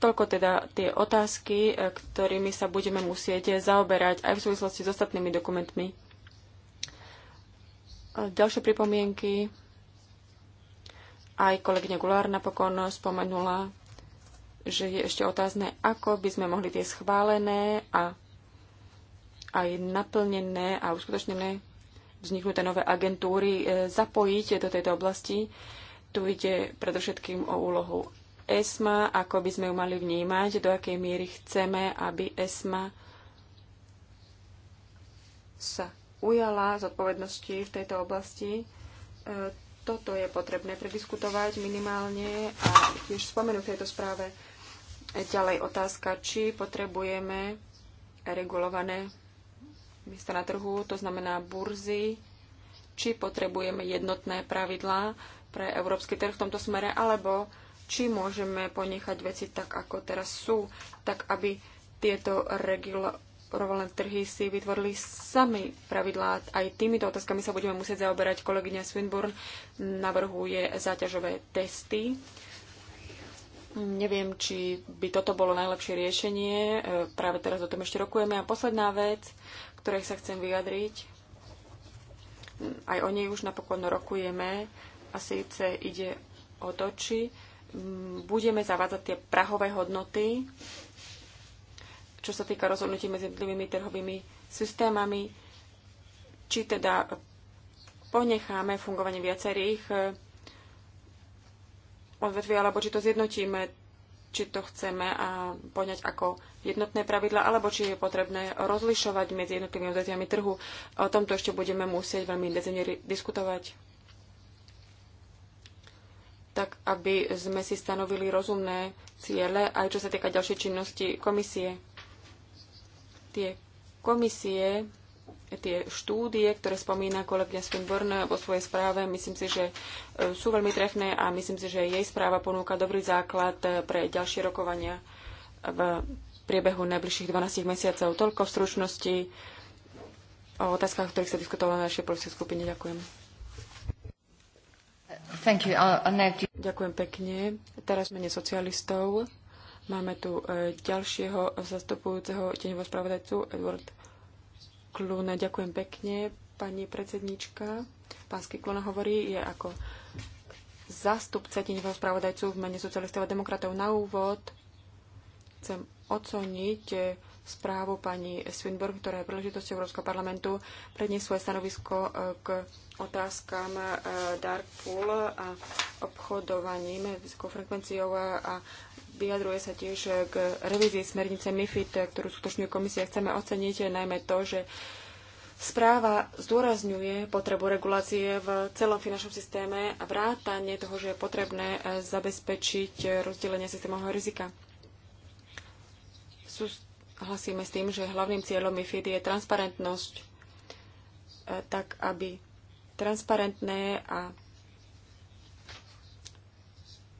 Toľko teda tie otázky, e, ktorými sa budeme musieť zaoberať aj v súvislosti s ostatnými dokumentmi. Ďalšie pripomienky. Aj kolegyňa Gulár napokon spomenula že je ešte otázne, ako by sme mohli tie schválené a aj naplnené a uskutočnené vzniknuté nové agentúry e, zapojiť do tejto oblasti. Tu ide predovšetkým o úlohu ESMA, ako by sme ju mali vnímať, do akej miery chceme, aby ESMA sa ujala zodpovednosti v tejto oblasti e, toto je potrebné prediskutovať minimálne a tiež spomenúť v tejto správe Ďalej otázka, či potrebujeme regulované miesta na trhu, to znamená burzy, či potrebujeme jednotné pravidlá pre európsky trh v tomto smere, alebo či môžeme ponechať veci tak, ako teraz sú, tak aby tieto regulované trhy si vytvorili sami pravidlá. Aj týmito otázkami sa budeme musieť zaoberať. Kolegyňa Swinburne navrhuje záťažové testy Neviem, či by toto bolo najlepšie riešenie. E, práve teraz o tom ešte rokujeme. A posledná vec, ktorej sa chcem vyjadriť, aj o nej už napokon rokujeme, a síce ide o to, či budeme zavádzať tie prahové hodnoty, čo sa týka rozhodnutí medzi jednotlivými trhovými systémami, či teda ponecháme fungovanie viacerých e, odvetvie, alebo či to zjednotíme, či to chceme a poňať ako jednotné pravidla, alebo či je potrebné rozlišovať medzi jednotlivými odvetviami trhu. O tomto ešte budeme musieť veľmi intenzívne diskutovať tak aby sme si stanovili rozumné ciele, aj čo sa týka ďalšej činnosti komisie. Tie komisie tie štúdie, ktoré spomína kolegyňa Svinborn vo svojej správe, myslím si, že sú veľmi trefné a myslím si, že jej správa ponúka dobrý základ pre ďalšie rokovania v priebehu najbližších 12 mesiacov. Toľko v stručnosti o otázkach, ktorých sa diskutovalo na našej politickej skupine. Ďakujem. Thank you. Ďakujem pekne. Teraz mene socialistov. Máme tu ďalšieho zastupujúceho deňového spravodajcu Edward Kluna, ďakujem pekne. Pani predsednička. pán Kluna hovorí, je ako zastupca tenivého spravodajcu v mene socialistov a demokratov na úvod. Chcem oceniť eh, správu pani Swinburne, ktorá je príležitosť Európskeho parlamentu prednie svoje stanovisko eh, k otázkam eh, Dark Pool a obchodovaním vysokou frekvenciou a Vyjadruje sa tiež k revízii smernice MIFID, ktorú skutočňuje komisia. Chceme oceniť najmä to, že správa zdôrazňuje potrebu regulácie v celom finančnom systéme a vrátanie toho, že je potrebné zabezpečiť rozdelenie systémového rizika. Súhlasíme s tým, že hlavným cieľom MIFID je transparentnosť, eh, tak aby transparentné a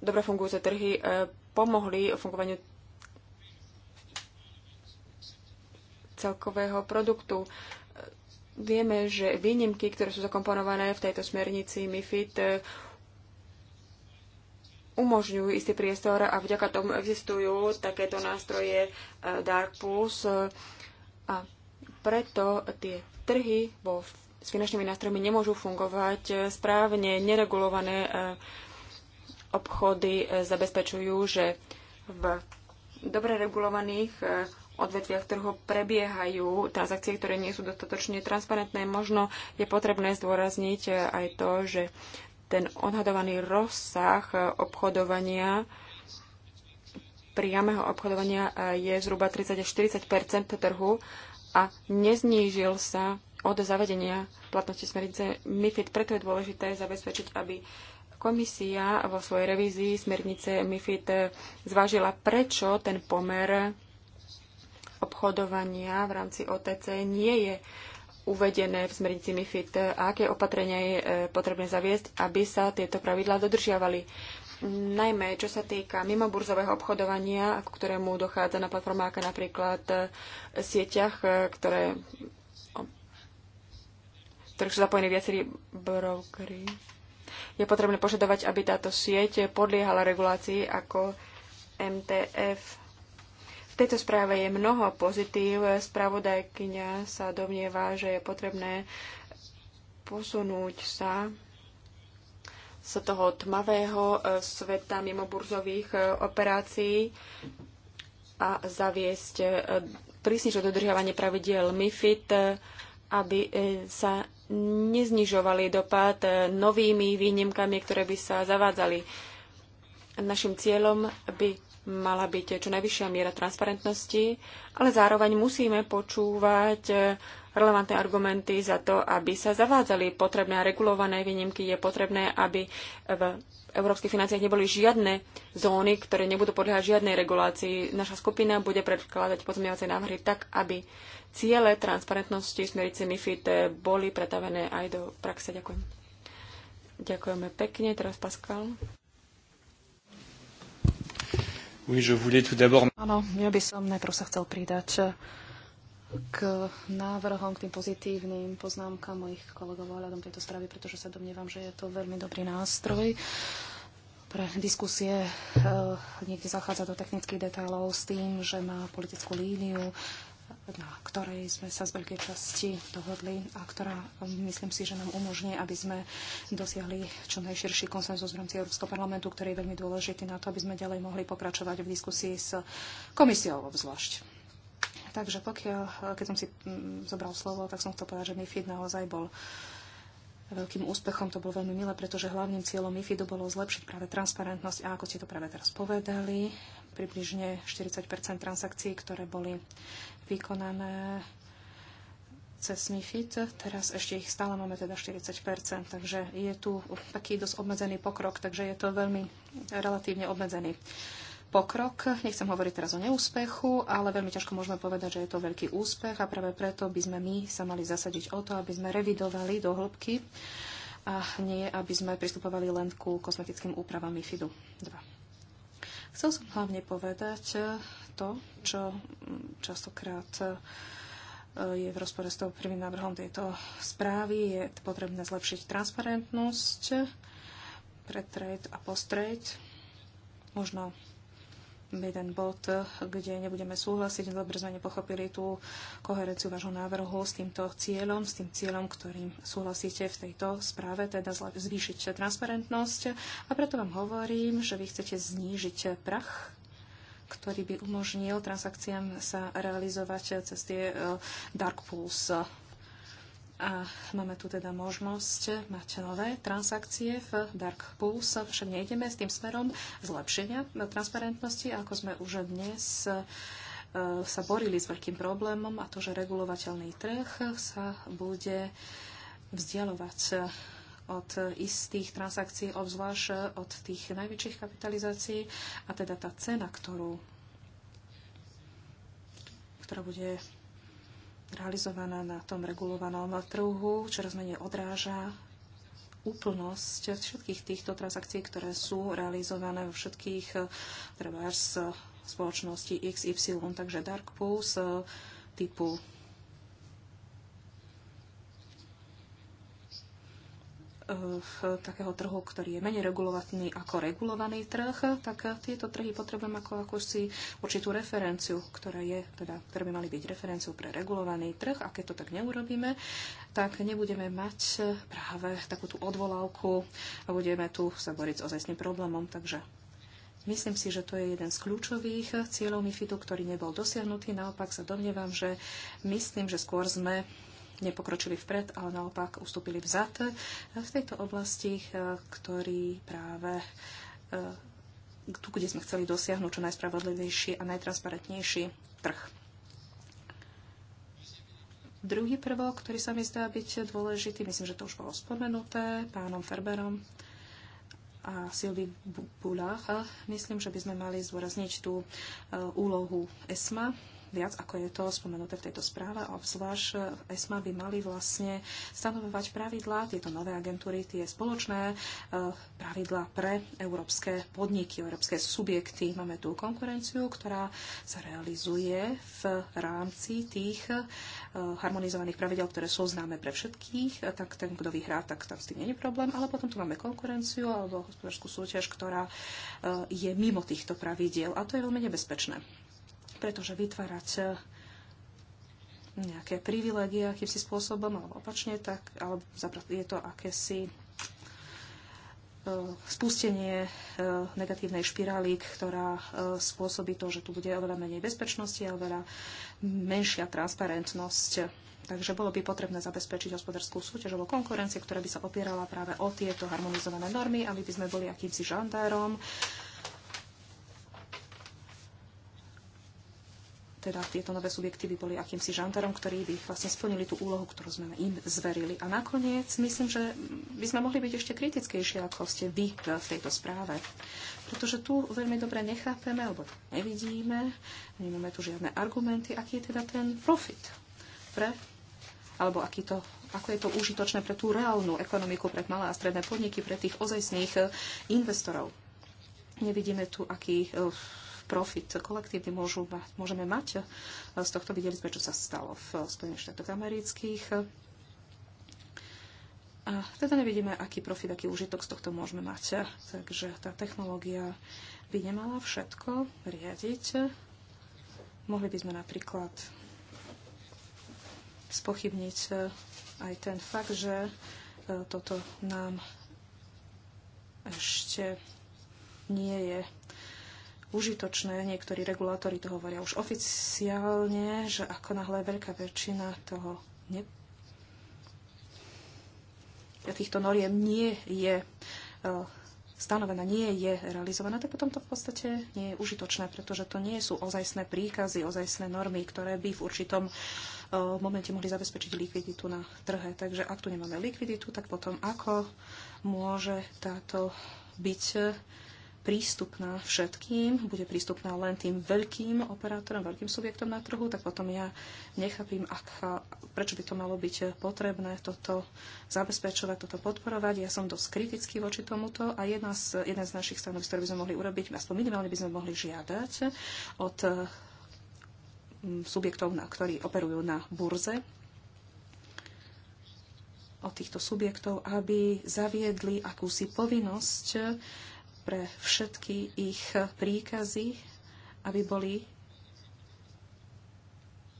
dobre fungujúce trhy eh, pomohli o fungovaniu celkového produktu. Vieme, že výnimky, ktoré sú zakomponované v tejto smernici MIFID, umožňujú istý priestor a vďaka tomu existujú takéto nástroje eh, Dark Pools a preto tie trhy vo, s finančnými nástrojmi nemôžu fungovať eh, správne, neregulované eh, obchody e, zabezpečujú, že v dobre regulovaných e, odvetviach trhu prebiehajú transakcie, ktoré nie sú dostatočne transparentné. Možno je potrebné zdôrazniť e, aj to, že ten odhadovaný rozsah obchodovania priamého obchodovania je zhruba 30 až 40 trhu a neznížil sa od zavedenia platnosti smernice MIFID. Preto je dôležité zabezpečiť, aby Komisia vo svojej revízii smernice MIFID zvážila, prečo ten pomer obchodovania v rámci OTC nie je uvedené v smernici MIFID a aké opatrenia je e, potrebné zaviesť, aby sa tieto pravidlá dodržiavali. Najmä čo sa týka mimoburzového obchodovania, ku ktorému dochádza na platformách napríklad e, sieťach, e, ktoré ktorých sú zapojení viacerí brokery je potrebné požadovať, aby táto sieť podliehala regulácii ako MTF. V tejto správe je mnoho pozitív. Spravodajkyňa sa domnieva, že je potrebné posunúť sa z toho tmavého e, sveta mimoburzových e, operácií a zaviesť e, prísnejšie dodržiavanie pravidiel MIFID, aby sa neznižovali dopad e, novými výnimkami, ktoré by sa zavádzali. Našim cieľom by mala byť čo najvyššia miera transparentnosti, ale zároveň musíme počúvať e, relevantné argumenty za to, aby sa zavádzali potrebné a regulované výnimky. Je potrebné, aby v európskych financiách neboli žiadne zóny, ktoré nebudú podľahať žiadnej regulácii. Naša skupina bude predkladať pozmeňovacie návrhy tak, aby ciele transparentnosti smerice MIFID boli pretavené aj do praxe. Ďakujem. Ďakujeme pekne. Teraz Pascal. Oui, je voulais tout d'abord... Áno, ja by som najprv sa chcel pridať k návrhom, k tým pozitívnym poznámkam mojich kolegov ohľadom tejto správy, pretože sa domnievam, že je to veľmi dobrý nástroj pre diskusie. E, niekde zachádza do technických detailov s tým, že má politickú líniu, na ktorej sme sa z veľkej časti dohodli a ktorá, myslím si, že nám umožní, aby sme dosiahli čo najširší konsenzus v rámci Európskeho parlamentu, ktorý je veľmi dôležitý na to, aby sme ďalej mohli pokračovať v diskusii s komisiou obzvlášť. Takže pokiaľ, keď som si mm, zobral slovo, tak som chcel povedať, že MIFID naozaj bol veľkým úspechom. To bolo veľmi milé, pretože hlavným cieľom MIFIDu bolo zlepšiť práve transparentnosť a ako ste to práve teraz povedali, približne 40 transakcií, ktoré boli vykonané cez MIFID. Teraz ešte ich stále máme teda 40%, takže je tu taký dosť obmedzený pokrok, takže je to veľmi relatívne obmedzený pokrok. Nechcem hovoriť teraz o neúspechu, ale veľmi ťažko môžeme povedať, že je to veľký úspech a práve preto by sme my sa mali zasadiť o to, aby sme revidovali do hĺbky a nie, aby sme pristupovali len ku kosmetickým úpravám MIFIDu 2. Chcel som hlavne povedať to, čo častokrát e, je v rozpore s tou prvým návrhom tejto správy. Je potrebné zlepšiť transparentnosť pre trade a post trade. Možno jeden bod, kde nebudeme súhlasiť, lebo no sme nepochopili tú koherenciu vášho návrhu s týmto cieľom, s tým cieľom, ktorým súhlasíte v tejto správe, teda zvýšiť transparentnosť. A preto vám hovorím, že vy chcete znížiť prach ktorý by umožnil transakciám sa realizovať cez tie eh, dark pools a máme tu teda možnosť mať nové transakcie v Dark Pools, však nejdeme s tým smerom zlepšenia transparentnosti, ako sme už dnes e, sa borili s veľkým problémom a to, že regulovateľný trh sa bude vzdialovať od istých transakcií, obzvlášť od tých najväčších kapitalizácií a teda tá cena, ktorú, ktorá bude realizovaná na tom regulovanom trhu, čoraz menej odráža úplnosť všetkých týchto transakcií, ktoré sú realizované vo všetkých eh, trebárs spoločnosti XY, takže Dark Pulse eh, typu takého trhu, ktorý je menej regulovaný ako regulovaný trh, tak tieto trhy potrebujem ako akúsi určitú referenciu, ktorá je, teda, ktoré by mali byť referenciou pre regulovaný trh. A keď to tak neurobíme, tak nebudeme mať práve takú tú odvolávku a budeme tu sa boriť s ozajstným problémom. Takže Myslím si, že to je jeden z kľúčových cieľov MIFIDu, ktorý nebol dosiahnutý. Naopak sa domnievam, že myslím, že skôr sme nepokročili vpred, ale naopak ustúpili vzad v tejto oblasti, eh, ktorý práve eh, tu, kde sme chceli dosiahnuť čo najspravodlivejší a najtransparentnejší trh. Druhý prvok, ktorý sa mi zdá byť dôležitý, myslím, že to už bolo spomenuté pánom Ferberom a Silvi Bulách, eh, myslím, že by sme mali zdôrazniť tú úlohu ESMA viac ako je to spomenuté v tejto správe, obzvlášť eh, ESMA by mali vlastne stanovovať pravidlá, tieto nové agentúry, tie spoločné eh, pravidlá pre európske podniky, európske subjekty. Máme tu konkurenciu, ktorá sa realizuje v rámci tých eh, harmonizovaných pravidel, ktoré sú známe pre všetkých, tak ten, kto vyhrá, tak tam s tým není problém, ale potom tu máme konkurenciu alebo hospodárskú súťaž, ktorá je mimo týchto pravidiel a to je veľmi nebezpečné pretože vytvárať e, nejaké privilegia akýmsi spôsobom, alebo opačne, tak alebo je to akési e, spustenie e, negatívnej špirály, ktorá spôsobí to, že tu bude oveľa menej bezpečnosti a oveľa menšia transparentnosť. Takže bolo by potrebné zabezpečiť hospodárskú súťaž alebo konkurencie, ktorá by sa opierala práve o tieto harmonizované normy, aby by sme boli akýmsi žandárom, teda tieto nové subjekty by boli akýmsi žandarom, ktorí by vlastne splnili tú úlohu, ktorú sme im zverili. A nakoniec myslím, že by sme mohli byť ešte kritickejšie, ako ste vy v tejto správe. Pretože tu veľmi dobre nechápeme, alebo nevidíme, nemáme tu žiadne argumenty, aký je teda ten profit pre, alebo aký to ako je to užitočné pre tú reálnu ekonomiku, pre malé a stredné podniky, pre tých ozajstných investorov. Nevidíme tu, aký eh, profit kolektívny môžu mať, môžeme mať. E, z tohto videli sme, čo sa stalo v Spojených štátoch amerických. A teda nevidíme, aký profit, aký užitok z tohto môžeme mať. Takže tá technológia by nemala všetko riadiť. Mohli by sme napríklad spochybniť e, aj ten fakt, že e, toto nám ešte nie je užitočné. Niektorí regulátori to hovoria už oficiálne, že ako nahlé veľká väčšina toho ne... týchto noriem nie je e, stanovená, nie je realizovaná, tak potom to v podstate nie je užitočné, pretože to nie sú ozajstné príkazy, ozajstné normy, ktoré by v určitom e, momente mohli zabezpečiť likviditu na trhe. Takže ak tu nemáme likviditu, tak potom ako môže táto byť prístupná všetkým, bude prístupná len tým veľkým operátorom, veľkým subjektom na trhu, tak potom ja nechápim, ak, prečo by to malo byť potrebné toto zabezpečovať, toto podporovať. Ja som dosť kritický voči tomuto a jedna z, jedna z našich stanovisk, ktoré by sme mohli urobiť, aspoň minimálne by sme mohli žiadať od e, subjektov, na, ktorí operujú na burze, od týchto subjektov, aby zaviedli akúsi povinnosť pre všetky ich príkazy, aby boli e,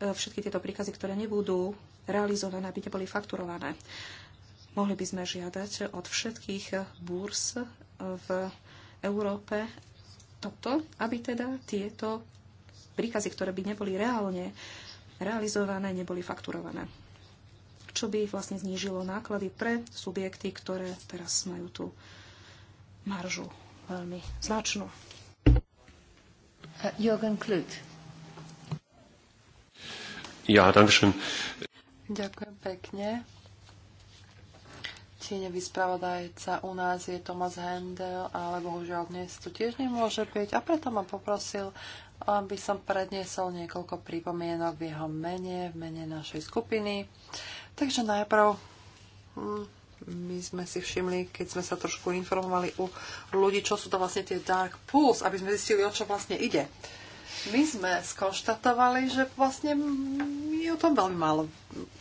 všetky tieto príkazy, ktoré nebudú realizované, aby neboli fakturované. Mohli by sme žiadať od všetkých burs e, v Európe toto, aby teda tieto príkazy, ktoré by neboli reálne realizované, neboli fakturované. Čo by vlastne znížilo náklady pre subjekty, ktoré teraz majú tú maržu veľmi značnú. Uh, Jürgen Klut. Ja, dankeschön. Ďakujem pekne. Tieňový spravodajca u nás je Tomas Hendel, ale bohužiaľ dnes tu tiež nemôže byť a preto ma poprosil, aby som predniesol niekoľko pripomienok v jeho mene, v mene našej skupiny. Takže najprv hm, my sme si všimli, keď sme sa trošku informovali u ľudí, čo sú to vlastne tie dark pools, aby sme zistili, o čo vlastne ide. My sme skonštatovali, že vlastne je o tom veľmi málo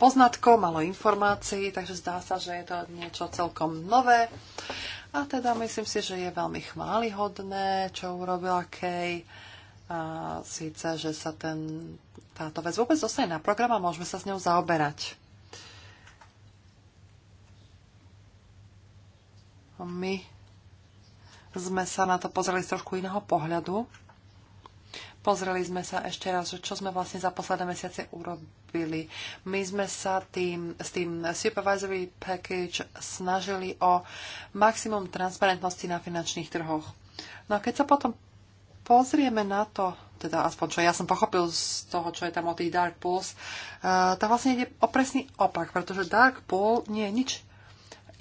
poznatkov, málo informácií, takže zdá sa, že je to niečo celkom nové. A teda myslím si, že je veľmi chválihodné, čo urobila Kej. A síce, že sa ten, táto vec vôbec dostane na program a môžeme sa s ňou zaoberať. My sme sa na to pozreli z trošku iného pohľadu. Pozreli sme sa ešte raz, že čo sme vlastne za posledné mesiace urobili. My sme sa tým, s tým Supervisory Package snažili o maximum transparentnosti na finančných trhoch. No a keď sa potom pozrieme na to, teda aspoň čo ja som pochopil z toho, čo je tam o tých Dark Pools, uh, eh, to vlastne ide o presný opak, pretože Dark Pool nie je nič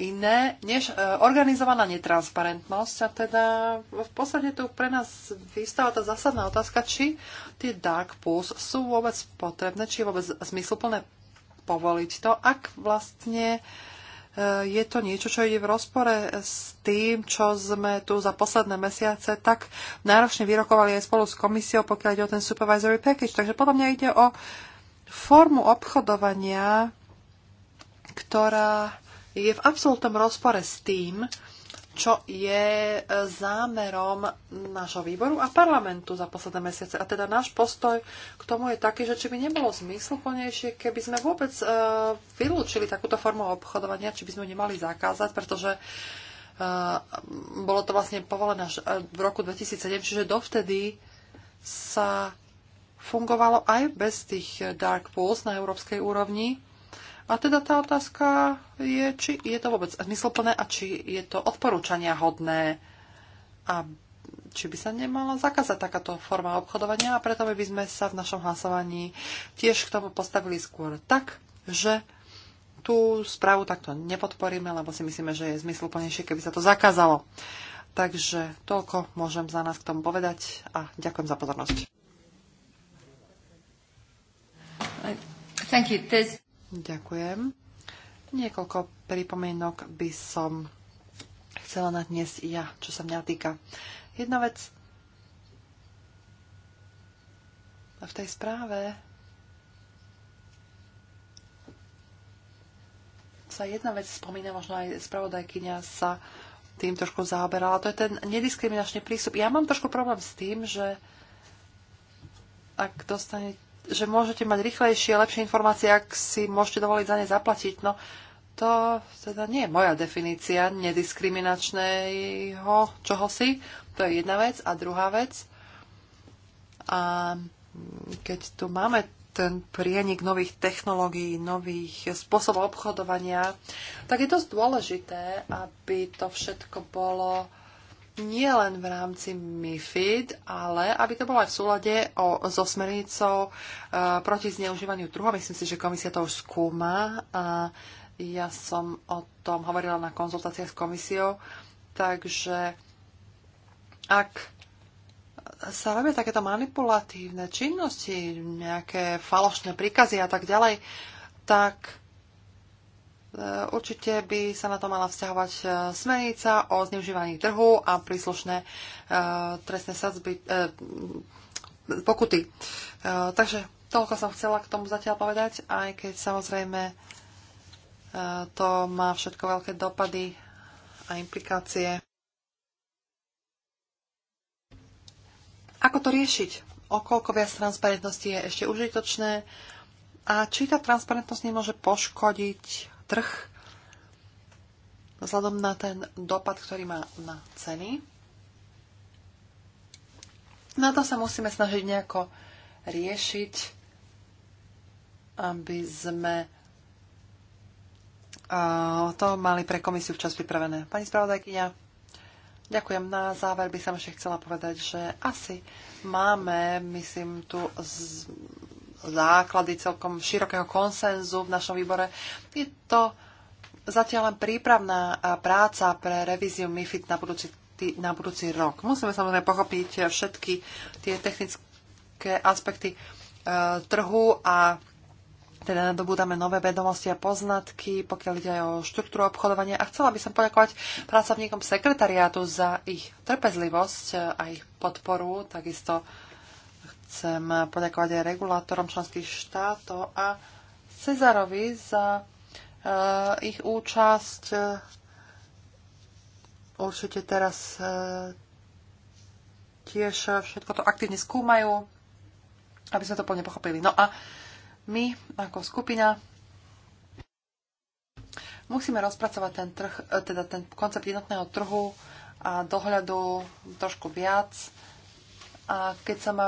iné než e, organizovaná netransparentnosť. A teda v podstate tu pre nás vystáva tá zásadná otázka, či tie dark pools sú vôbec potrebné, či je vôbec zmysluplné povoliť to, ak vlastne e, je to niečo, čo ide v rozpore s tým, čo sme tu za posledné mesiace tak náročne vyrokovali aj spolu s komisiou, pokiaľ ide o ten supervisory package. Takže podľa mňa ide o formu obchodovania, ktorá je v absolútnom rozpore s tým, čo je e, zámerom nášho výboru a parlamentu za posledné mesiace. A teda náš postoj k tomu je taký, že či by nebolo zmysluplnejšie, keby sme vôbec uh, vylúčili takúto formu obchodovania, či by sme ju nemali zakázať, pretože uh, bolo to vlastne povolené až v roku 2007, čiže dovtedy sa fungovalo aj bez tých dark pools na európskej úrovni a teda tá otázka je, či je to vôbec zmysluplné a či je to odporúčania hodné a či by sa nemala zakázať takáto forma obchodovania a preto by sme sa v našom hlasovaní tiež k tomu postavili skôr tak, že tú správu takto nepodporíme, lebo si myslíme, že je zmysluplnejšie, keby sa to zakázalo. Takže toľko môžem za nás k tomu povedať a ďakujem za pozornosť. Thank you. There's... Ďakujem. Niekoľko pripomienok by som chcela na dnes ja, čo sa mňa týka. Jedna vec. V tej správe sa jedna vec spomína, možno aj spravodajkynia sa tým trošku zaoberala. To je ten nediskriminačný prístup. Ja mám trošku problém s tým, že ak dostanete že môžete mať rýchlejšie, lepšie informácie, ak si môžete dovoliť za ne zaplatiť. No, to teda nie je moja definícia nediskriminačného čohosi. To je jedna vec. A druhá vec, a keď tu máme ten prienik nových technológií, nových spôsobov obchodovania, tak je dosť dôležité, aby to všetko bolo nie len v rámci MIFID, ale aby to bolo aj v súlade o, so smernicou e, proti zneužívaniu trhu. Myslím si, že komisia to už skúma. A e, ja som o tom hovorila na konzultáciách s komisiou. Takže ak sa robia takéto manipulatívne činnosti, nejaké falošné príkazy a tak ďalej, tak Eh, určite by sa na to mala vzťahovať eh, smernica o zneužívaní trhu a príslušné eh, trestné sadzby, pokuty. Takže toľko som chcela k tomu zatiaľ povedať, aj keď samozrejme to má všetko veľké dopady a implikácie. Ako to riešiť? Okoľko viac transparentnosti je ešte užitočné? A či tá transparentnosť nemôže poškodiť trh vzhľadom na ten dopad, ktorý má na ceny. Na to sa musíme snažiť nejako riešiť, aby sme to mali pre komisiu včas pripravené. Pani spravodajkyňa, Ďakujem. Na záver by som ešte chcela povedať, že asi máme, myslím, tu z, základy celkom širokého konsenzu v našom výbore. Je to zatiaľ len prípravná práca pre revíziu MIFID na budúci, na budúci rok. Musíme samozrejme pochopiť všetky tie technické aspekty e, trhu a teda nadobúdame nové vedomosti a poznatky, pokiaľ ide aj o štruktúru obchodovania. A chcela by som poďakovať pracovníkom sekretariátu za ich trpezlivosť a ich podporu, takisto Chcem poďakovať aj regulátorom členských štátov a Cezarovi za uh, ich účasť. Určite teraz uh, tiež všetko to aktívne skúmajú, aby sme to plne pochopili. No a my ako skupina musíme rozpracovať ten, trh, eh, teda ten koncept jednotného trhu a dohľadu trošku viac a keď sa ma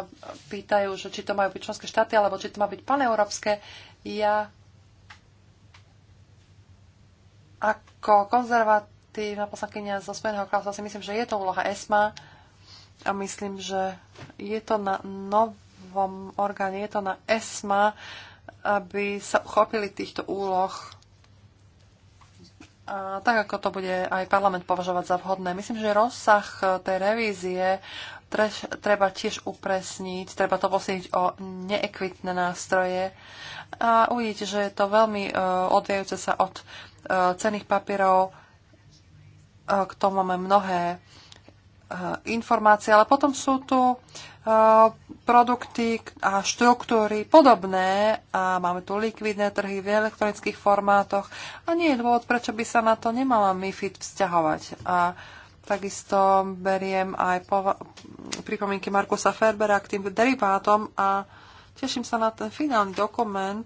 pýtajú, že či to majú byť členské štáty, alebo či to má byť paneurópske, ja ako konzervatívna poslankyňa zo Spojeného kráľovstva si myslím, že je to úloha ESMA a myslím, že je to na novom orgáne, je to na ESMA, aby sa uchopili týchto úloh a tak ako to bude aj parlament považovať za vhodné. Myslím, že rozsah tej revízie treš, treba tiež upresniť, treba to posiediť o neekvitné nástroje a uvidíte, že je to veľmi uh, e, odviejúce sa od uh, e, cených papierov. Uh, k tomu máme mnohé uh, informácie, ale potom sú tu uh, produkty a štruktúry podobné a máme tu likvidné trhy v elektronických formátoch a nie je dôvod, prečo by sa na to nemala MIFID vzťahovať. A uh, Takisto beriem aj pripomienky Markusa Ferbera k tým derivátom a teším sa na ten finálny dokument,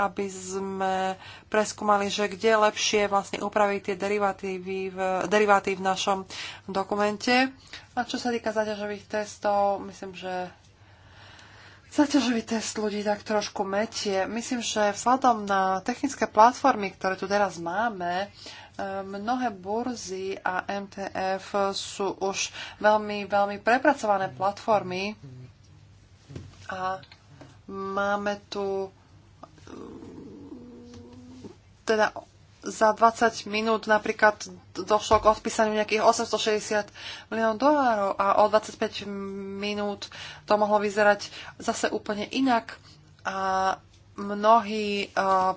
aby sme preskúmali, že kde lepšie vlastne upraviť tie derivatívy v, deriváty v našom dokumente. A čo sa týka zaťažových testov, myslím, že zaťažový test ľudí tak trošku metie. Myslím, že vzhľadom na technické platformy, ktoré tu teraz máme, Mnohé burzy a MTF sú už veľmi, veľmi prepracované platformy a máme tu teda za 20 minút napríklad došlo k odpísaniu nejakých 860 miliónov dolárov a o 25 minút to mohlo vyzerať zase úplne inak a mnohí uh,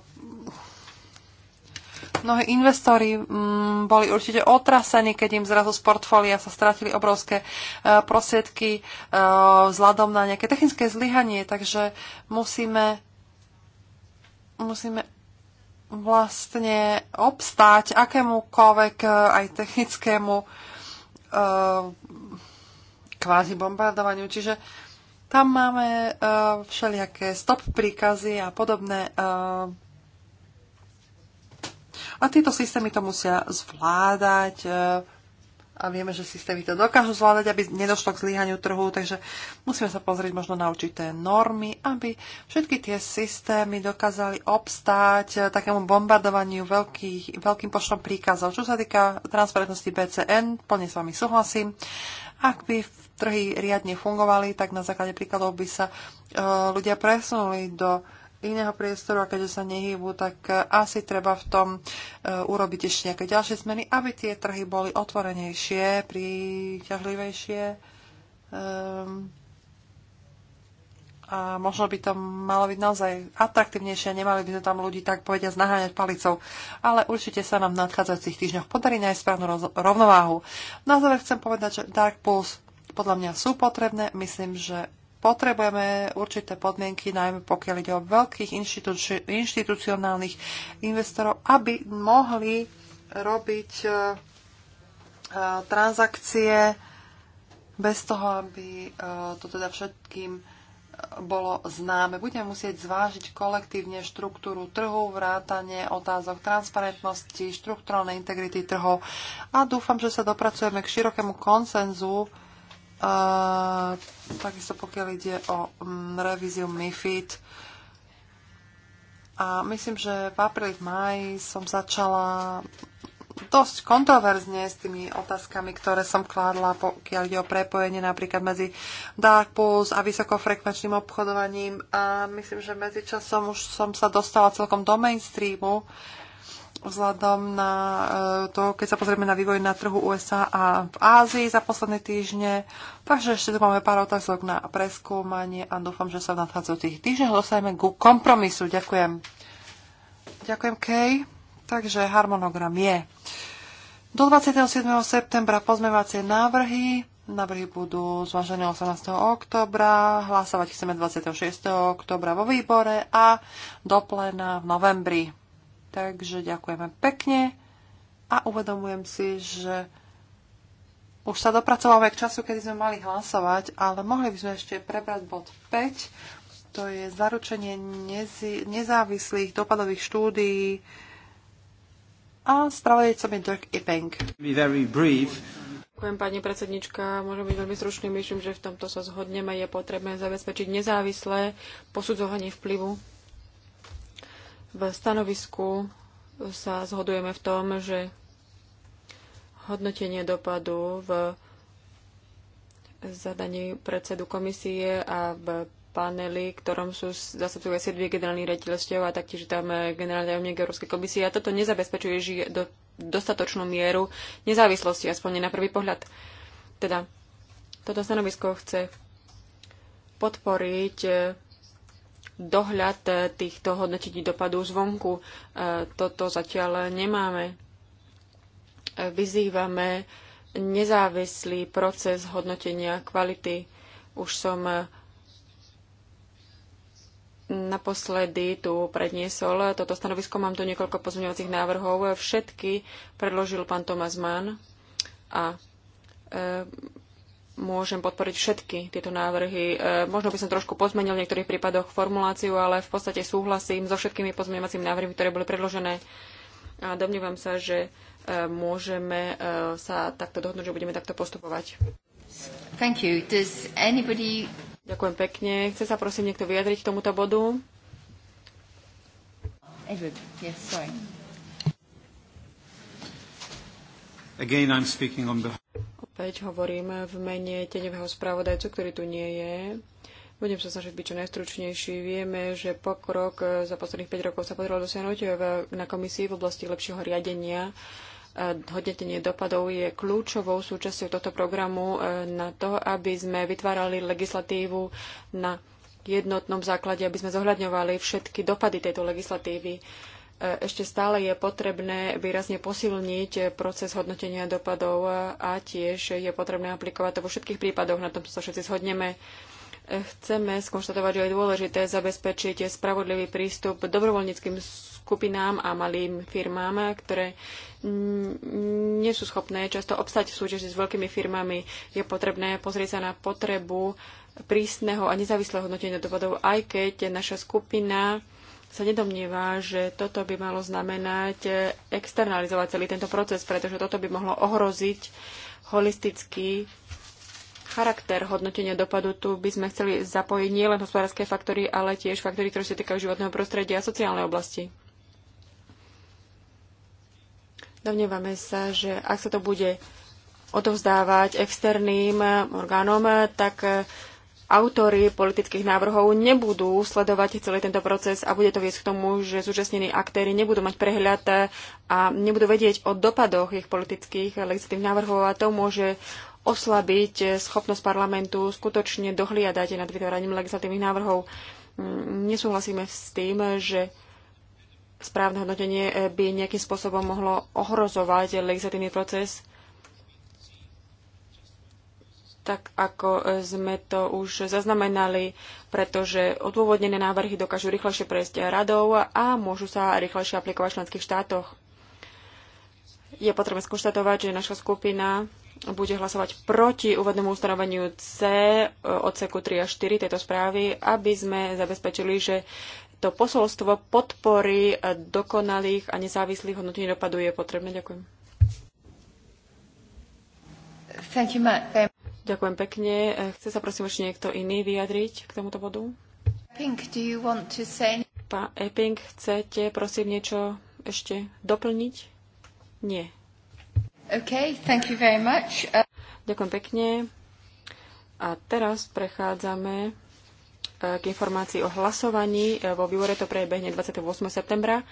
Mnohí investori m, mm, boli určite otrasení, keď im zrazu z portfólia sa stratili obrovské uh, prosiedky uh, vzhľadom na nejaké technické zlyhanie, takže musíme, musíme vlastne obstáť akémukoľvek uh, aj technickému uh, kvázi bombardovaniu. Čiže tam máme uh, všelijaké stop príkazy a podobné uh, a tieto systémy to musia zvládať e, a vieme, že systémy to dokážu zvládať, aby nedošlo k zlyhaniu trhu, takže musíme sa pozrieť možno na určité normy, aby všetky tie systémy dokázali obstáť e, takému bombardovaniu veľkých, veľkým počtom príkazov. Čo sa týka transparentnosti BCN, plne s vami súhlasím. Ak by trhy riadne fungovali, tak na základe príkladov by sa e, ľudia presunuli do iného priestoru a keďže sa nehýbu, tak e, asi treba v tom e, urobiť ešte nejaké ďalšie zmeny, aby tie trhy boli otvorenejšie, príťažlivejšie. Um, a možno by to malo byť naozaj atraktívnejšie a nemali by sme tam ľudí tak povediať naháňať palicou. Ale určite sa nám v nadchádzajúcich týždňoch podarí nájsť správnu rovnováhu. Na záver chcem povedať, že Dark Pulse podľa mňa sú potrebné. Myslím, že potrebujeme určité podmienky, najmä pokiaľ ide o veľkých inštitúci- inštitucionálnych investorov, aby mohli robiť e, e, transakcie bez toho, aby e, to teda všetkým bolo známe. Budeme musieť zvážiť kolektívne štruktúru trhu, vrátanie otázok transparentnosti, štruktúralnej integrity trhov a dúfam, že sa dopracujeme k širokému konsenzu a takisto pokiaľ ide o mm, revíziu MIFID. A myslím, že v apríli, v maji som začala dosť kontroverzne s tými otázkami, ktoré som kládla, pokiaľ ide o prepojenie napríklad medzi Dark Pulse a vysokofrekvenčným obchodovaním. A myslím, že medzičasom už som sa dostala celkom do mainstreamu. Uh, vzhľadom na e, to, keď sa pozrieme na vývoj na trhu USA a v Ázii za posledné týždne. Takže ešte tu máme pár otázok na preskúmanie a dúfam, že sa v nadchádzajúcich týždňoch dostaneme ku kompromisu. Ďakujem. Ďakujem, Kej. Takže harmonogram je. Do 27. septembra pozmevacie návrhy. Návrhy budú zvažené 18. oktobra, hlasovať chceme 26. oktobra vo výbore a do pléna v novembri. Takže ďakujeme pekne a uvedomujem si, že už sa dopracovávame k času, kedy sme mali hlasovať, ale mohli by sme ešte prebrať bod 5, to je zaručenie nezávislých dopadových štúdií a sa mi Dirk Ipeng. Ďakujem, pani predsednička. Môžem byť veľmi stručný. Myslím, že v tomto sa zhodneme. Je potrebné zabezpečiť nezávislé posudzovanie vplyvu v stanovisku sa zhodujeme v tom, že hodnotenie dopadu v zadaní predsedu komisie a v paneli, ktorom sú zastupcovia dvie generálnych rediteľstiev a taktiež tam generálne tajomník Európskej komisie. A toto nezabezpečuje ži- do, dostatočnú mieru nezávislosti, aspoň na prvý pohľad. Teda toto stanovisko chce podporiť eh, dohľad e, týchto hodnotení dopadov zvonku. E, toto zatiaľ nemáme. E, vyzývame nezávislý proces hodnotenia kvality. Už som naposledy tu predniesol toto stanovisko. Mám tu niekoľko pozmeňovacích návrhov. Všetky predložil pán Tomás Mann a môžem podporiť všetky tieto návrhy. E, možno by som trošku pozmenil v niektorých prípadoch formuláciu, ale v podstate súhlasím so všetkými pozmeňovacími návrhmi, ktoré boli predložené. A domnívam sa, že e, môžeme e, sa takto dohodnúť, že budeme takto postupovať. Thank you. Does anybody... Ďakujem pekne. Chce sa prosím niekto vyjadriť k tomuto bodu? Edward, yes, sorry. Again, I'm speaking on behalf... Opäť hovorím v mene teňového spravodajcu, ktorý tu nie je. Budem sa snažiť byť čo najstručnejší. Vieme, že pokrok za posledných 5 rokov sa podarilo dosiahnuť na komisii v oblasti lepšieho riadenia. Hodnotenie dopadov je kľúčovou súčasťou tohto programu e, na to, aby sme vytvárali legislatívu na jednotnom základe, aby sme zohľadňovali všetky dopady tejto legislatívy ešte stále je potrebné výrazne posilniť proces hodnotenia dopadov a tiež je potrebné aplikovať to vo všetkých prípadoch, na tom sa všetci zhodneme. Chceme skonštatovať, že je dôležité zabezpečiť spravodlivý prístup dobrovoľníckým skupinám a malým firmám, ktoré nie sú schopné často obstať v súťaži s veľkými firmami. Je potrebné pozrieť sa na potrebu prísneho a nezávislého hodnotenia dopadov, aj keď naša skupina sa nedomnieva, že toto by malo znamenať e, externalizovať celý tento proces, pretože toto by mohlo ohroziť holistický charakter hodnotenia dopadu. Tu by sme chceli zapojiť nielen hospodárske faktory, ale tiež faktory, ktoré sa týkajú životného prostredia a sociálnej oblasti. Domnievame sa, že ak sa to bude odovzdávať externým orgánom, tak autory politických návrhov nebudú sledovať celý tento proces a bude to viesť k tomu, že zúčastnení aktéry nebudú mať prehľad a nebudú vedieť o dopadoch ich politických legislatívnych návrhov a to môže oslabiť schopnosť parlamentu skutočne dohliadať nad vytváraním legislatívnych návrhov. Mm, nesúhlasíme s tým, že správne hodnotenie by nejakým spôsobom mohlo ohrozovať legislatívny proces tak ako e, sme to už zaznamenali, pretože odôvodnené návrhy dokážu rýchlejšie prejsť radou a môžu sa rýchlejšie aplikovať v členských štátoch. Je potrebné skonštatovať, že naša skupina bude hlasovať proti úvodnému ustanoveniu C e, odseku 3 a 4 tejto správy, aby sme zabezpečili, že to posolstvo podpory dokonalých a nezávislých hodnotení dopadu je potrebné. Ďakujem. Thank you, Matt. Ďakujem pekne. Eh, chce sa prosím ešte niekto iný vyjadriť k tomuto bodu? Pink, do you want to say... Pán Epping, chcete prosím niečo ešte doplniť? Nie. Okay, thank you very much. Uh... Ďakujem pekne. A teraz prechádzame eh, k informácii o hlasovaní. Eh, vo výbore to prebehne 28. septembra.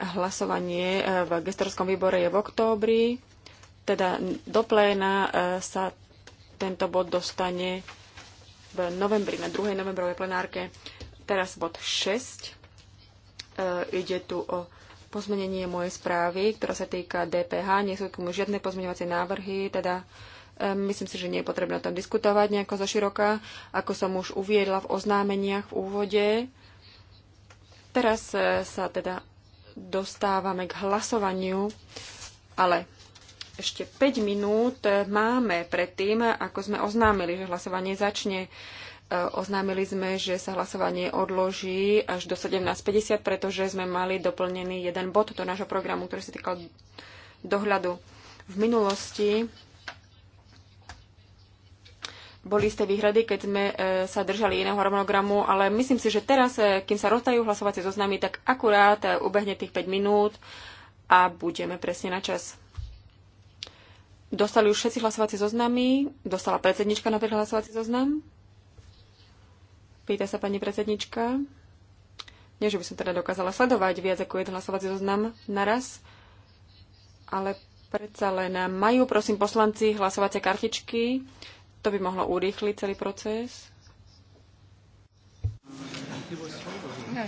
Hlasovanie v gestorskom výbore je v októbri. Teda do pléna sa tento bod dostane v novembri, na 2. novembrovej plenárke. Teraz bod 6. E, ide tu o pozmenenie mojej správy, ktorá sa týka DPH. Nie sú k tomu žiadne pozmeňovacie návrhy, teda e, myslím si, že nie je potrebné o tom diskutovať nejako široka, ako som už uviedla v oznámeniach v úvode. Teraz e, sa teda dostávame k hlasovaniu, ale ešte 5 minút máme predtým, ako sme oznámili, že hlasovanie začne. E, oznámili sme, že sa hlasovanie odloží až do 17.50, pretože sme mali doplnený jeden bod do nášho programu, ktorý sa týkal dohľadu. V minulosti boli ste výhrady, keď sme e, sa držali iného harmonogramu, ale myslím si, že teraz, e, kým sa rozdajú hlasovacie zoznamy, tak akurát ubehne tých 5 minút a budeme presne na čas. Dostali už všetci hlasovacie zoznamy. Dostala predsednička napríklad hlasovací zoznam. Pýta sa pani predsednička. Nie, že by som teda dokázala sledovať viac ako jeden hlasovací zoznam naraz, ale predsa len majú, prosím, poslanci hlasovacie kartičky. To by mohlo urýchliť celý proces. No,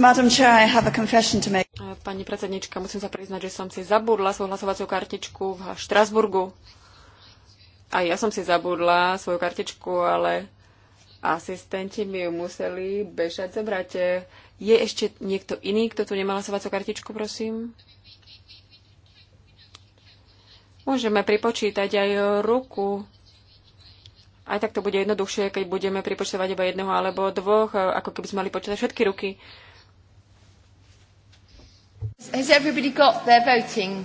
Pani predsednička, musím sa priznať, že som si zabudla svoju hlasovaciu kartičku v Štrasburgu. A ja som si zabudla svoju kartičku, ale asistenti mi ju museli bežať zobrať. Je ešte niekto iný, kto tu nemá hlasovaciu kartičku, prosím? Môžeme pripočítať aj ruku. Aj tak to bude jednoduchšie, keď budeme pripočítavať iba jedného alebo dvoch, ako keby sme mali počítať všetky ruky. Has everybody got their voting?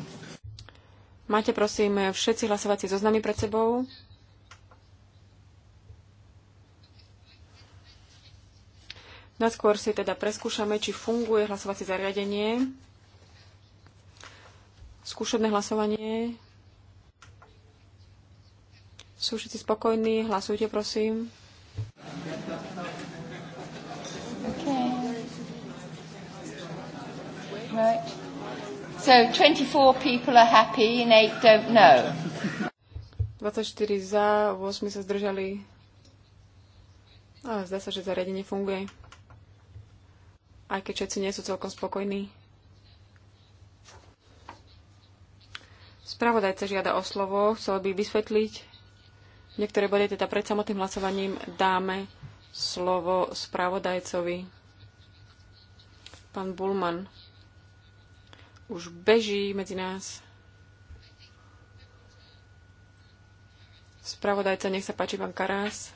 Máte prosím všetci hlasovacie zoznamy pred sebou? Najskôr si teda preskúšame, či funguje hlasovacie zariadenie. Skúšobné hlasovanie. Sú všetci spokojní? Hlasujte, prosím. Right. So 24 people are happy and 8 don't know. 24 za, 8 sa zdržali. Ale zdá sa, že zariadenie funguje. Aj keď všetci nie sú celkom spokojní. Spravodajca žiada o slovo, chcel by vysvetliť. Niektoré body teda pred samotným hlasovaním dáme slovo spravodajcovi. Pán Bulman už beží medzi nás. Spravodajca, nech sa páči, pán Karás.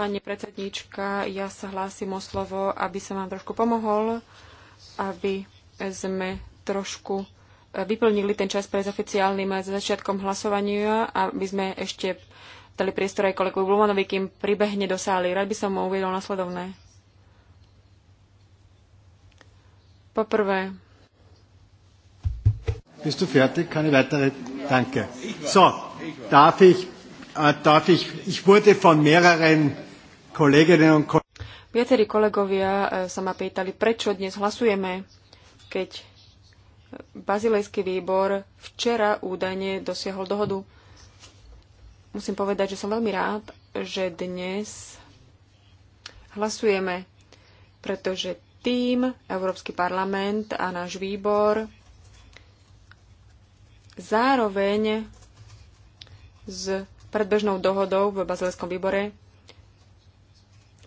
Pani predsedníčka, ja sa hlásim o slovo, aby som vám trošku pomohol, aby sme trošku eh, vyplnili ten čas pre oficiálnym začiatkom hlasovania, aby sme ešte dali priestor aj kolegu Blumanovi, kým pribehne do sály. Rád by som mu uvedol nasledovné. Poprvé, Bist du fertig? Keine weitere? Danke. So, darf ich, äh, darf ich, ich wurde von mehreren Kolleginnen und Kollegen. Viacerí kolegovia äh, sa ma pýtali, prečo dnes hlasujeme, keď Bazilejský výbor včera údajne dosiahol dohodu. Musím povedať, že som veľmi rád, že dnes hlasujeme, pretože tým Európsky parlament a náš výbor Zároveň s predbežnou dohodou v Bazilskom výbore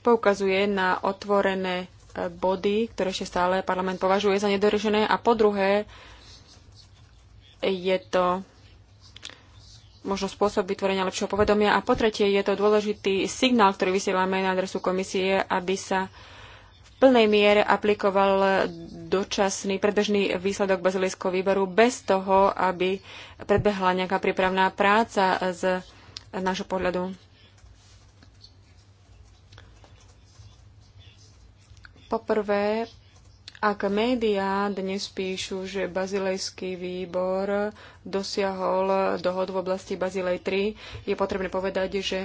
poukazuje na otvorené e, body, ktoré ešte stále parlament považuje za nedorešené. A po druhé, je to možno spôsob vytvorenia lepšieho povedomia. A po tretie, je to dôležitý signál, ktorý vysielame na adresu komisie, aby sa plnej miere aplikoval dočasný predbežný výsledok bazilejského výboru bez toho, aby predbehla nejaká prípravná práca z nášho pohľadu. Poprvé, ak médiá dnes píšu, že Bazilejský výbor dosiahol dohodu v oblasti Bazilej 3, je potrebné povedať, že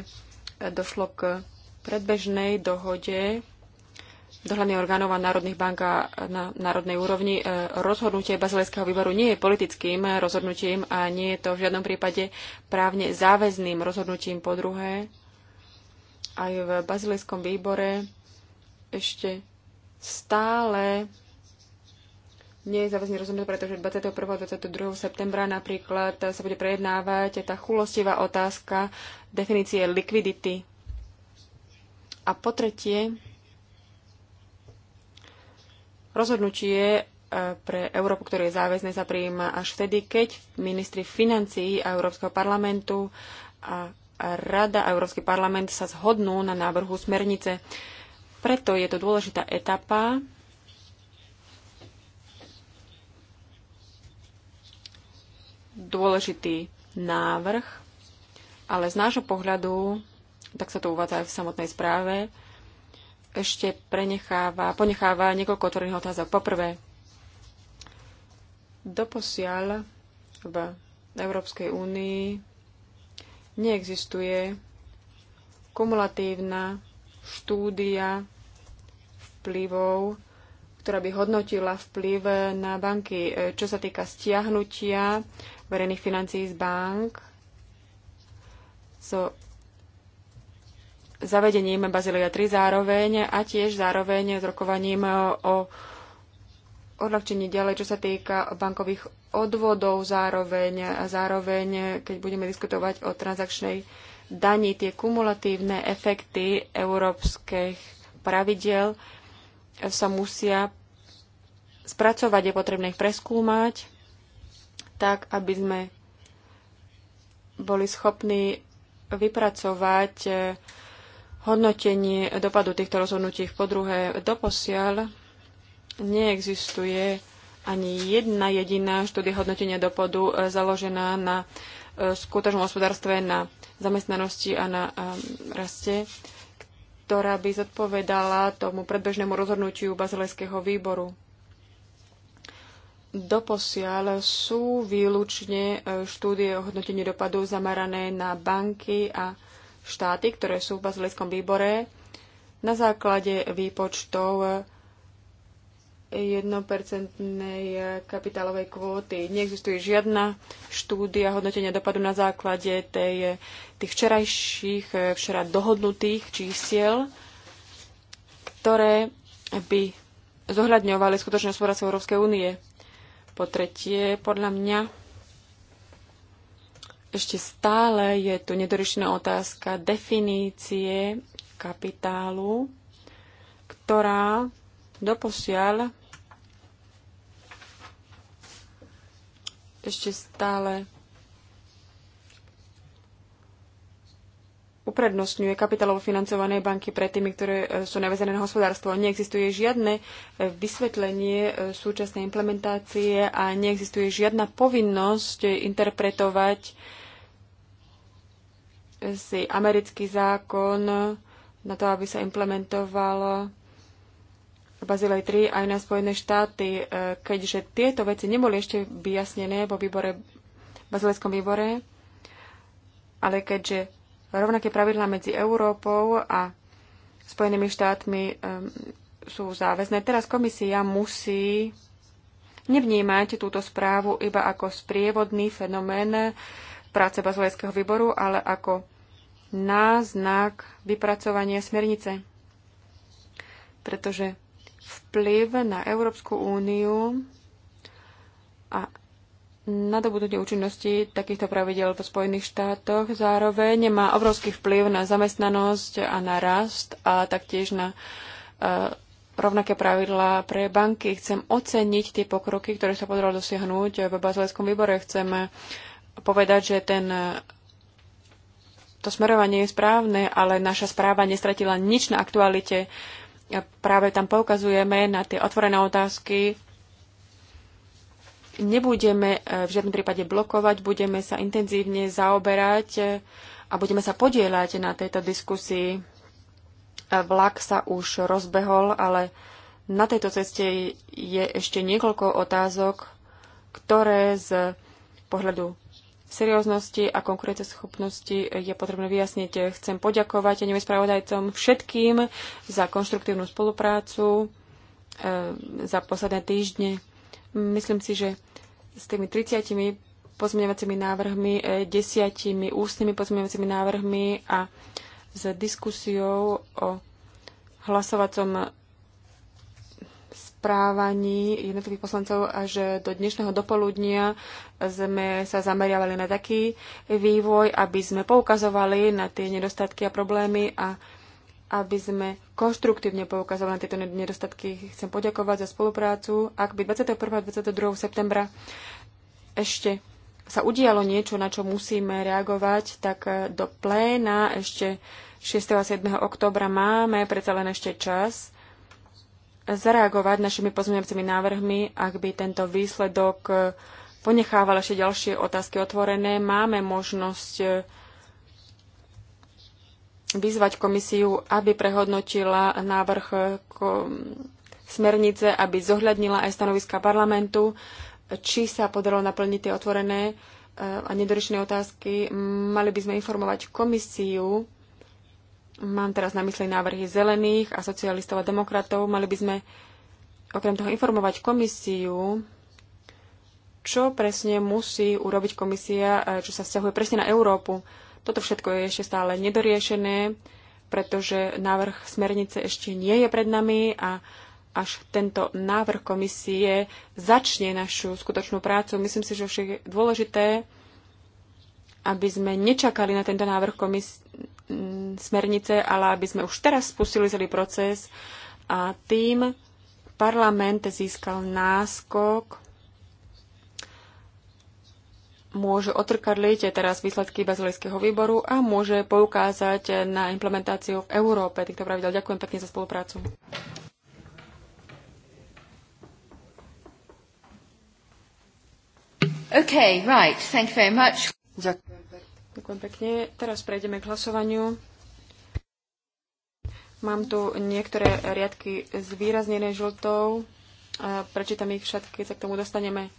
došlo k predbežnej dohode dohľadných orgánov a národných bank a na národnej úrovni. E, rozhodnutie Bazilejského výboru nie je politickým rozhodnutím a nie je to v žiadnom prípade právne záväzným rozhodnutím. Po druhé, aj v Bazilejskom výbore ešte stále nie je záväzný rozhodnutie, pretože 21. a 22. septembra napríklad sa bude prejednávať tá chulostivá otázka definície likvidity. A po tretie, Rozhodnutie e, pre Európu, ktoré je záväzné, sa prijíma až vtedy, keď ministri financií a Európskeho parlamentu a Rada a Európsky parlament sa zhodnú na návrhu smernice. Preto je to dôležitá etapa dôležitý návrh, ale z nášho pohľadu, tak sa to uvádza aj v samotnej správe, ešte prenecháva, ponecháva niekoľko otvorených otázok. Poprvé, doposiaľ v Európskej únii neexistuje kumulatívna štúdia vplyvov, ktorá by hodnotila vplyv na banky, čo sa týka stiahnutia verejných financií z bank zo zavedením Bazilia 3 zároveň a tiež zároveň s rokovaním o odľahčení ďalej, čo sa týka bankových odvodov zároveň a zároveň, keď budeme diskutovať o transakčnej daní, tie kumulatívne efekty európskych pravidel sa musia spracovať, je potrebné ich preskúmať, tak aby sme boli schopní vypracovať hodnotenie dopadu týchto rozhodnutí. Po druhé, doposiaľ neexistuje ani jedna jediná štúdia hodnotenia dopadu e, založená na e, skutočnom hospodárstve, na zamestnanosti a na e, raste, ktorá by zodpovedala tomu predbežnému rozhodnutiu Bazilejského výboru. Doposiaľ sú výlučne štúdie o hodnotení dopadu zamerané na banky a štáty, ktoré sú v bazilickom výbore, na základe výpočtov 1% kapitálovej kvóty. Neexistuje žiadna štúdia hodnotenia dopadu na základe tej, tých včerajších, včera dohodnutých čísiel, ktoré by zohľadňovali skutočné hospodárstvo Európskej únie. Po tretie, podľa mňa ešte stále je tu nedorešená otázka definície kapitálu, ktorá doposiaľ ešte stále uprednostňuje kapitálovo financované banky pred tými, ktoré e, sú navezené na hospodárstvo. Neexistuje žiadne e, vysvetlenie e, súčasnej implementácie a neexistuje žiadna povinnosť interpretovať si americký zákon na to, aby sa implementoval Bazilej 3 aj na Spojené štáty, e, keďže tieto veci neboli ešte vyjasnené vo výbore, bazilejskom výbore, ale keďže rovnaké pravidlá medzi Európou a Spojenými štátmi e, sú záväzné, teraz komisia musí nevnímať túto správu iba ako sprievodný fenomén práce bazilejského výboru, ale ako náznak vypracovania smernice. Pretože vplyv na Európsku úniu a nadobudnutie účinnosti takýchto pravidel v Spojených štátoch zároveň má obrovský vplyv na zamestnanosť a na rast a taktiež na e, rovnaké pravidlá pre banky. Chcem oceniť tie pokroky, ktoré sa podarilo dosiahnuť v Bazilejskom výbore. Chcem povedať, že ten to smerovanie je správne, ale naša správa nestratila nič na aktualite. Práve tam poukazujeme na tie otvorené otázky. Nebudeme e, v žiadnom prípade blokovať, budeme sa intenzívne zaoberať e, a budeme sa podieľať na tejto diskusii. E, vlak sa už rozbehol, ale na tejto ceste je ešte niekoľko otázok, ktoré z pohľadu serióznosti a konkurenceschopnosti je potrebné vyjasniť. Chcem poďakovať a spravodajcom všetkým za konštruktívnu spoluprácu e, za posledné týždne. Myslím si, že s tými 30 pozmeňovacími návrhmi, e, desiatimi ústnymi pozmeňovacími návrhmi a s diskusiou o hlasovacom správaní jednotlivých poslancov až že do dnešného dopoludnia sme sa zameriavali na taký vývoj, aby sme poukazovali na tie nedostatky a problémy a aby sme konštruktívne poukazovali na tieto nedostatky. Chcem poďakovať za spoluprácu. Ak by 21. a 22. septembra ešte sa udialo niečo, na čo musíme reagovať, tak eh, do pléna ešte 6. a 7. oktobra máme predsa len ešte čas zareagovať našimi pozmeňujúcimi návrhmi, ak by tento výsledok e, ponechával ešte ďalšie otázky otvorené. Máme možnosť e, vyzvať komisiu, aby prehodnotila návrh e, smernice, aby zohľadnila aj stanoviska parlamentu, či sa podarilo naplniť tie otvorené a nedorečné otázky. Mali by sme informovať komisiu Mám teraz na mysli návrhy zelených a socialistov a demokratov. Mali by sme okrem toho informovať komisiu, čo presne musí urobiť komisia, e, čo sa vzťahuje presne na Európu. Toto všetko je ešte stále nedoriešené, pretože návrh smernice ešte nie je pred nami a až tento návrh komisie začne našu skutočnú prácu. Myslím si, že je dôležité aby sme nečakali na tento návrh komis- smernice, ale aby sme už teraz spustili celý proces a tým parlament získal náskok, môže otrkadliť teraz výsledky bazilejského výboru a môže poukázať na implementáciu v Európe týchto pravidel. Ďakujem pekne za spoluprácu. Okay, right. Thank you very much. Ďakujem. Ďakujem pekne. Teraz prejdeme k hlasovaniu. Mám tu niektoré riadky zvýraznené žltou. Prečítam ich všetky, keď sa k tomu dostaneme.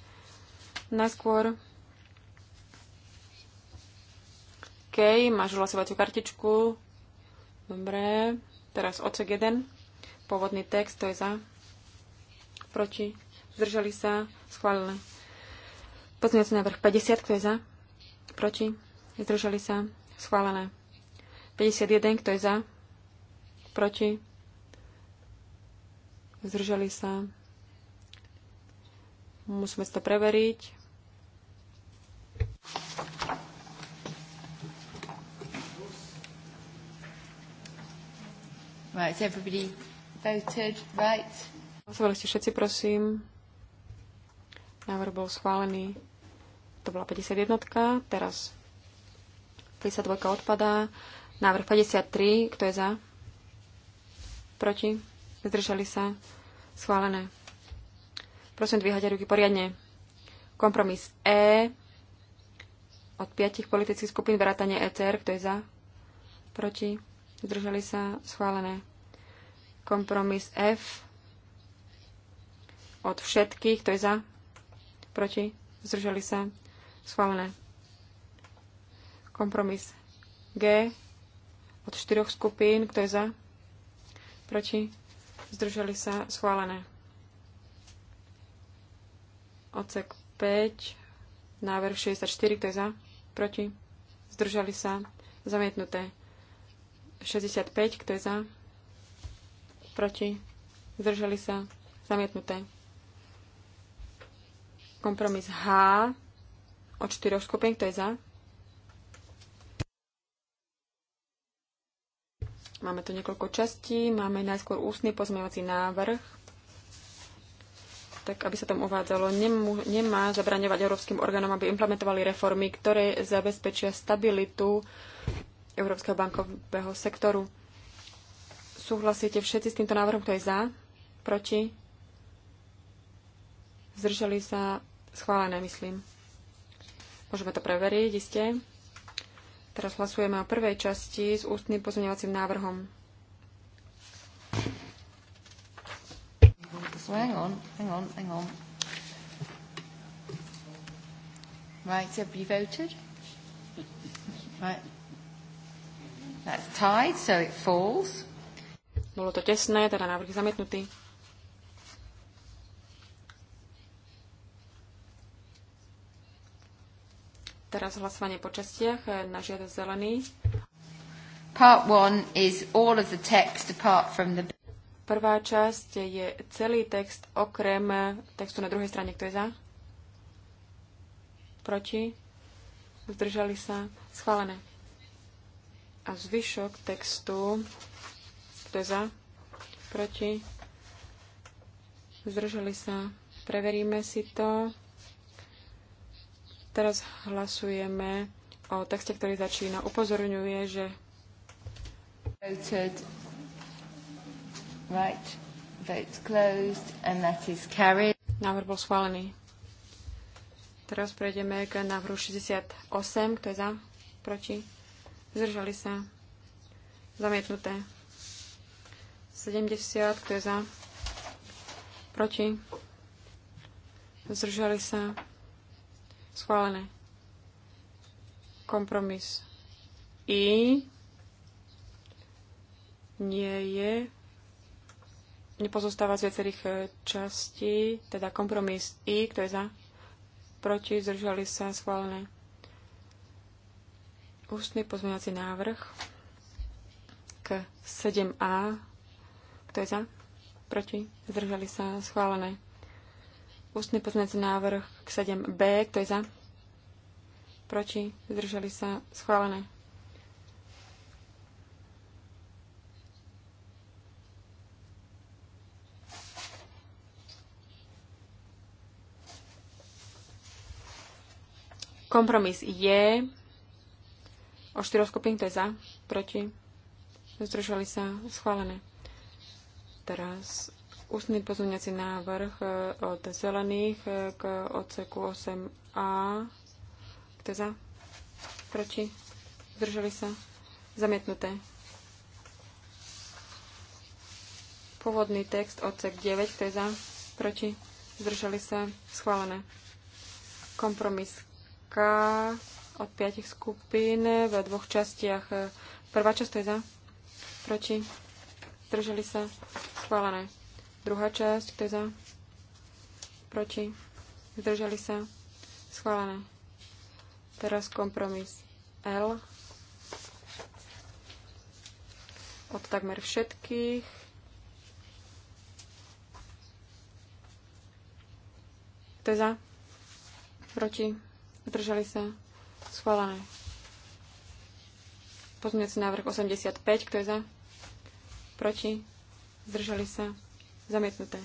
Najskôr OK, máš hlasovaciu kartičku. Dobre. Teraz odsek 1. Pôvodný text, to je za. Proti. Zdržali sa. Schválené. Pozmeňovací návrh 50, kto je za? Proti? Zdržali sa? Schválené. 51. Kto je za? Proti? Zdržali sa? Musíme si to preveriť. Right, everybody voted, right. Hlasovali ste všetci, prosím. Návrh bol schválený to bola 51, teraz 52 odpadá. Návrh 53, kto je za? Proti? Zdržali sa? Schválené. Prosím, dvíhajte ruky poriadne. Kompromis E od piatich politických skupín vrátane ECR, kto je za? Proti? Zdržali sa? Schválené. Kompromis F od všetkých, kto je za? Proti? Zdržali sa? Schválené. Kompromis G od štyroch skupín. Kto je za? Proti? Zdržali sa? Schválené. Ocek 5, návrh 64, kto je za? Proti? Zdržali sa? Zamietnuté. 65, kto je za? Proti? Zdržali sa? Zamietnuté. Kompromis H od štyroch skupín, kto je za. Máme tu niekoľko častí. Máme najskôr ústny pozmeňovací návrh. Tak, aby sa tam uvádzalo, nemu, nemá zabraňovať európskym orgánom, aby implementovali reformy, ktoré zabezpečia stabilitu európskeho bankového sektoru. Súhlasíte všetci s týmto návrhom, kto je za? Proti? Zdržali sa schválené, myslím. Môžeme to preveriť, iste. Teraz hlasujeme o prvej časti s ústnym pozmeňovacím návrhom. So hang on, hang on, hang on. Right, have you voted? Right. That's tied, so it falls. Bolo to tesné, teda návrh zamietnutý. Teraz hlasovanie po častiach na žiadosť zelený. Part one is all of the text apart from the... Prvá časť je celý text okrem textu na druhej strane. Kto je za? Proti? Zdržali sa? Schválené. A zvyšok textu. Kto je za? Proti? Zdržali sa? Preveríme si to. Teraz hlasujeme o texte, ktorý začína. Upozorňuje, že... Voted. Right. closed and that is carried. Návrh bol schválený. Teraz prejdeme k návrhu 68. Kto je za? Proti? Zdržali sa? Zamietnuté. 70. Kto je za? Proti? Zdržali sa? Schválené. Kompromis I nie je nepozostáva z viacerých e, častí, teda kompromis I, kto je za, proti, zdržali sa, schválené. Ústny pozmeňovací návrh k 7a, kto je za, proti, zdržali sa, schválené. Ústny pozmeňujúci návrh k 7b. Kto je za? Proti? Zdržali sa? Schválené. Kompromis je. O štyroch skupín to je za, proti. Zdržali sa schválené. Teraz Ústny pozmeňací návrh e, od zelených e, k odseku 8a. Kto za? Proti? Zdržali sa? Zamietnuté. Pôvodný text odsek 9. Kto je za? Proti? Zdržali sa? Schválené. Kompromis K od piatich skupín v dvoch častiach. Prvá časť je za? Proti? Zdržali sa? Schválené. Druhá časť, kto je za? Proti? Zdržali sa? Schválené. Teraz kompromis L od takmer všetkých. Kto je za? Proti? Zdržali sa? Schválené. Pozmeňujúci návrh 85. Kto je za? Proti? Zdržali sa? Zamietnuté.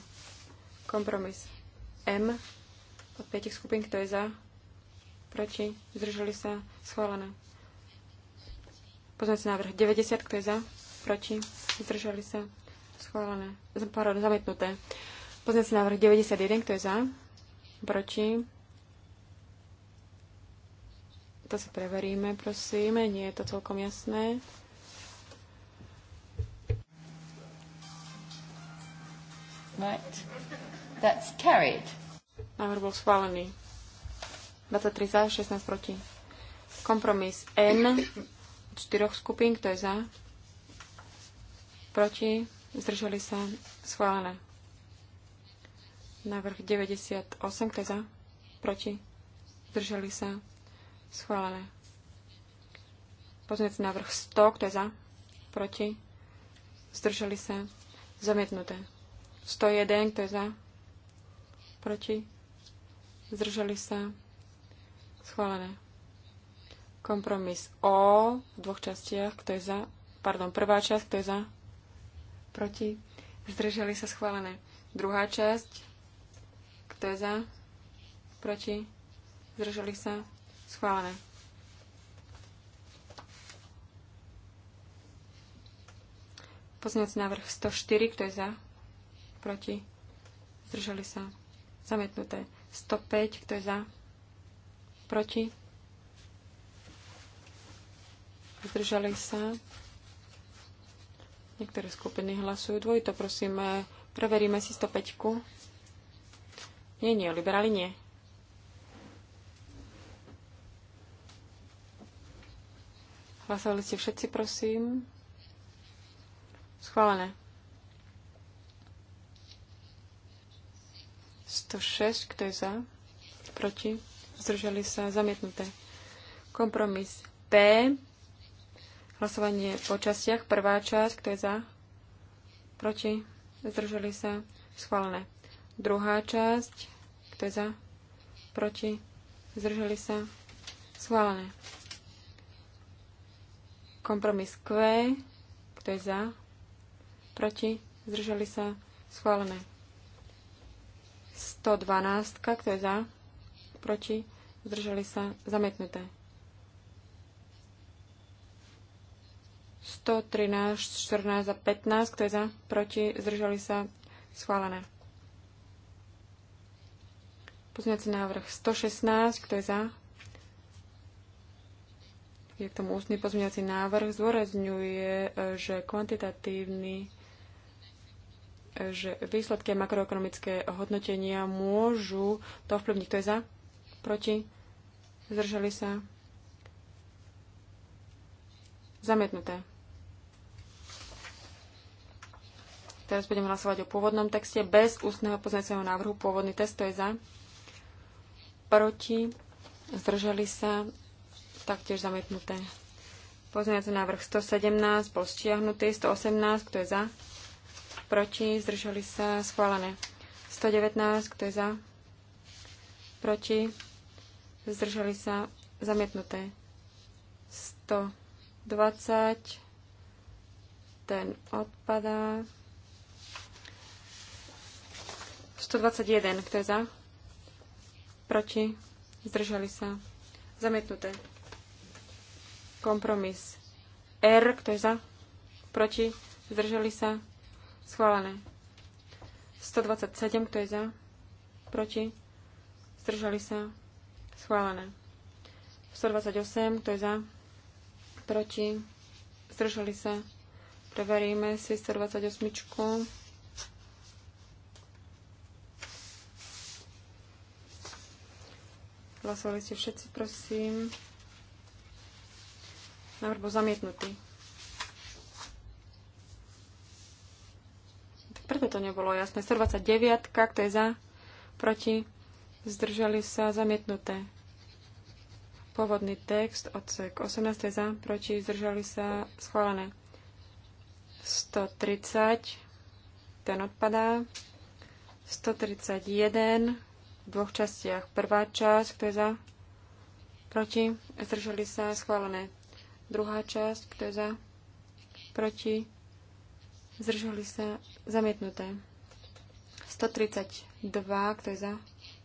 Kompromis M od piatich skupín, kto je za, proti, zdržali sa, schválené. Pozmeňujúci návrh 90, kto je za, proti, zdržali sa, schválené. Pardon, zamietnuté. Pozmeňujúci návrh 91, kto je za, proti, to si preveríme, prosím, nie je to celkom jasné. Right. That's carried. Návrh bol schválený. 23 za, 16 proti. Kompromis N od štyroch skupín, kto je za? Proti? Zdržali sa? Schválené. Návrh 98, kto je za? Proti? Zdržali sa? Schválené. Pozmeňujúci návrh 100, kto je za? Proti? Zdržali sa? Zamietnuté. 101, kto je za? Proti? Zdržali sa? Schválené. Kompromis O v dvoch častiach, kto je za? Pardon, prvá časť, kto je za? Proti? Zdržali sa? Schválené. Druhá časť, kto je za? Proti? Zdržali sa? Schválené. Poznací návrh 104, kto je za? proti, zdržali sa, Zametnuté. 105, kto je za, proti, zdržali sa. Niektoré skupiny hlasujú dvojito, prosím, e, preveríme si 105. -ku. Nie, nie, liberáli nie. Hlasovali ste všetci, prosím. Schválené. 106, kto je za? Proti? Zdržali sa? Zamietnuté. Kompromis P. Hlasovanie po častiach. Prvá časť, kto je za? Proti? Zdržali sa? Schválené. Druhá časť, kto je za? Proti? Zdržali sa? Schválené. Kompromis Q. Kto je za? Proti? Zdržali sa? Schválené. 112, kto je za, proti, zdržali sa, zametnuté. 113, 14 a 15, kto je za, proti, zdržali sa, schválené. Pozňací návrh 116, kto je za? Je k tomu ústny pozmeňovací návrh. Zdôrazňuje, e, že kvantitatívny že výsledky makroekonomické hodnotenia môžu to vplyvniť. Kto je za? Proti? Zdržali sa? Zamietnuté. Teraz budeme hlasovať o pôvodnom texte bez ústneho poznaceho návrhu. Pôvodný test to je za. Proti? Zdržali sa? Taktiež zamietnuté. Pozmeňovací návrh 117 bol stiahnutý, 118, kto je za? proti, zdržali sa, schválené. 119, kto je za, proti, zdržali sa, zamietnuté. 120, ten odpadá. 121, kto je za, proti, zdržali sa, zamietnuté. Kompromis. R, kto je za, proti, zdržali sa, Schválené. 127, kto je za? Proti? Zdržali sa? Schválené. 128, kto je za? Proti? Zdržali sa? Preveríme si 128. Hlasovali ste všetci, prosím. Návrh bol zamietnutý. Preto to nebolo jasné. 129, kto je za, proti, zdržali sa, zamietnuté. Pôvodný text, odsek 18 za, proti, zdržali sa, schválené. 130, ten odpadá. 131, v dvoch častiach. Prvá časť, kto je za, proti, zdržali sa, schválené. Druhá časť, kto je za, proti, Zdržali sa zamietnuté. 132, kto je za?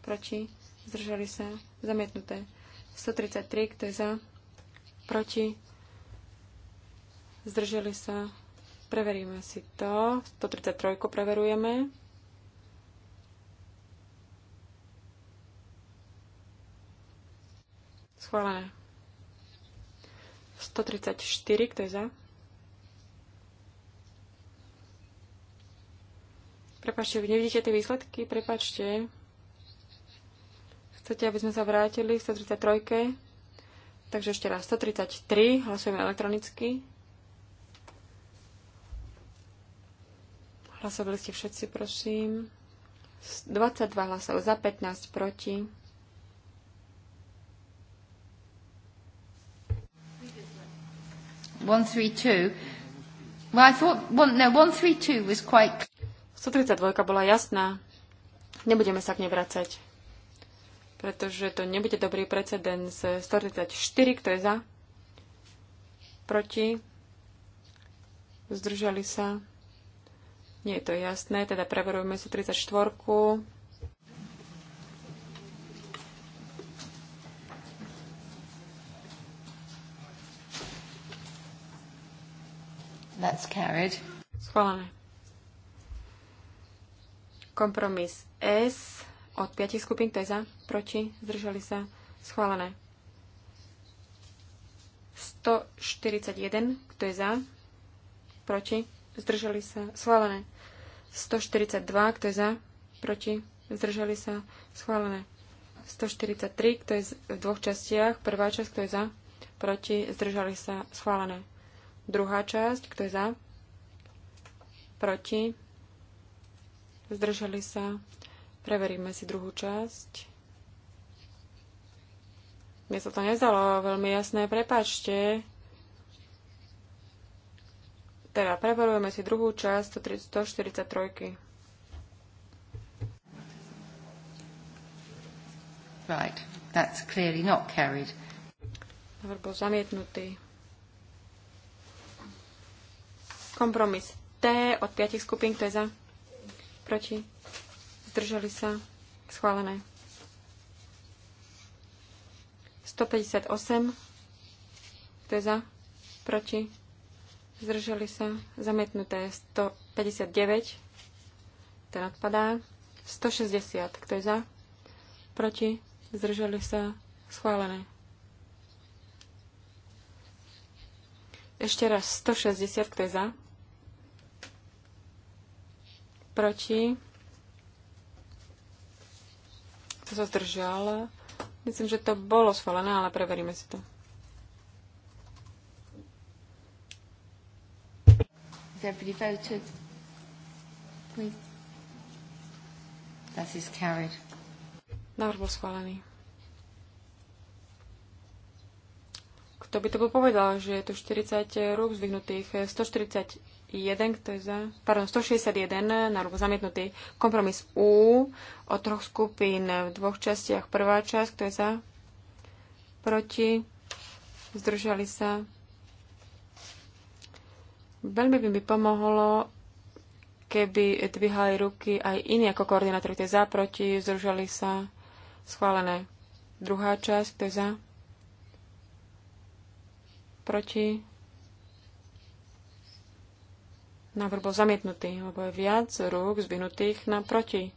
Proti? Zdržali sa zamietnuté. 133, kto je za? Proti? Zdržali sa. Preveríme si to. 133 preverujeme. Schválené. 134, kto je za? Prepačte, vy nevidíte tie výsledky? Prepačte. Chcete, aby sme sa vrátili v 133? Takže ešte raz, 133, hlasujeme elektronicky. Hlasovali ste všetci, prosím. 22 hlasov za, 15 proti. One, three, two. Well, I thought one, no, one, three, two was quite... 132 bola jasná. Nebudeme sa k nej vracať, pretože to nebude dobrý precedens. 134, kto je za? Proti? Zdržali sa? Nie je to jasné, teda preverujeme 134. That's carried. Schválené. Kompromis S od piatich skupín, to je za, proti, zdržali sa, schválené. 141, kto je za, proti, zdržali sa, schválené. 142, kto je za, proti, zdržali sa, schválené. 143, kto je v dvoch častiach, prvá časť, kto je za, proti, zdržali sa, schválené. Druhá časť, kto je za, proti, zdržali sa. Preveríme si druhú časť. Mne sa to nezdalo veľmi jasné, prepačte. Teda preverujeme si druhú časť 143. Right, that's clearly not carried. Návrh bol zamietnutý. Kompromis T od piatich skupín, kto je za? proti, zdržali sa, schválené. 158, kto je za, proti, zdržali sa, zamietnuté 159, ten odpadá, 160, kto je za, proti, zdržali sa, schválené. Ešte raz 160, kto je za, proti, to sa zdržal. Myslím, že to bolo schválené, ale preveríme si to. Návrh bol schválený. Kto by to bol povedal, že je tu 40 rúk zvyhnutých, 140 1, kto je za, pardon, 161, návrh zamietnutý. Kompromis U o troch skupín v dvoch častiach. Prvá časť, kto je za, proti, zdržali sa. Veľmi by mi pomohlo, keby dvíhali ruky aj iní ako koordinátori, kto je za, proti, zdržali sa. Schválené. Druhá časť, kto je za, proti, Návrh bol zamietnutý, lebo je viac rúk zvinutých na proti.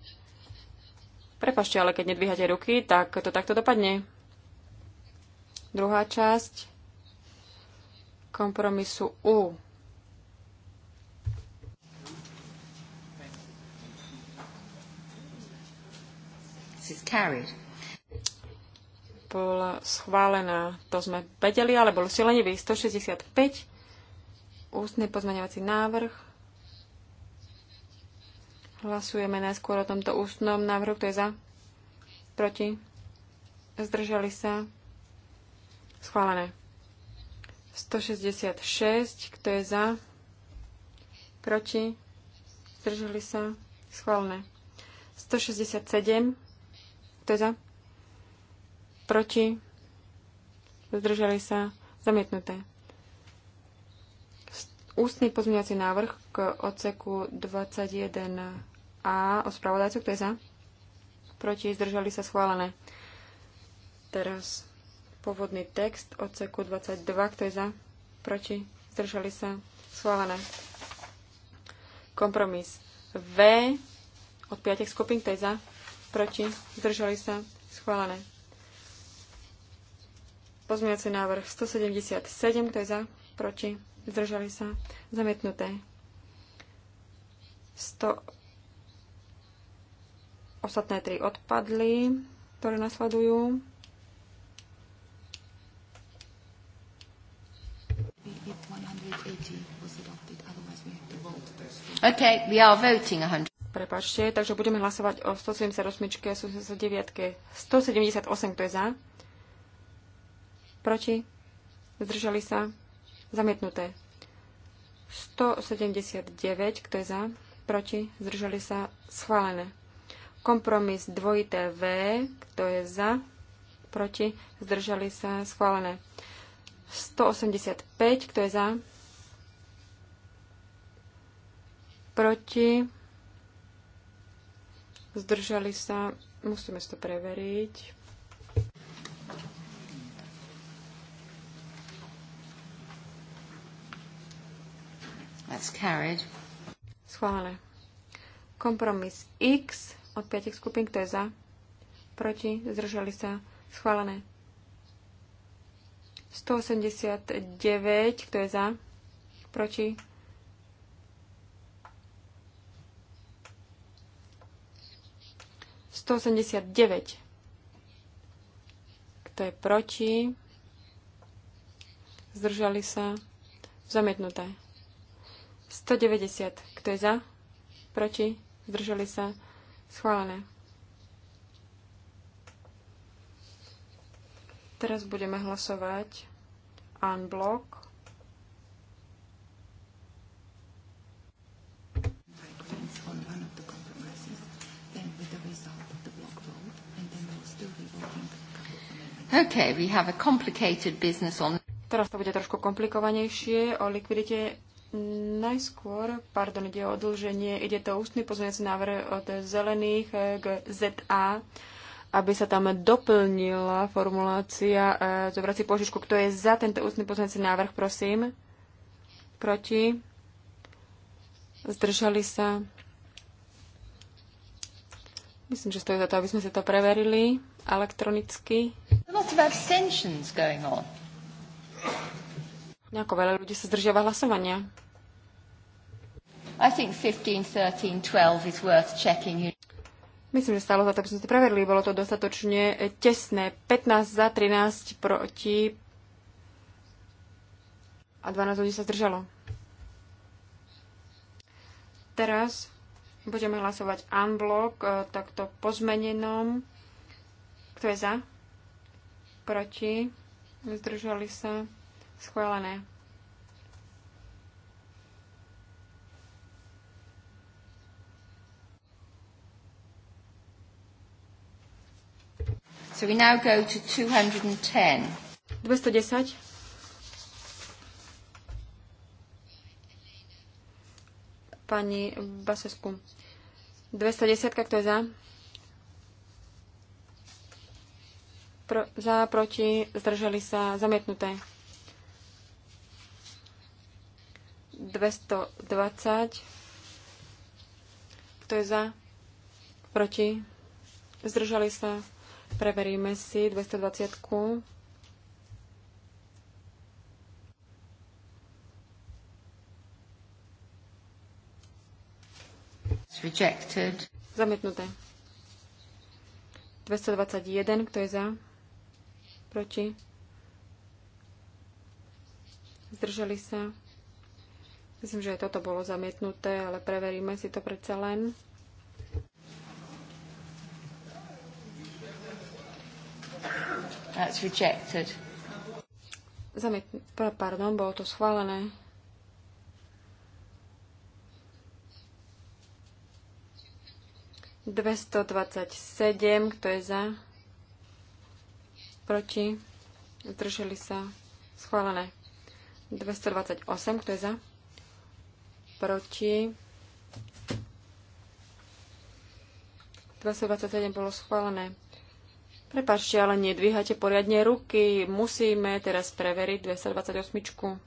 Prepašte, ale keď nedvíhate ruky, tak to takto dopadne. Druhá časť kompromisu U. Bola schválená, to sme vedeli, ale bol silný 165, ústny pozmeňovací návrh Hlasujeme najskôr o tomto ústnom návrhu. Kto je za? Proti? Zdržali sa? Schválené. 166. Kto je za? Proti? Zdržali sa? Schválené. 167. Kto je za? Proti? Zdržali sa? Zamietnuté. Ústny pozmeňovací návrh k odseku 21 a o spravodajcu, kto je za? Proti, zdržali sa schválené. Teraz pôvodný text od odseku 22, kto je za? Proti, zdržali sa schválené. Kompromis V od piatich skupín, kto je za? Proti, zdržali sa schválené. Pozmeňovací návrh 177, kto je za? Proti, zdržali sa zamietnuté. 100 Ostatné tri odpadli, ktoré nasledujú. Okay, we are voting 100. Prepačte, takže budeme hlasovať o 178, 179, 178, kto je za. Proti? Zdržali sa? Zamietnuté. 179, kto je za? Proti? Zdržali sa? Schválené. Kompromis dvojité V, kto je za, proti, zdržali sa, schválené. 185, kto je za, proti, zdržali sa, musíme si to preveriť. That's carried. Schválené. Kompromis X od piatich skupín, kto je za, proti, zdržali sa, schválené. 189, kto je za, proti, Kto je proti? Zdržali sa? Zamietnuté. 190. Kto je za? Proti? Zdržali sa? Schválené. Teraz budeme hlasovať unblock. Okay, we have a complicated business on... Teraz to bude trošku komplikovanejšie o likvidite Najskôr, pardon, ide o odlženie, ide to ústny pozmeňovací návrh od zelených eh, k ZA, aby sa tam doplnila formulácia e, zobrací požičku. Kto je za tento ústny pozmeňovací návrh, prosím? Proti? Zdržali sa? Myslím, že stojí za to, aby sme si to preverili elektronicky. abstentions going on. Nejako veľa ľudí sa zdržiava hlasovania. I think 15, 13, 12 is worth checking. Myslím, že stálo za to, aby sme to preverili. Bolo to dostatočne tesné. 15 za, 13 proti a 12 ľudí sa zdržalo. Teraz budeme hlasovať unblock, e, takto pozmenenom. Kto je za? Proti? Zdržali sa? Schválené. So we now go to 210. 210. Pani Basesku. 210, kto je za? Pro, za, proti, zdržali sa, zamietnuté. 220. Kto je za? Proti? Zdržali sa? Preveríme si 220. -ku. Rejected. Zamietnuté. 221, kto je za? Proti? Zdržali sa? Myslím, že aj toto bolo zamietnuté, ale preveríme si to predsa len. That's rejected. Zamietn- pardon, bolo to schválené. Dvesto sedem, kto je za? Proti? Zdrželi sa? Schválené. Dvesto osem, kto je za? proti. 227 bolo schválené. Prepašte, ale nedvíhate poriadne ruky. Musíme teraz preveriť 228.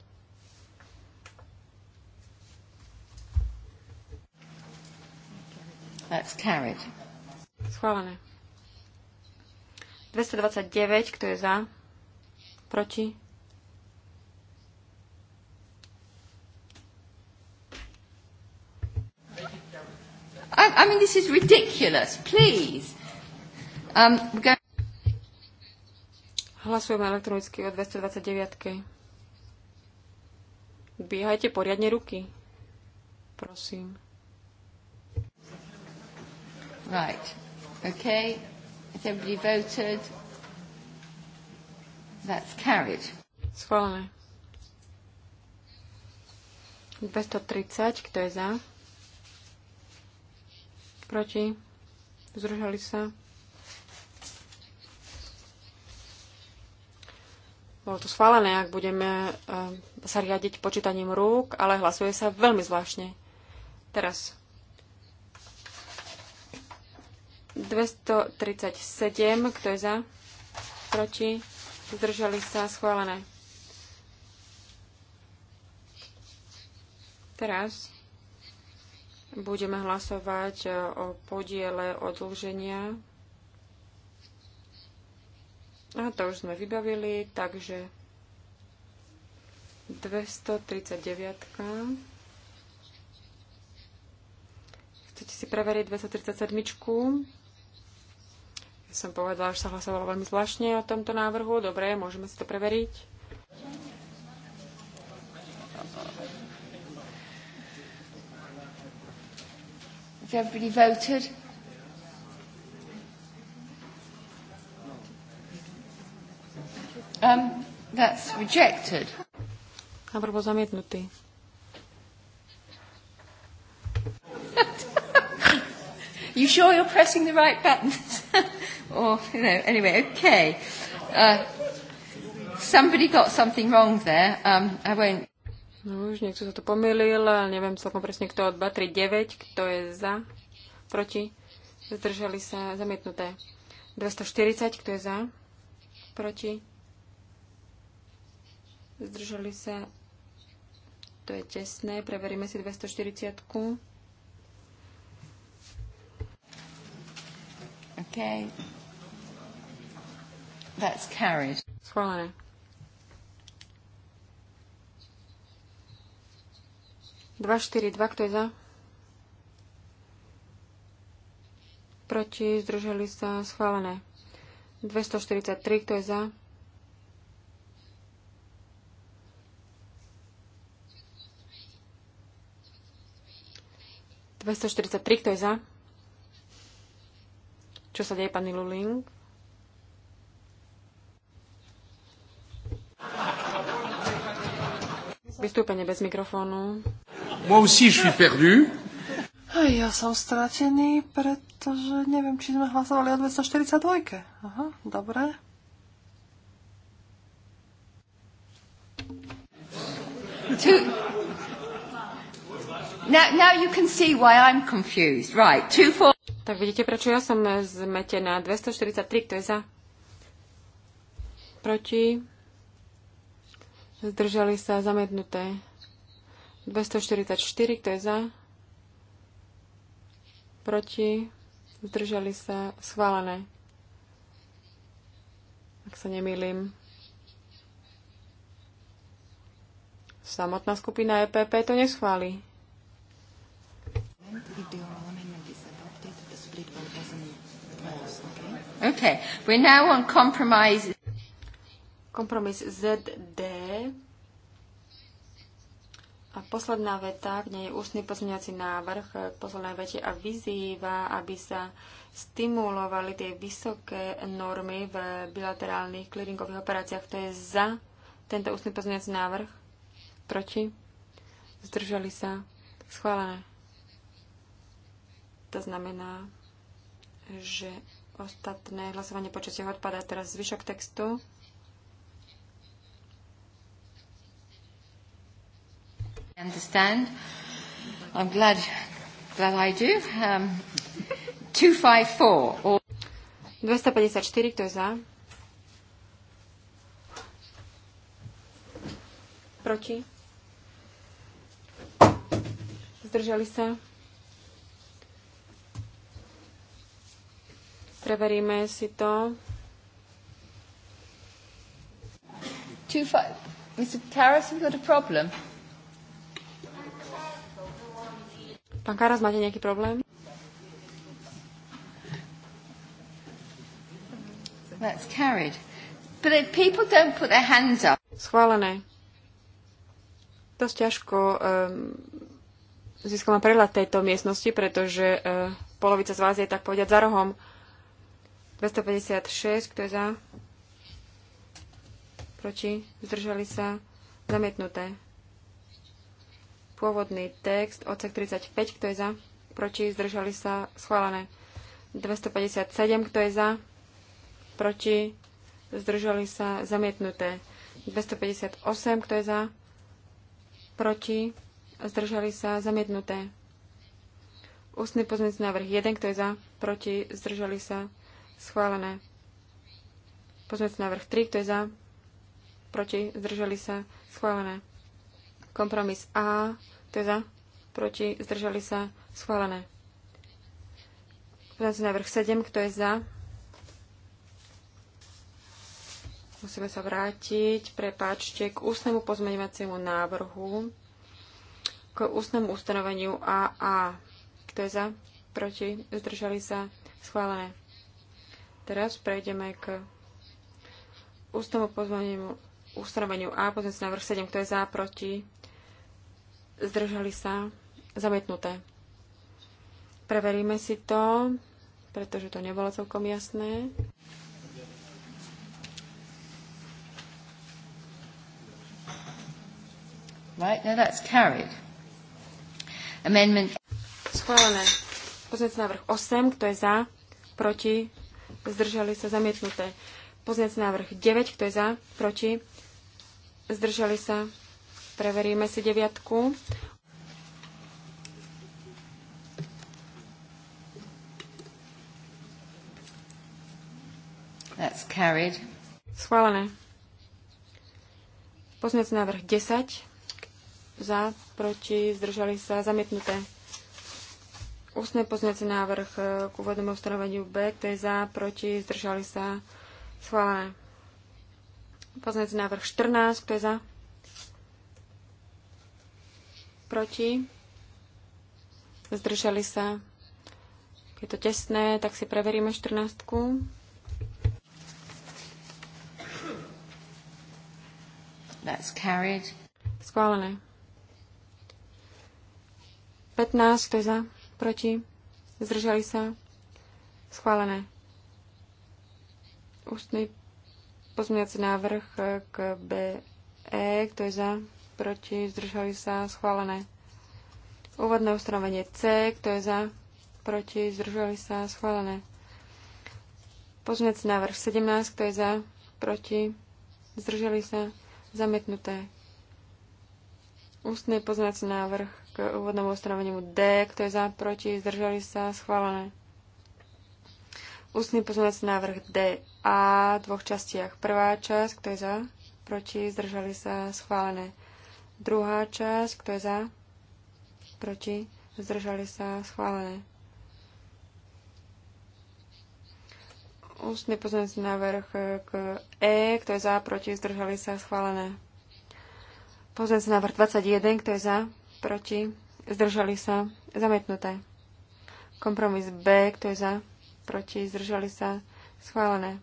That's carried. Schválené. 229, kto je za? Proti? I mean, this is ridiculous. Please. Um, go... Hlasujeme elektronicky o 229. ke Bíhajte poriadne ruky. Prosím. Right. Okay. Has everybody voted? That's carried. Schválené. 230, kto je za? proti, zdržali sa. Bolo to schválené, ak budeme eh, sa riadiť počítaním rúk, ale hlasuje sa veľmi zvláštne. Teraz 237, kto je za? Proti? Zdržali sa? Schválené. Teraz budeme hlasovať e, o podiele odlženia. A to už sme vybavili, takže 239. Chcete si preveriť 237? Ja som povedala, že sa hlasovalo veľmi zvláštne o tomto návrhu. Dobre, môžeme si to preveriť. Has everybody voted? Um, that's rejected. bol zamietnutý. you sure you're pressing the right buttons? or, you know, anyway, okay. Uh, somebody got something wrong there. Um, I won't. No už niekto sa to pomýlil, ale neviem celkom presne kto. od 3, 9, kto je za, proti, zdržali sa, zamietnuté. 240, kto je za, proti, zdržali sa, to je tesné, preveríme si 240. Okay. That's carried. Schválené. 242, kto je za? Proti, zdržali sa, schválené. 243, kto je za? Dvestoštyridsaťtri, kto je za? Čo sa deje, pani Luling? Vystúpenie bez mikrofónu. Moi aussi, je suis perdu. Ja som stratený, pretože neviem, či sme hlasovali o 242. Aha, dobre. To... Now, now you can see why I'm confused. Right, two, four... Tak vidíte, prečo ja som zmetená. 243, kto je za? Proti? Zdržali sa zamednuté. 244, kto je za? Proti? Zdržali sa schválené. Ak sa nemýlim. Samotná skupina EPP to neschválí. Okay. We're now on compromise. Kompromis ZD. A posledná veta, kde je ústny pozmeňovací návrh k eh, poslednej vete a vyzýva, aby sa stimulovali tie vysoké normy v bilaterálnych clearingových operáciách. To je za tento ústny pozmeňovací návrh. Proti? Zdržali sa? Schválené. To znamená, že ostatné hlasovanie počasie odpadá teraz zvyšok textu. understand. I'm glad, glad I do. Um, 254. Or... 254, kto je za? Proti? Zdržali sa? Preveríme si to. Two, Mr. Karras, you've got a problem. Pán Karas, máte nejaký problém? That's carried. But if people don't put their hands up... Schválené. Dosť ťažko um, ehm, získala prehľad tejto miestnosti, pretože uh, polovica z vás je tak povedať za rohom. 256, kto je za? Proti? Zdržali sa? Zamietnuté. Pôvodný text, odsek 35, kto je za? Proti? Zdržali sa? Schválené. 257, kto je za? Proti? Zdržali sa? Zamietnuté. 258, kto je za? Proti? Zdržali sa? Zamietnuté. Ústny pozmeňujúci návrh 1, kto je za? Proti? Zdržali sa? Schválené. Pozmeňujúci návrh 3, kto je za? Proti? Zdržali sa? Schválené. Kompromis A, teda je za, proti, zdržali sa, schválené. Pozmeňujúci návrh 7, kto je za? Musíme sa vrátiť, prepáčte, k ústnemu pozmeňovaciemu návrhu, k ústnemu ustanoveniu AA. Kto je za? Proti? Zdržali sa? Schválené. Teraz prejdeme k ústnemu pozmeňovaniu ustanoveniu A, pozmeňovací návrh 7. Kto je za? Proti? zdržali sa, zametnuté. Preveríme si to, pretože to nebolo celkom jasné. Right, no, that's carried. Amendment. Schválené. Pozmeňujúci návrh 8, kto je za, proti, zdržali sa, zamietnuté. Pozmeňujúci návrh 9, kto je za, proti, zdržali sa, Preveríme si deviatku. That's carried. Schválené. Poznec návrh 10. Za, proti, zdržali sa, zamietnuté. Ústne poznací návrh eh, k úvodnému ustanoveniu B, kto je za, proti, zdržali sa, schválené. Poznací návrh 14, kto je za, proti, zdržali sa. Je to tesné, tak si preveríme 14. That's carried. Schválené. 15, to je za, proti, zdržali sa. Schválené. Ústny pozmeňovací návrh k BE, kto je za, proti, zdržali sa, schválené. Úvodné ustanovenie C, kto je za, proti, zdržali sa, schválené. Pozmeňací návrh 17, kto je za, proti, zdržali sa, zamietnuté. Ústny pozmeňací návrh k úvodnému ustanoveniu D, kto je za, proti, zdržali sa, schválené. Ústny pozmeňací návrh a v dvoch častiach. Prvá časť, kto je za, proti, zdržali sa, schválené. Druhá časť, kto je za? Proti? Zdržali sa? Schválené. Ústny pozornosť návrh k E, kto je za? Proti? Zdržali sa? Schválené. na návrh 21, kto je za? Proti? Zdržali sa? Zamietnuté. Kompromis B, kto je za? Proti? Zdržali sa? Schválené.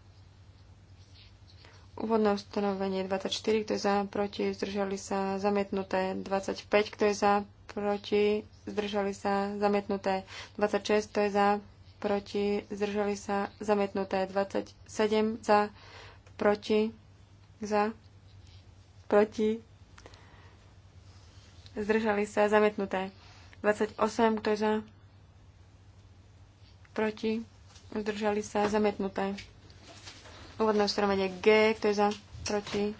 Úvodné ustanovenie 24, kto je za, proti, zdržali sa, zamietnuté. 25, kto je za, proti, zdržali sa, zamietnuté. 26, kto je za, proti, zdržali sa, zamietnuté. 27, za, proti, za, proti, zdržali sa, zamietnuté. 28, kto je za, proti, zdržali sa, zamietnuté. Úvodné ustanovenie G, kto je za, proti,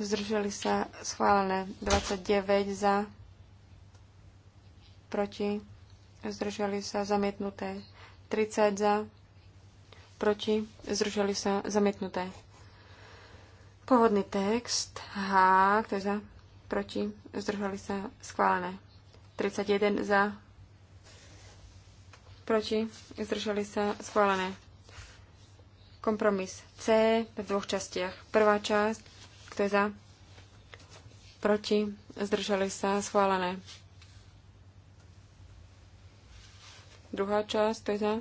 zdržali sa, schválené 29 za, proti, zdržali sa, zamietnuté 30 za, proti, zdržali sa, zamietnuté. Pôvodný text H, kto je za, proti, zdržali sa, schválené 31 za, proti, zdržali sa, schválené Kompromis C v dvoch častiach. Prvá časť, kto je za? Proti? Zdržali sa? Schválené. Druhá časť, kto je za?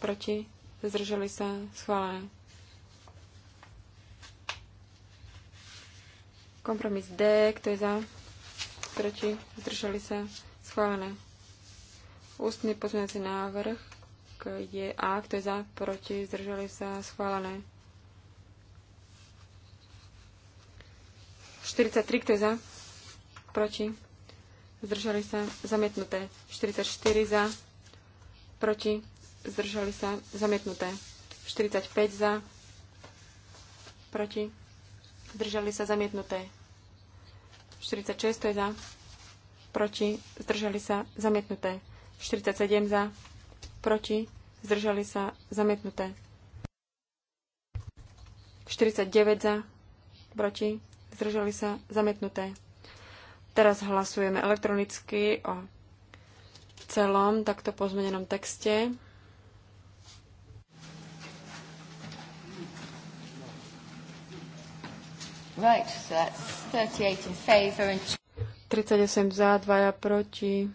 Proti? Zdržali sa? Schválené. Kompromis D, kto je za? Proti? Zdržali sa? Schválené. Ústny pozmeňací návrh je A, kto je za, proti, zdržali sa, schválené. 43, kto je za, proti, zdržali sa, zamietnuté. 44 za, proti, zdržali sa, zamietnuté. 45 za, proti, zdržali sa, zamietnuté. 46 to je za, proti, zdržali sa, zamietnuté. 47 za, proti, zdržali sa, zamietnuté. 49 za, proti, zdržali sa, zamietnuté. Teraz hlasujeme elektronicky o celom takto pozmenenom texte. Right, so that's 38 in favor and 38 za, 2 proti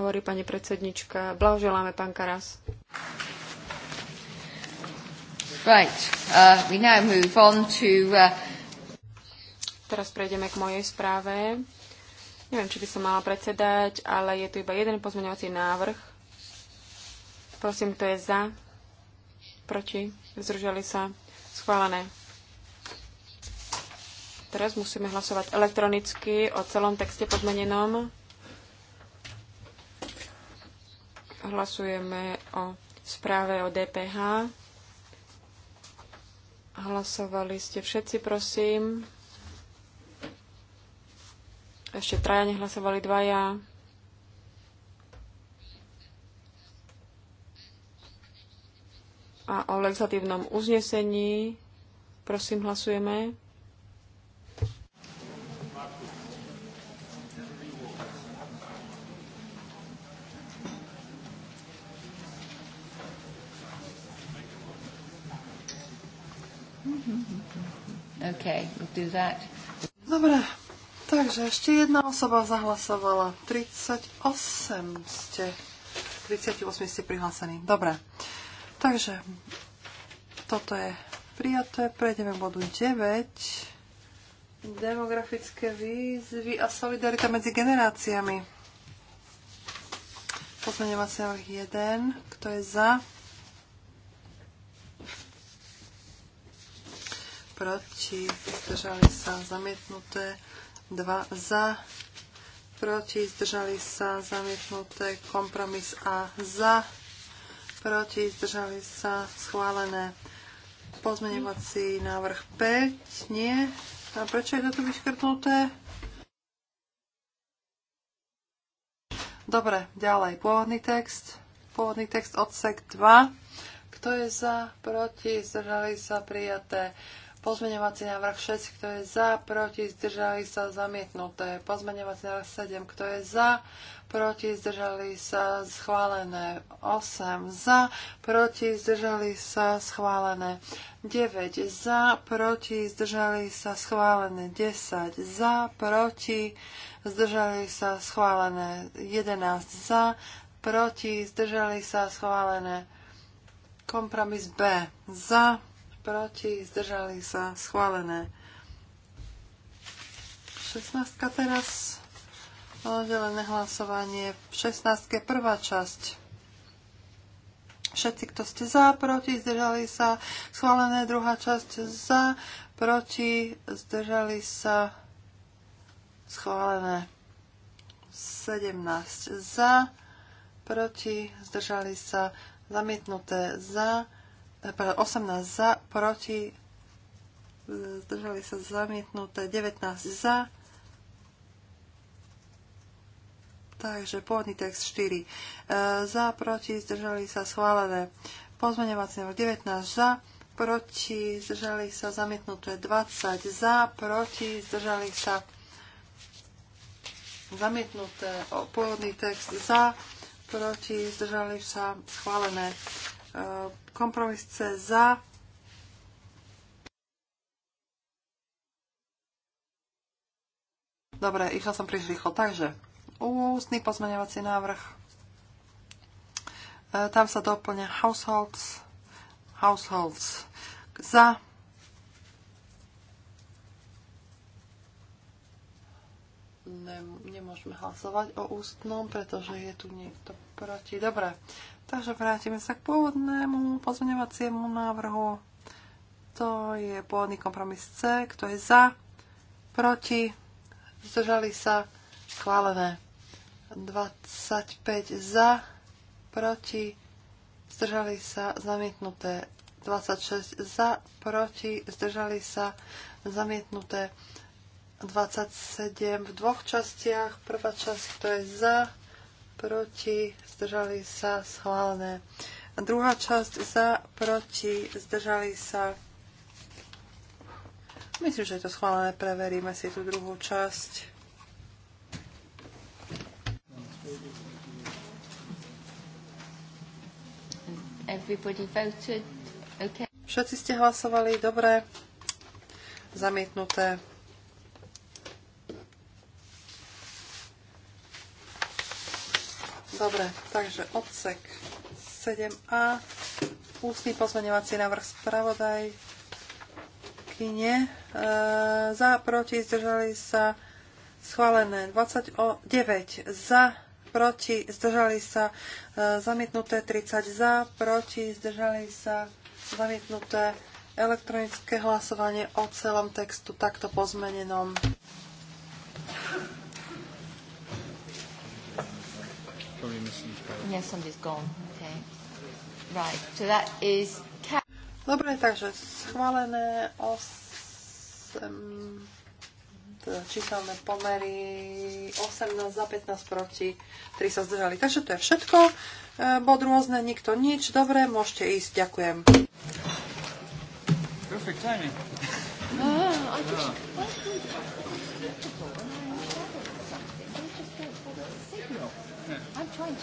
hovorí pani predsednička. Blahoželáme, pán Karas. Right. Uh, we now move on to, uh... Teraz prejdeme k mojej správe. Neviem, či by som mala predsedať, ale je tu iba jeden pozmeňovací návrh. Prosím, kto je za? Proti? Zdržali sa? Schválené. Teraz musíme hlasovať elektronicky o celom texte podmenenom. hlasujeme o správe o DPH. Hlasovali ste všetci, prosím. Ešte traja nehlasovali dvaja. A o legislatívnom uznesení, prosím, hlasujeme. Okay, we'll do that. Dobre, takže ešte jedna osoba zahlasovala. 38 ste. 38 ste prihlásení. Dobre. Takže toto je prijaté. Prejdeme k bodu 9 demografické výzvy a solidarita medzi generáciami. Pozmeňovací návrh 1. Kto je za? proti, zdržali sa zamietnuté, 2 za, proti, zdržali sa zamietnuté, kompromis A za, proti, zdržali sa schválené. Pozmeňovací návrh 5, nie. A prečo je toto vyškrtnuté? Dobre, ďalej. Pôvodný text. Pôvodný text odsek 2. Kto je za, proti, zdržali sa prijaté. Pozmeňovací návrh 6, kto je za, proti, zdržali sa, zamietnuté. Pozmeňovací návrh 7, kto je za, proti, zdržali sa, schválené. 8 za, proti, zdržali sa, schválené. 9 za, proti, zdržali sa, schválené. 10 za, proti, zdržali sa, schválené. 11 za, proti, zdržali sa, schválené. Kompromis B za, proti, zdržali sa, schválené. 16 teraz, oddelené hlasovanie, v 16 prvá časť. Všetci, kto ste za, proti, zdržali sa, schválené druhá časť za, proti, zdržali sa, schválené. 17 za, proti, zdržali sa, zamietnuté za, 18 eh, za, proti, zdržali sa zamietnuté 19 za, takže pôvodný text 4 e, za, proti, zdržali sa schválené pozmeňovací návrh 19 za, proti, zdržali sa zamietnuté 20 za, proti, zdržali sa zamietnuté pôvodný text za, proti, zdržali sa schválené e, kompromis C za, Dobre, išla som príliš rýchlo. Takže, ústny pozmeňovací návrh. E, tam sa doplňa households, households za ne, nemôžeme hlasovať o ústnom, pretože je tu niekto proti. Dobre, takže vrátime sa k pôvodnému pozmeňovaciemu návrhu. To je pôvodný kompromis C. Kto je za? Proti? zdržali sa, schválené. 25 za, proti, zdržali sa, zamietnuté. 26 za, proti, zdržali sa, zamietnuté. 27 v dvoch častiach. Prvá časť, to je za, proti, zdržali sa, schválené. Druhá časť za, proti, zdržali sa, Myslím, že je to schválené. Preveríme si tú druhú časť. Všetci ste hlasovali, dobre. Zamietnuté. Dobre, takže odsek 7a. Ústny pozmeňovací návrh spravodaj poslankyne. E, za, proti, zdržali sa schválené 29 za, proti, zdržali sa e, zamietnuté 30 za, proti, zdržali sa zamietnuté elektronické hlasovanie o celom textu takto pozmenenom. Yes, gone. Okay. Right. So that is Dobre, takže schválené 8 číselné pomery 18 za 15 proti 3 sa zdržali. Takže to je všetko. E, bod rôzne, nikto nič. Dobre, môžete ísť. Ďakujem. Perfect timing. Ah, I'm trying to